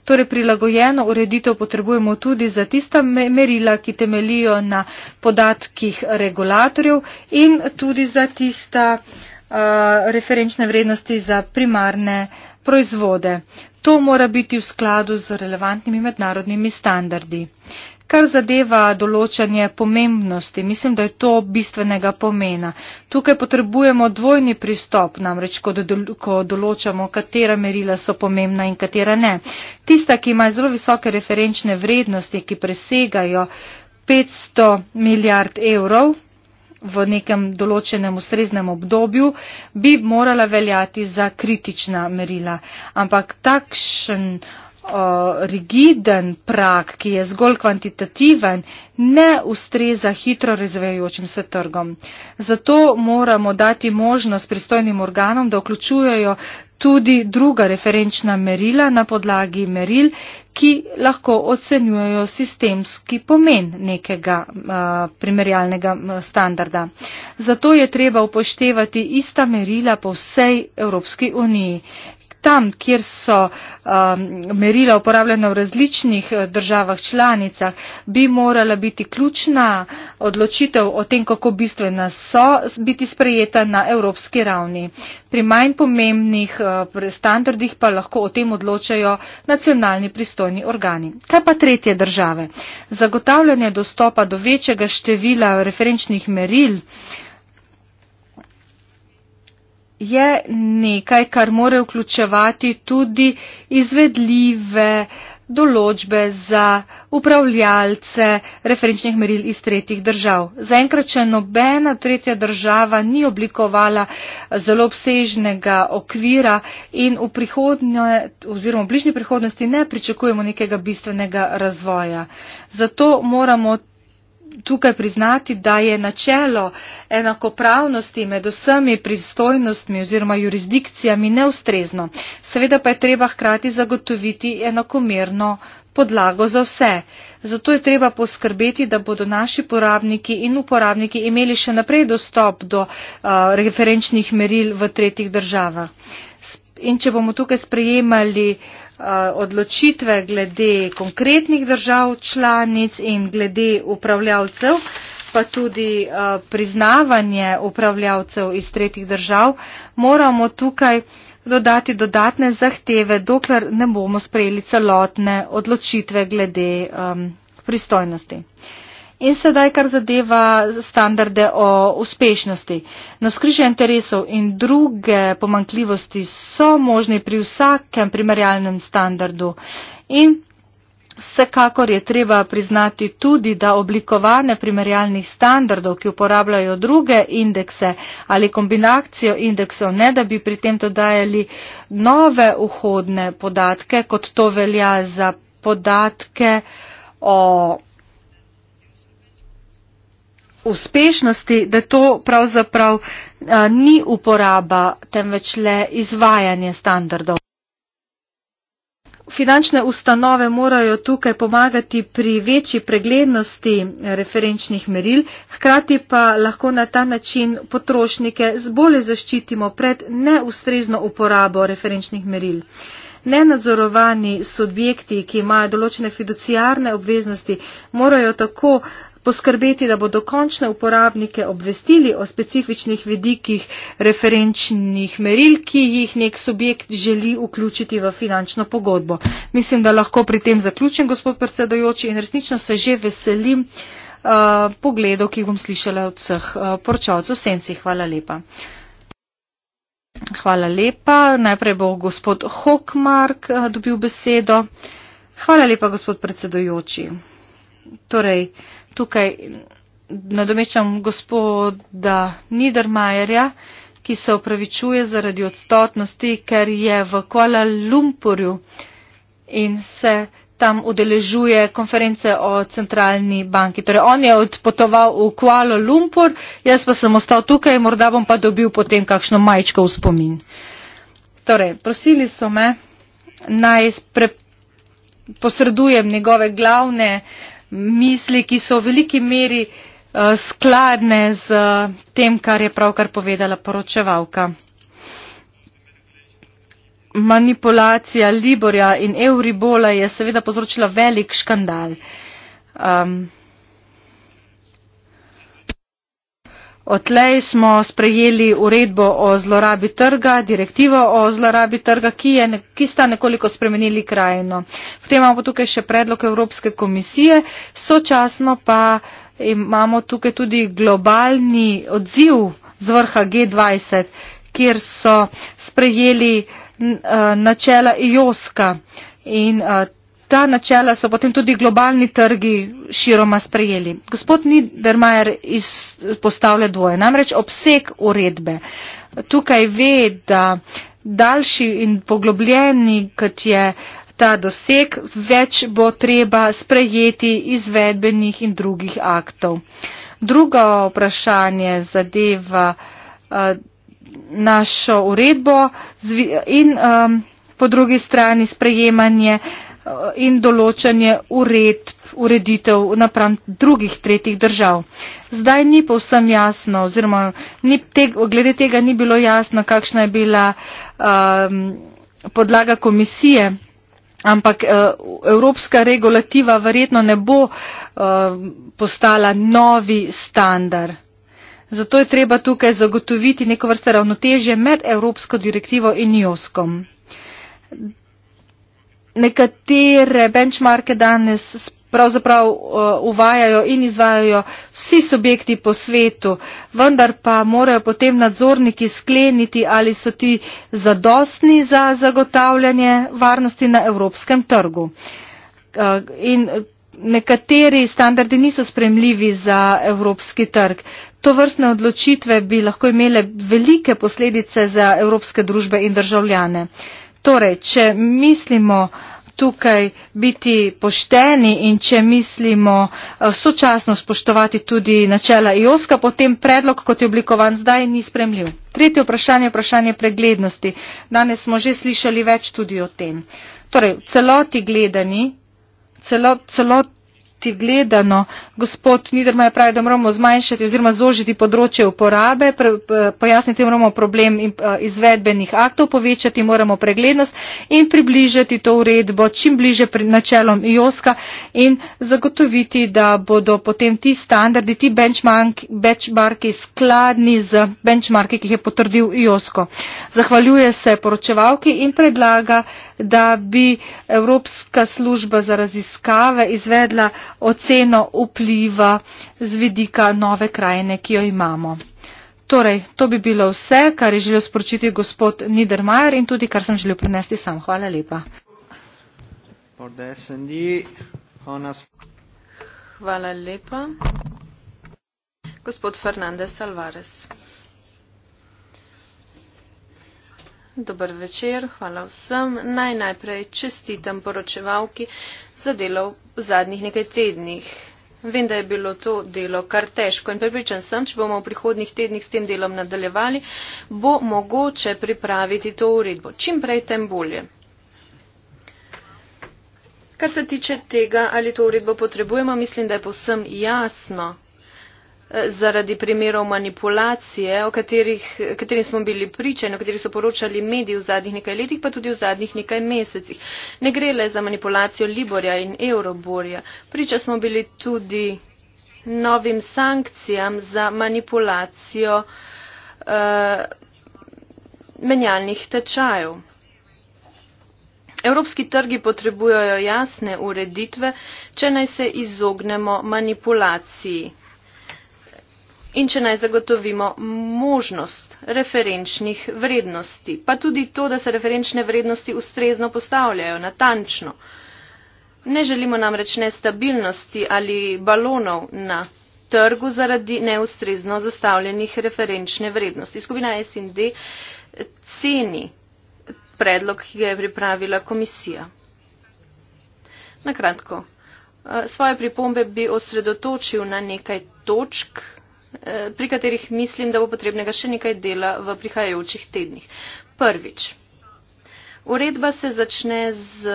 Torej prilagojeno ureditev potrebujemo tudi za tista merila, ki temelijo na podatkih regulatorjev in tudi za tista uh, referenčne vrednosti za primarne uh, proizvode. To mora biti v skladu z relevantnimi mednarodnimi standardi. Kar zadeva določanje pomembnosti, mislim, da je to bistvenega pomena. Tukaj potrebujemo dvojni pristop, namreč, ko določamo, katera merila so pomembna in katera ne. Tista, ki ima zelo visoke referenčne vrednosti, ki presegajo 500 milijard evrov, v nekem določenem ustreznem obdobju, bi morala veljati za kritična merila. Ampak takšen uh, Eh, rigiden prak, ki je zgolj kvantitativen, ne ustreza hitro razvejajočim se trgom. Zato moramo dati možnost pristojnim organom, da vključujejo tudi druga referenčna merila na podlagi meril, ki lahko ocenjujejo sistemski pomen nekega a, eh, primerjalnega eh, standarda. Zato je treba upoštevati ista merila po vsej Evropski uniji tam, kjer so um, merila uporabljena v različnih eh, državah članicah, bi morala biti ključna odločitev o tem, kako bistvena so, biti sprejeta na evropski ravni. Pri manj pomembnih eh, standardih pa lahko o tem odločajo nacionalni pristojni organi. Kaj pa tretje države? Zagotavljanje dostopa do večjega števila referenčnih meril je nekaj, kar more vključevati tudi izvedljive določbe za upravljalce referenčnih meril iz tretjih držav. Zaenkrat, če nobena tretja država ni oblikovala zelo obsežnega okvira in v prihodnje oziroma v bližnji prihodnosti ne pričakujemo nekega bistvenega razvoja. Zato moramo tukaj priznati, da je načelo enakopravnosti med vsemi pristojnostmi oziroma jurisdikcijami neustrezno. Seveda pa je treba hkrati zagotoviti enakomerno podlago za vse. Zato je treba poskrbeti, da bodo naši uporabniki in uporabniki imeli še naprej dostop do uh, referenčnih meril v tretjih državah. In če bomo tukaj sprejemali uh, Eh, odločitve glede konkretnih držav, članic in glede upravljavcev, pa tudi eh, priznavanje upravljavcev iz tretjih držav, moramo tukaj dodati dodatne zahteve, dokler ne bomo sprejeli celotne odločitve glede um, pristojnosti. In sedaj, kar zadeva standarde o uspešnosti. Naskrižje interesov in druge pomankljivosti so možni pri vsakem primerjalnem standardu. In vsekakor je treba priznati tudi, da oblikovane primerjalnih standardov, ki uporabljajo druge indekse ali kombinacijo indeksov, ne da bi pri tem dodajali nove vhodne podatke, kot to velja za podatke o uspešnosti, da to pravzaprav a, ni uporaba, temveč le izvajanje standardov. Finančne ustanove morajo tukaj pomagati pri večji preglednosti eh, referenčnih meril, hkrati pa lahko na ta način potrošnike bolje zaščitimo pred neustrezno uporabo referenčnih meril. Nenadzorovani subjekti, ki imajo določene fiduciarne obveznosti, morajo tako poskrbeti, da bodo končne uporabnike obvestili o specifičnih vidikih referenčnih meril, ki jih nek subjekt želi vključiti v finančno pogodbo. Mislim, da lahko pri tem zaključim, gospod predsedojoči, in resnično se že veselim uh, pogledov, ki bom slišala od vseh uh, poročavcev senci. Hvala lepa. Hvala lepa. Najprej bo gospod Hokmark uh, dobil besedo. Hvala lepa, gospod predsedojoči. Torej, tukaj nadomeščam gospoda Niedermayerja, ki se opravičuje zaradi odstotnosti, ker je v Kuala Lumpurju in se tam udeležuje konference o centralni banki. Torej, on je odpotoval v Kuala Lumpur, jaz pa sem ostal tukaj, morda bom pa dobil potem kakšno majčko v spomin. Torej, prosili so me, naj posredujem njegove glavne uh, misli, ki so v veliki meri uh, skladne z uh, tem, kar je pravkar povedala poročevalka. Manipulacija Liborja in Euribola je seveda povzročila velik škandal. Um, Odtlej smo sprejeli uredbo o zlorabi trga, direktivo o zlorabi trga, ki, je, ki sta nekoliko spremenili krajino. Potem imamo tukaj še predlog Evropske komisije, sočasno pa imamo tukaj tudi globalni odziv z vrha G20, kjer so sprejeli eh, načela IOSKA in eh, ta načela so potem tudi globalni trgi široma sprejeli. Gospod Niedermayer izpostavlja dvoje, namreč obseg uredbe. Tukaj ve, da daljši in poglobljeni, kot je ta doseg, več bo treba sprejeti izvedbenih in drugih aktov. Drugo vprašanje zadeva eh, našo uredbo in eh, po drugi strani sprejemanje Eh, in določanje uredb, ureditev napram drugih tretjih držav. Zdaj ni povsem jasno oziroma ni teg, glede tega ni bilo jasno, kakšna je bila um, podlaga komisije, ampak uh, evropska regulativa verjetno ne bo uh, postala novi standard. Zato je treba tukaj zagotoviti neko vrste ravnotežje med evropsko direktivo in Joskom nekatere benchmarke danes pravzaprav eh, uvajajo in izvajajo vsi subjekti po svetu, vendar pa morajo potem nadzorniki skleniti, ali so ti zadostni za zagotavljanje varnosti na evropskem trgu. Eh, in nekateri standardi niso spremljivi za evropski trg. To vrstne odločitve bi lahko imele velike posledice za evropske družbe in državljane. Torej, če mislimo tukaj biti pošteni in če mislimo eh, sočasno spoštovati tudi načela IOSKA, potem predlog, kot je oblikovan zdaj, ni spremljiv. Tretje vprašanje je vprašanje preglednosti. Danes smo že slišali več tudi o tem. Torej, celoti gledani, celo, celoti biti gledano. Gospod Niedermaj pravi, da moramo zmanjšati oziroma zožiti področje uporabe, pojasniti moramo problem eh, izvedbenih aktov, povečati moramo preglednost in približati to uredbo čim bliže načelom IOSKA in zagotoviti, da bodo potem ti standardi, ti benchmarki skladni z benchmarki, ki jih je potrdil IOSKO. Zahvaljuje se poročevalki in predlaga, da bi Evropska služba za raziskave izvedla oceno vpliva z vidika nove krajine, ki jo imamo. Torej, to bi bilo vse, kar je želel sporočiti gospod Niedermayer in tudi, kar sem želel prenesti sam. Hvala lepa. Hvala lepa. Gospod Fernandez Alvarez. Dobar večer, hvala vsem. Naj najprej čestitam poročevalki za delo v zadnjih nekaj tednih. Vem, da je bilo to delo kar težko in prepričan sem, če bomo v prihodnih tednih s tem delom nadaljevali, bo mogoče pripraviti to uredbo. Čim prej, tem bolje. Kar se tiče tega, ali to uredbo potrebujemo, mislim, da je povsem jasno, zaradi primerov manipulacije, o katerih, katerim smo bili priča in o katerih so poročali mediji v zadnjih nekaj letih, pa tudi v zadnjih nekaj mesecih. Ne gre le za manipulacijo Liborja in Euroborja. Priča smo bili tudi novim sankcijam za manipulacijo uh, menjalnih tečajev. Evropski trgi potrebujejo jasne ureditve, če naj se izognemo manipulaciji in če naj zagotovimo možnost referenčnih vrednosti, pa tudi to, da se referenčne vrednosti ustrezno postavljajo, natančno. Ne želimo namreč nestabilnosti ali balonov na trgu zaradi neustrezno zastavljenih referenčne vrednosti. Skupina SND ceni predlog, ki ga je pripravila komisija. Nakratko, eh, svoje pripombe bi osredotočil na nekaj točk, Eh, pri katerih mislim, da bo potrebnega še nekaj dela v prihajajočih tednih. Prvič. Uredba se začne z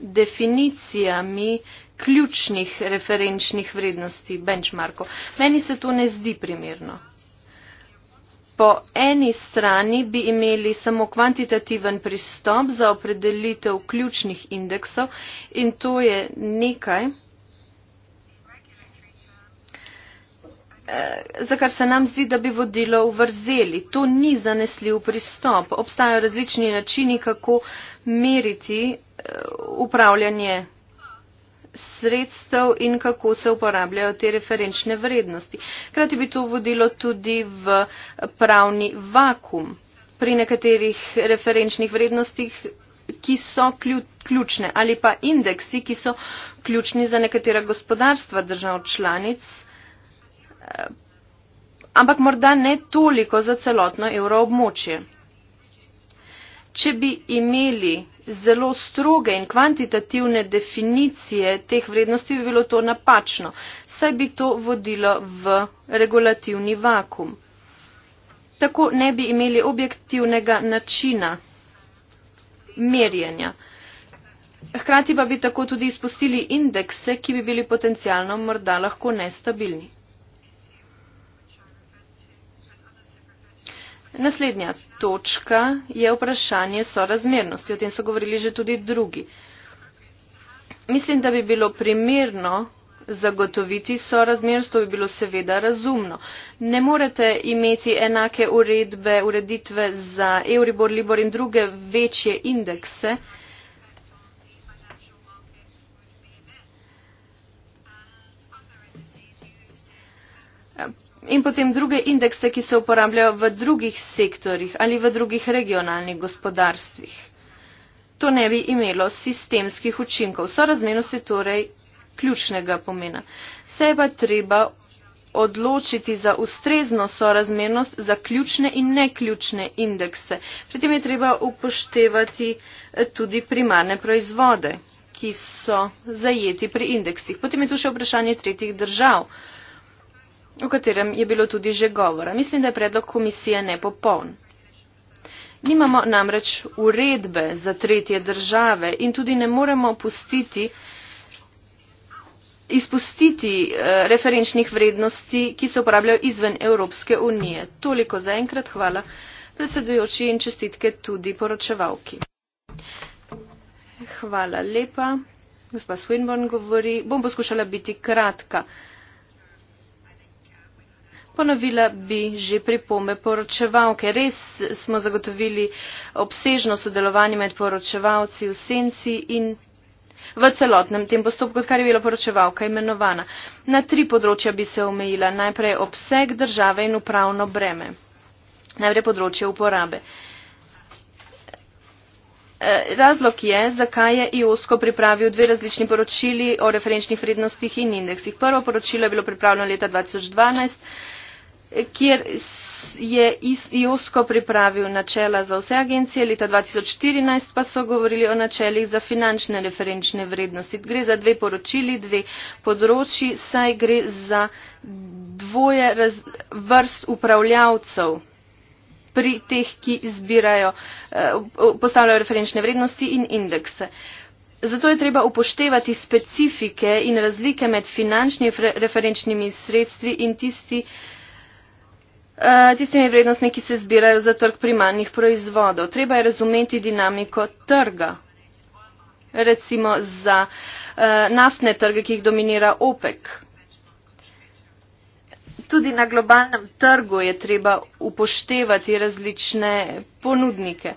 definicijami ključnih referenčnih vrednosti benchmarkov. Meni se to ne zdi primerno. Po eni strani bi imeli samo kvantitativen pristop za opredelitev ključnih indeksov in to je nekaj, Eh, za kar se nam zdi, da bi vodilo v vrzeli. To ni zanesljiv pristop. Obstajajo različni načini, kako meriti eh, upravljanje sredstev in kako se uporabljajo te referenčne vrednosti. Krati bi to vodilo tudi v pravni vakum pri nekaterih referenčnih vrednostih, ki so ključne ali pa indeksi, ki so ključni za nekatera gospodarstva držav članic ampak morda ne toliko za celotno evroobmočje. Če bi imeli zelo stroge in kvantitativne definicije teh vrednosti, bi bilo to napačno, saj bi to vodilo v regulativni vakum. Tako ne bi imeli objektivnega načina merjenja. Hkrati pa bi tako tudi izpustili indekse, ki bi bili potencialno morda lahko nestabilni. Naslednja točka je vprašanje sorazmernosti. O tem so govorili že tudi drugi. Mislim, da bi bilo primerno zagotoviti sorazmernost, to bi bilo seveda razumno. Ne morete imeti enake uredbe, ureditve za Euribor, Libor in druge večje indekse. in potem druge indekse, ki se uporabljajo v drugih sektorjih ali v drugih regionalnih gospodarstvih. To ne bi imelo sistemskih učinkov. Sorazmernost je torej ključnega pomena. Se pa treba odločiti za ustrezno sorazmernost za ključne in neključne indekse. Pri tem je treba upoštevati eh, tudi primarne proizvode, ki so zajeti pri indeksih. Potem je tu še vprašanje tretjih držav o katerem je bilo tudi že govora. Mislim, da je predlog komisije nepopoln. Nimamo namreč uredbe za tretje države in tudi ne moremo pustiti, izpustiti eh, referenčnih vrednosti, ki se uporabljajo izven Evropske unije. Toliko za enkrat hvala predsedujoči in čestitke tudi poročevalki. Hvala lepa. Gospa Swinburne govori, bom poskušala biti kratka. Ponovila bi že pripombe poročevalke. Res smo zagotovili obsežno sodelovanje med poročevalci v senci in v celotnem tem postopku, kar je bila poročevalka imenovana. Na tri področja bi se omejila. Najprej obseg države in upravno breme. Najprej področje uporabe. E, razlog je, zakaj je IOSKO pripravil dve različni poročili o referenčnih vrednostih in indeksih. Prvo poročilo je bilo pripravljeno leta 2012 kjer je IOSCO pripravil načela za vse agencije, leta 2014 pa so govorili o načelih za finančne referenčne vrednosti. Gre za dve poročili, dve področji, saj gre za dvoje raz, vrst upravljavcev pri teh, ki izbirajo, eh, postavljajo referenčne vrednosti in indekse. Zato je treba upoštevati specifike in razlike med finančnimi referenčnimi sredstvi in tistimi, Eh, tistimi vrednostmi, ki se zbirajo za trg primarnih proizvodov. Treba je razumeti dinamiko trga, recimo za eh, naftne trge, ki jih dominira OPEC. Tudi na globalnem trgu je treba upoštevati različne ponudnike.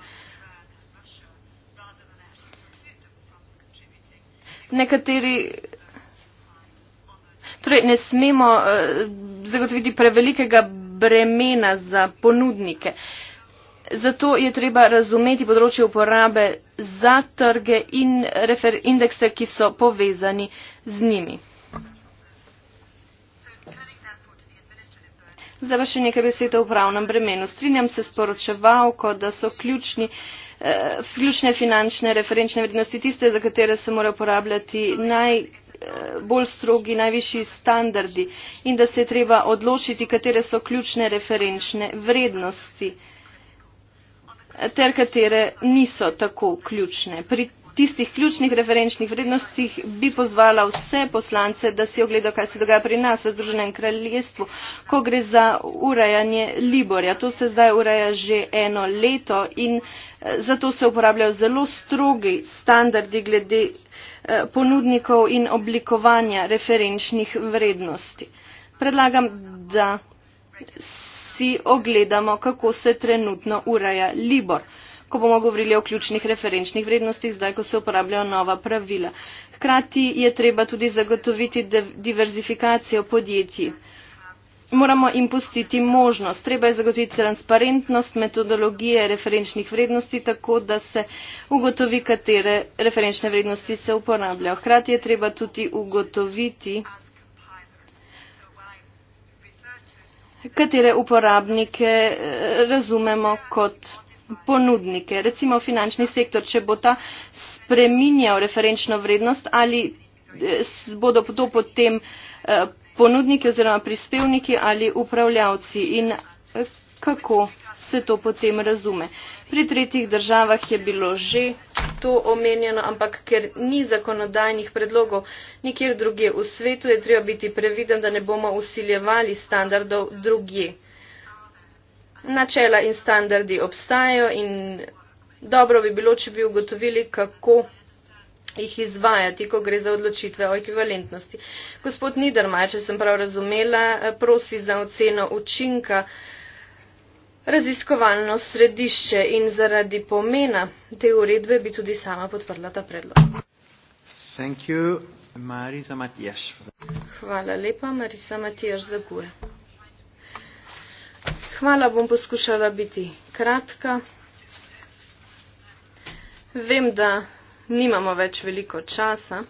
Nekateri, torej ne smemo eh, zagotoviti prevelikega bremena za ponudnike. Zato je treba razumeti področje uporabe za trge in indekse, ki so povezani z njimi. Zdaj pa še nekaj besed o upravnem bremenu. Strinjam se s poročevalko, da so ključni, eh, ključne finančne referenčne vrednosti tiste, za katere se mora uporabljati naj Eh, bolj strogi najvišji standardi in da se je treba odločiti, katere so ključne referenčne vrednosti ter katere niso tako ključne. Pri tistih ključnih referenčnih vrednostih bi pozvala vse poslance, da si ogledajo, kaj se dogaja pri nas v Združenem kraljestvu, ko gre za urajanje Liborja. To se zdaj uraja že eno leto in eh, zato se uporabljajo zelo strogi standardi glede Eh, ponudnikov in oblikovanja referenčnih vrednosti. Predlagam, da si ogledamo, kako se trenutno ureja Libor, ko bomo govorili o ključnih referenčnih vrednostih, zdaj, ko se uporabljajo nova pravila. Hkrati je treba tudi zagotoviti diverzifikacijo podjetij moramo jim pustiti možnost. Treba je zagotoviti transparentnost metodologije referenčnih vrednosti, tako da se ugotovi, katere referenčne vrednosti se uporabljajo. Hkrati je treba tudi ugotoviti, katere uporabnike eh, razumemo kot ponudnike. Recimo finančni sektor, če bo ta spreminjal referenčno vrednost ali eh, bodo to potem eh, ponudniki oziroma prispevniki ali upravljavci in eh, kako se to potem razume. Pri tretjih državah je bilo že to omenjeno, ampak ker ni zakonodajnih predlogov nikjer druge v svetu, je treba biti previden, da ne bomo usiljevali standardov druge. Načela in standardi obstajajo in dobro bi bilo, če bi ugotovili, kako jih izvajati, ko gre za odločitve o ekvivalentnosti. Gospod Nidermaj, če sem prav razumela, eh, prosi za oceno učinka raziskovalno središče in zaradi pomena te uredbe bi tudi sama podprla ta predlog. Hvala lepa, Marisa Matijaš za guje. Hvala, bom poskušala biti kratka. Vem, da nimamo več veliko časa.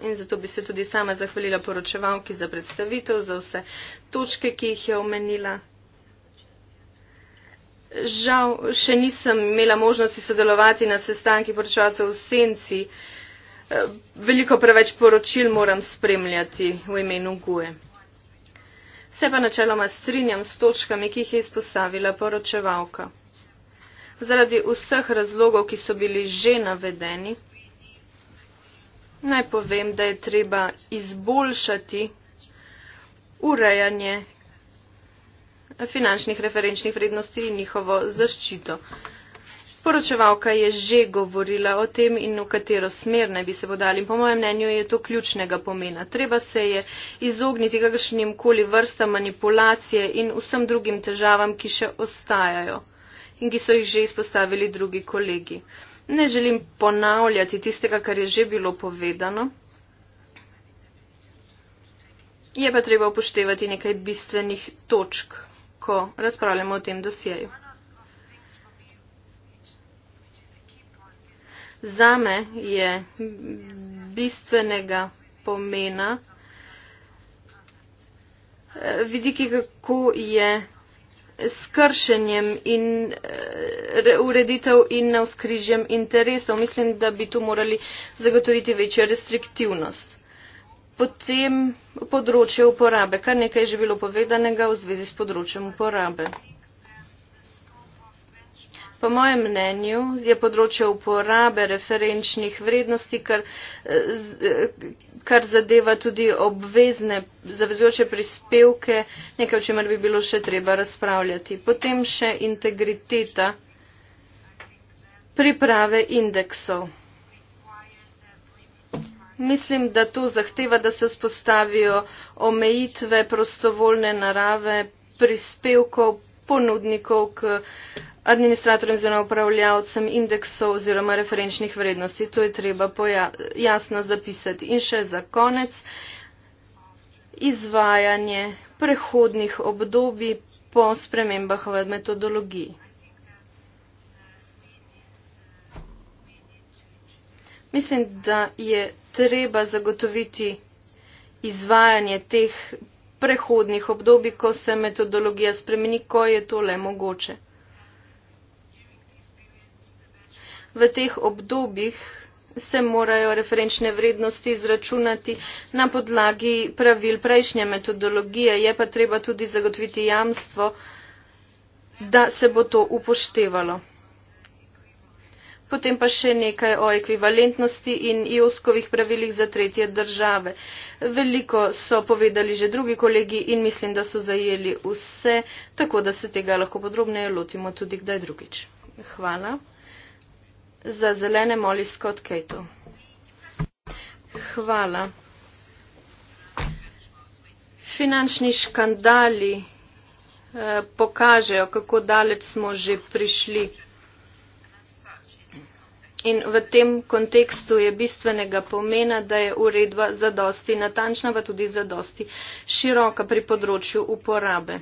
In zato bi se tudi sama zahvalila poročevalki za predstavitev, za vse točke, ki jih je omenila. Žal, še nisem imela možnosti sodelovati na sestanki poročevalcev v Senci. Eh, veliko preveč poročil moram spremljati v imenu Guje. Se pa načeloma strinjam s točkami, ki jih je izpostavila poročevalka zaradi vseh razlogov, ki so bili že navedeni. Naj povem, da je treba izboljšati urejanje finančnih referenčnih vrednosti in njihovo zaščito. Poročevalka je že govorila o tem in v katero smer naj bi se podali. Po mojem mnenju je to ključnega pomena. Treba se je izogniti kakršnim koli vrstam manipulacije in vsem drugim težavam, ki še ostajajo in ki so jih že izpostavili drugi kolegi. Ne želim ponavljati tistega, kar je že bilo povedano. Je pa treba upoštevati nekaj bistvenih točk, ko razpravljamo o tem dosjeju. Zame je bistvenega pomena eh, vidiki, kako je s kršenjem in eh, ureditev in navskrižjem interesov. Mislim, da bi tu morali zagotoviti večjo restriktivnost. Potem področje uporabe, kar nekaj je že bilo povedanega v zvezi s področjem uporabe. Po mojem mnenju je področje uporabe referenčnih vrednosti, kar, kar zadeva tudi obvezne zavezujoče prispevke, nekaj, o čemer bi bilo še treba razpravljati. Potem še integriteta priprave indeksov. Mislim, da to zahteva, da se vzpostavijo omejitve prostovoljne narave prispevkov ponudnikov k administratorjem oziroma upravljavcem indeksov oziroma referenčnih vrednosti. To je treba jasno zapisati. In še za konec, izvajanje prehodnih obdobji po spremembah v metodologiji. Mislim, da je treba zagotoviti izvajanje teh prehodnih obdobij, ko se metodologija spremeni, ko je tole mogoče. V teh obdobjih se morajo referenčne vrednosti izračunati na podlagi pravil prejšnje metodologije, je pa treba tudi zagotoviti jamstvo, da se bo to upoštevalo. Potem pa še nekaj o ekvivalentnosti in IOSKovih pravilih za tretje države. Veliko so povedali že drugi kolegi in mislim, da so zajeli vse, tako da se tega lahko podrobneje lotimo tudi kdaj drugič. Hvala za zelene moli Scott Cato. Hvala. Finančni škandali eh, pokažejo, kako daleč smo že prišli. In v tem kontekstu je bistvenega pomena, da je uredba zadosti natančna, pa tudi zadosti široka pri področju uporabe.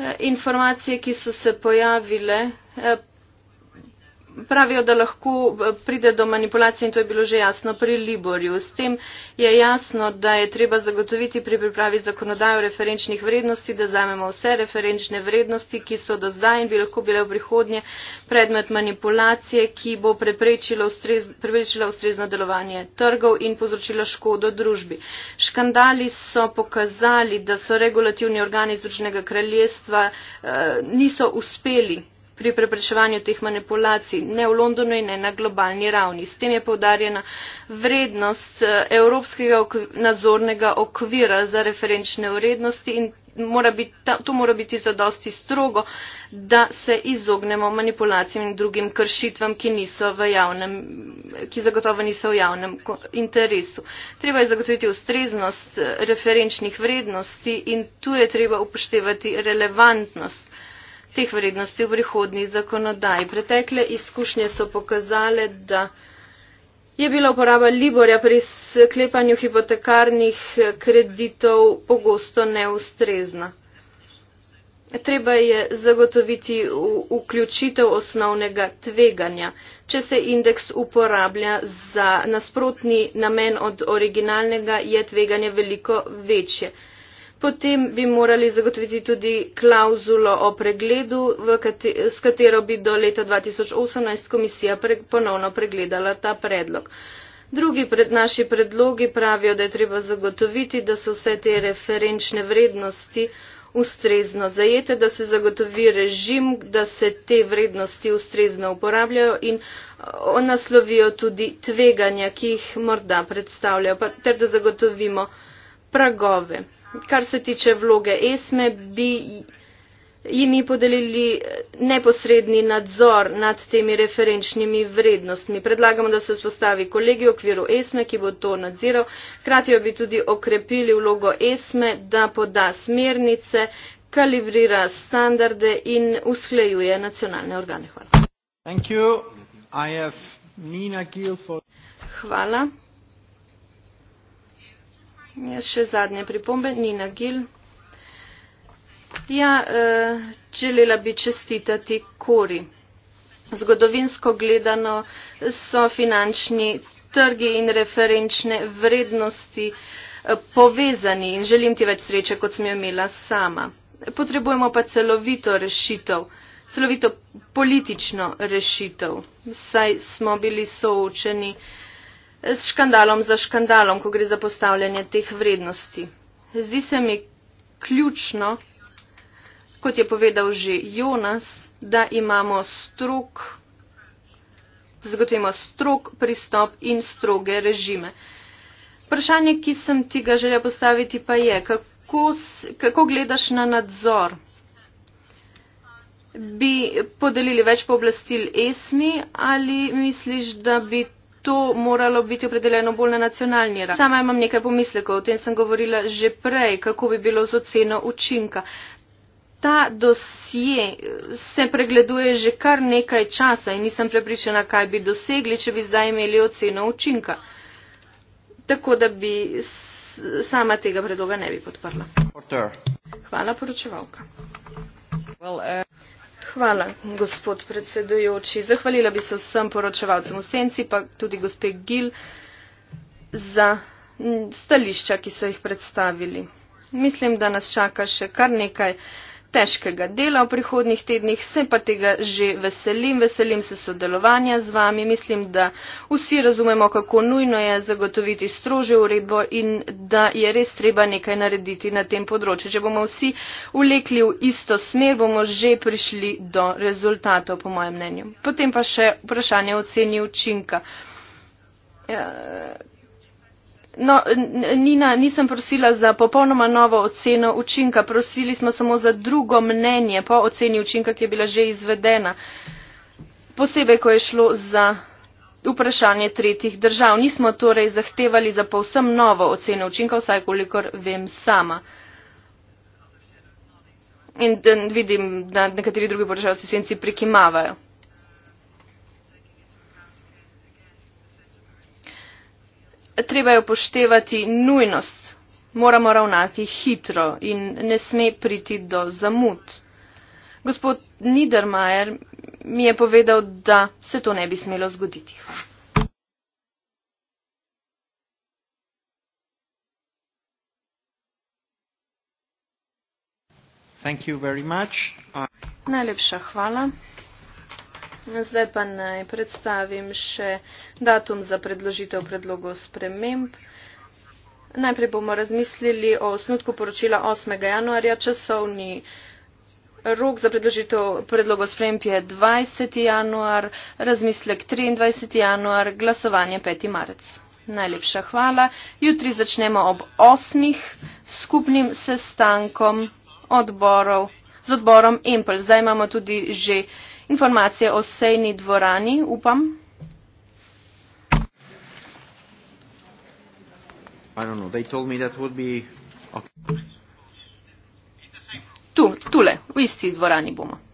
Eh, informacije ki so se pojavile eh, pravijo, da lahko eh, pride do manipulacije in to je bilo že jasno pri Liborju. S tem je jasno, da je treba zagotoviti pri pripravi zakonodajo referenčnih vrednosti, da zamemo vse referenčne vrednosti, ki so do zdaj in bi lahko bile v prihodnje predmet manipulacije, ki bo preprečila ustrez, ustrezno delovanje trgov in povzročila škodo družbi. Škandali so pokazali, da so regulativni organi Združenega kraljestva eh, niso uspeli pri preprečevanju teh manipulacij, ne v Londonu in ne na globalni ravni. S tem je povdarjena vrednost eh, evropskega nadzornega okvira za referenčne vrednosti in mora biti, to mora biti zadosti strogo, da se izognemo manipulacijam in drugim kršitvam, ki, javnem, ki zagotovo niso v javnem interesu. Treba je zagotoviti ustreznost eh, referenčnih vrednosti in tu je treba upoštevati relevantnost teh vrednosti v prihodnih zakonodaj. Pretekle izkušnje so pokazale, da je bila uporaba Liborja pri sklepanju hipotekarnih kreditov pogosto neustrezna. Treba je zagotoviti vključitev osnovnega tveganja. Če se indeks uporablja za nasprotni namen od originalnega, je tveganje veliko večje. Potem bi morali zagotoviti tudi klauzulo o pregledu, kate, s katero bi do leta 2018 komisija pre, ponovno pregledala ta predlog. Drugi pred naši predlogi pravijo, da je treba zagotoviti, da so vse te referenčne vrednosti ustrezno zajete, da se zagotovi režim, da se te vrednosti ustrezno uporabljajo in naslovijo tudi tveganja, ki jih morda predstavljajo, pa, ter da zagotovimo pragove kar se tiče vloge ESME, bi jimi podelili eh, neposredni nadzor nad temi referenčnimi vrednostmi. Predlagamo, da se spostavi kolegi v okviru ESME, ki bo to nadziral. Hkrati jo bi tudi okrepili vlogo ESME, da poda smernice, kalibrira standarde in usklejuje nacionalne organe. Hvala. Thank you. I have Nina Gilford. Hvala. Jaz še zadnje pripombe, Nina Gil. Ja, eh, želela bi čestitati Kori. Zgodovinsko gledano so finančni trgi in referenčne vrednosti eh, povezani in želim ti več sreče, kot sem jo imela sama. Potrebujemo pa celovito rešitev, celovito politično rešitev. Saj smo bili soočeni s škandalom za škandalom, ko gre za postavljanje teh vrednosti. Zdi se mi ključno, kot je povedal že Jonas, da imamo strok, zagotovimo strok pristop in stroge režime. Vprašanje, ki sem ti ga želel postaviti, pa je, kako, kako gledaš na nadzor? Bi podelili več pooblastil esmi ali misliš, da bi to moralo biti opredeljeno bolj na nacionalni ravni. Sama imam nekaj pomislekov, o tem sem govorila že prej, kako bi bilo z oceno učinka. Ta dosje eh, se pregleduje že kar nekaj časa in nisem prepričana, kaj bi dosegli, če bi zdaj imeli oceno učinka. Tako da bi sama tega predloga ne bi podprla. Hvala poročevalka. Well, uh... Hvala, gospod predsedujoči. Zahvalila bi se vsem poročevalcem v senci, pa tudi gospe Gil za stališča, ki so jih predstavili. Mislim, da nas čaka še kar nekaj težkega dela v prihodnih tednih, se pa tega že veselim, veselim se sodelovanja z vami. Mislim, da vsi razumemo, kako nujno je zagotoviti strože uredbo in da je res treba nekaj narediti na tem področju. Če bomo vsi ulekli v isto smer, bomo že prišli do rezultatov, po mojem mnenju. Potem pa še vprašanje o ceni učinka. Ja, no nina nisem prosila za popolnoma novo oceno učinka prosili smo samo za drugo mnenje po oceni učinka ki je bila že izvedena posebej ko je šlo za vprašanje tretjih držav nismo torej zahtevali za povsem novo oceno učinka vsaj kolikor vem sama in vidim da nekateri drugi poročevalci v senci prikimavajo. treba je upoštevati nujnost. Moramo ravnati hitro in ne sme priti do zamud. Gospod Niedermayer mi je povedal, da se to ne bi smelo zgoditi. Hvala. Najlepša hvala. Zdaj pa naj predstavim še datum za predložitev predlogov sprememb. Najprej bomo razmislili o osnutku poročila 8. januarja. Časovni rok za predložitev predlogov sprememb je 20. januar, razmislek 23. januar, glasovanje 5. marec. Najlepša hvala. Jutri začnemo ob 8. skupnim sestankom odborov, z odborom Empel. Zdaj imamo tudi že informacije o sejni dvorani, upam. Okay. Tu, tule, v isti dvorani bomo.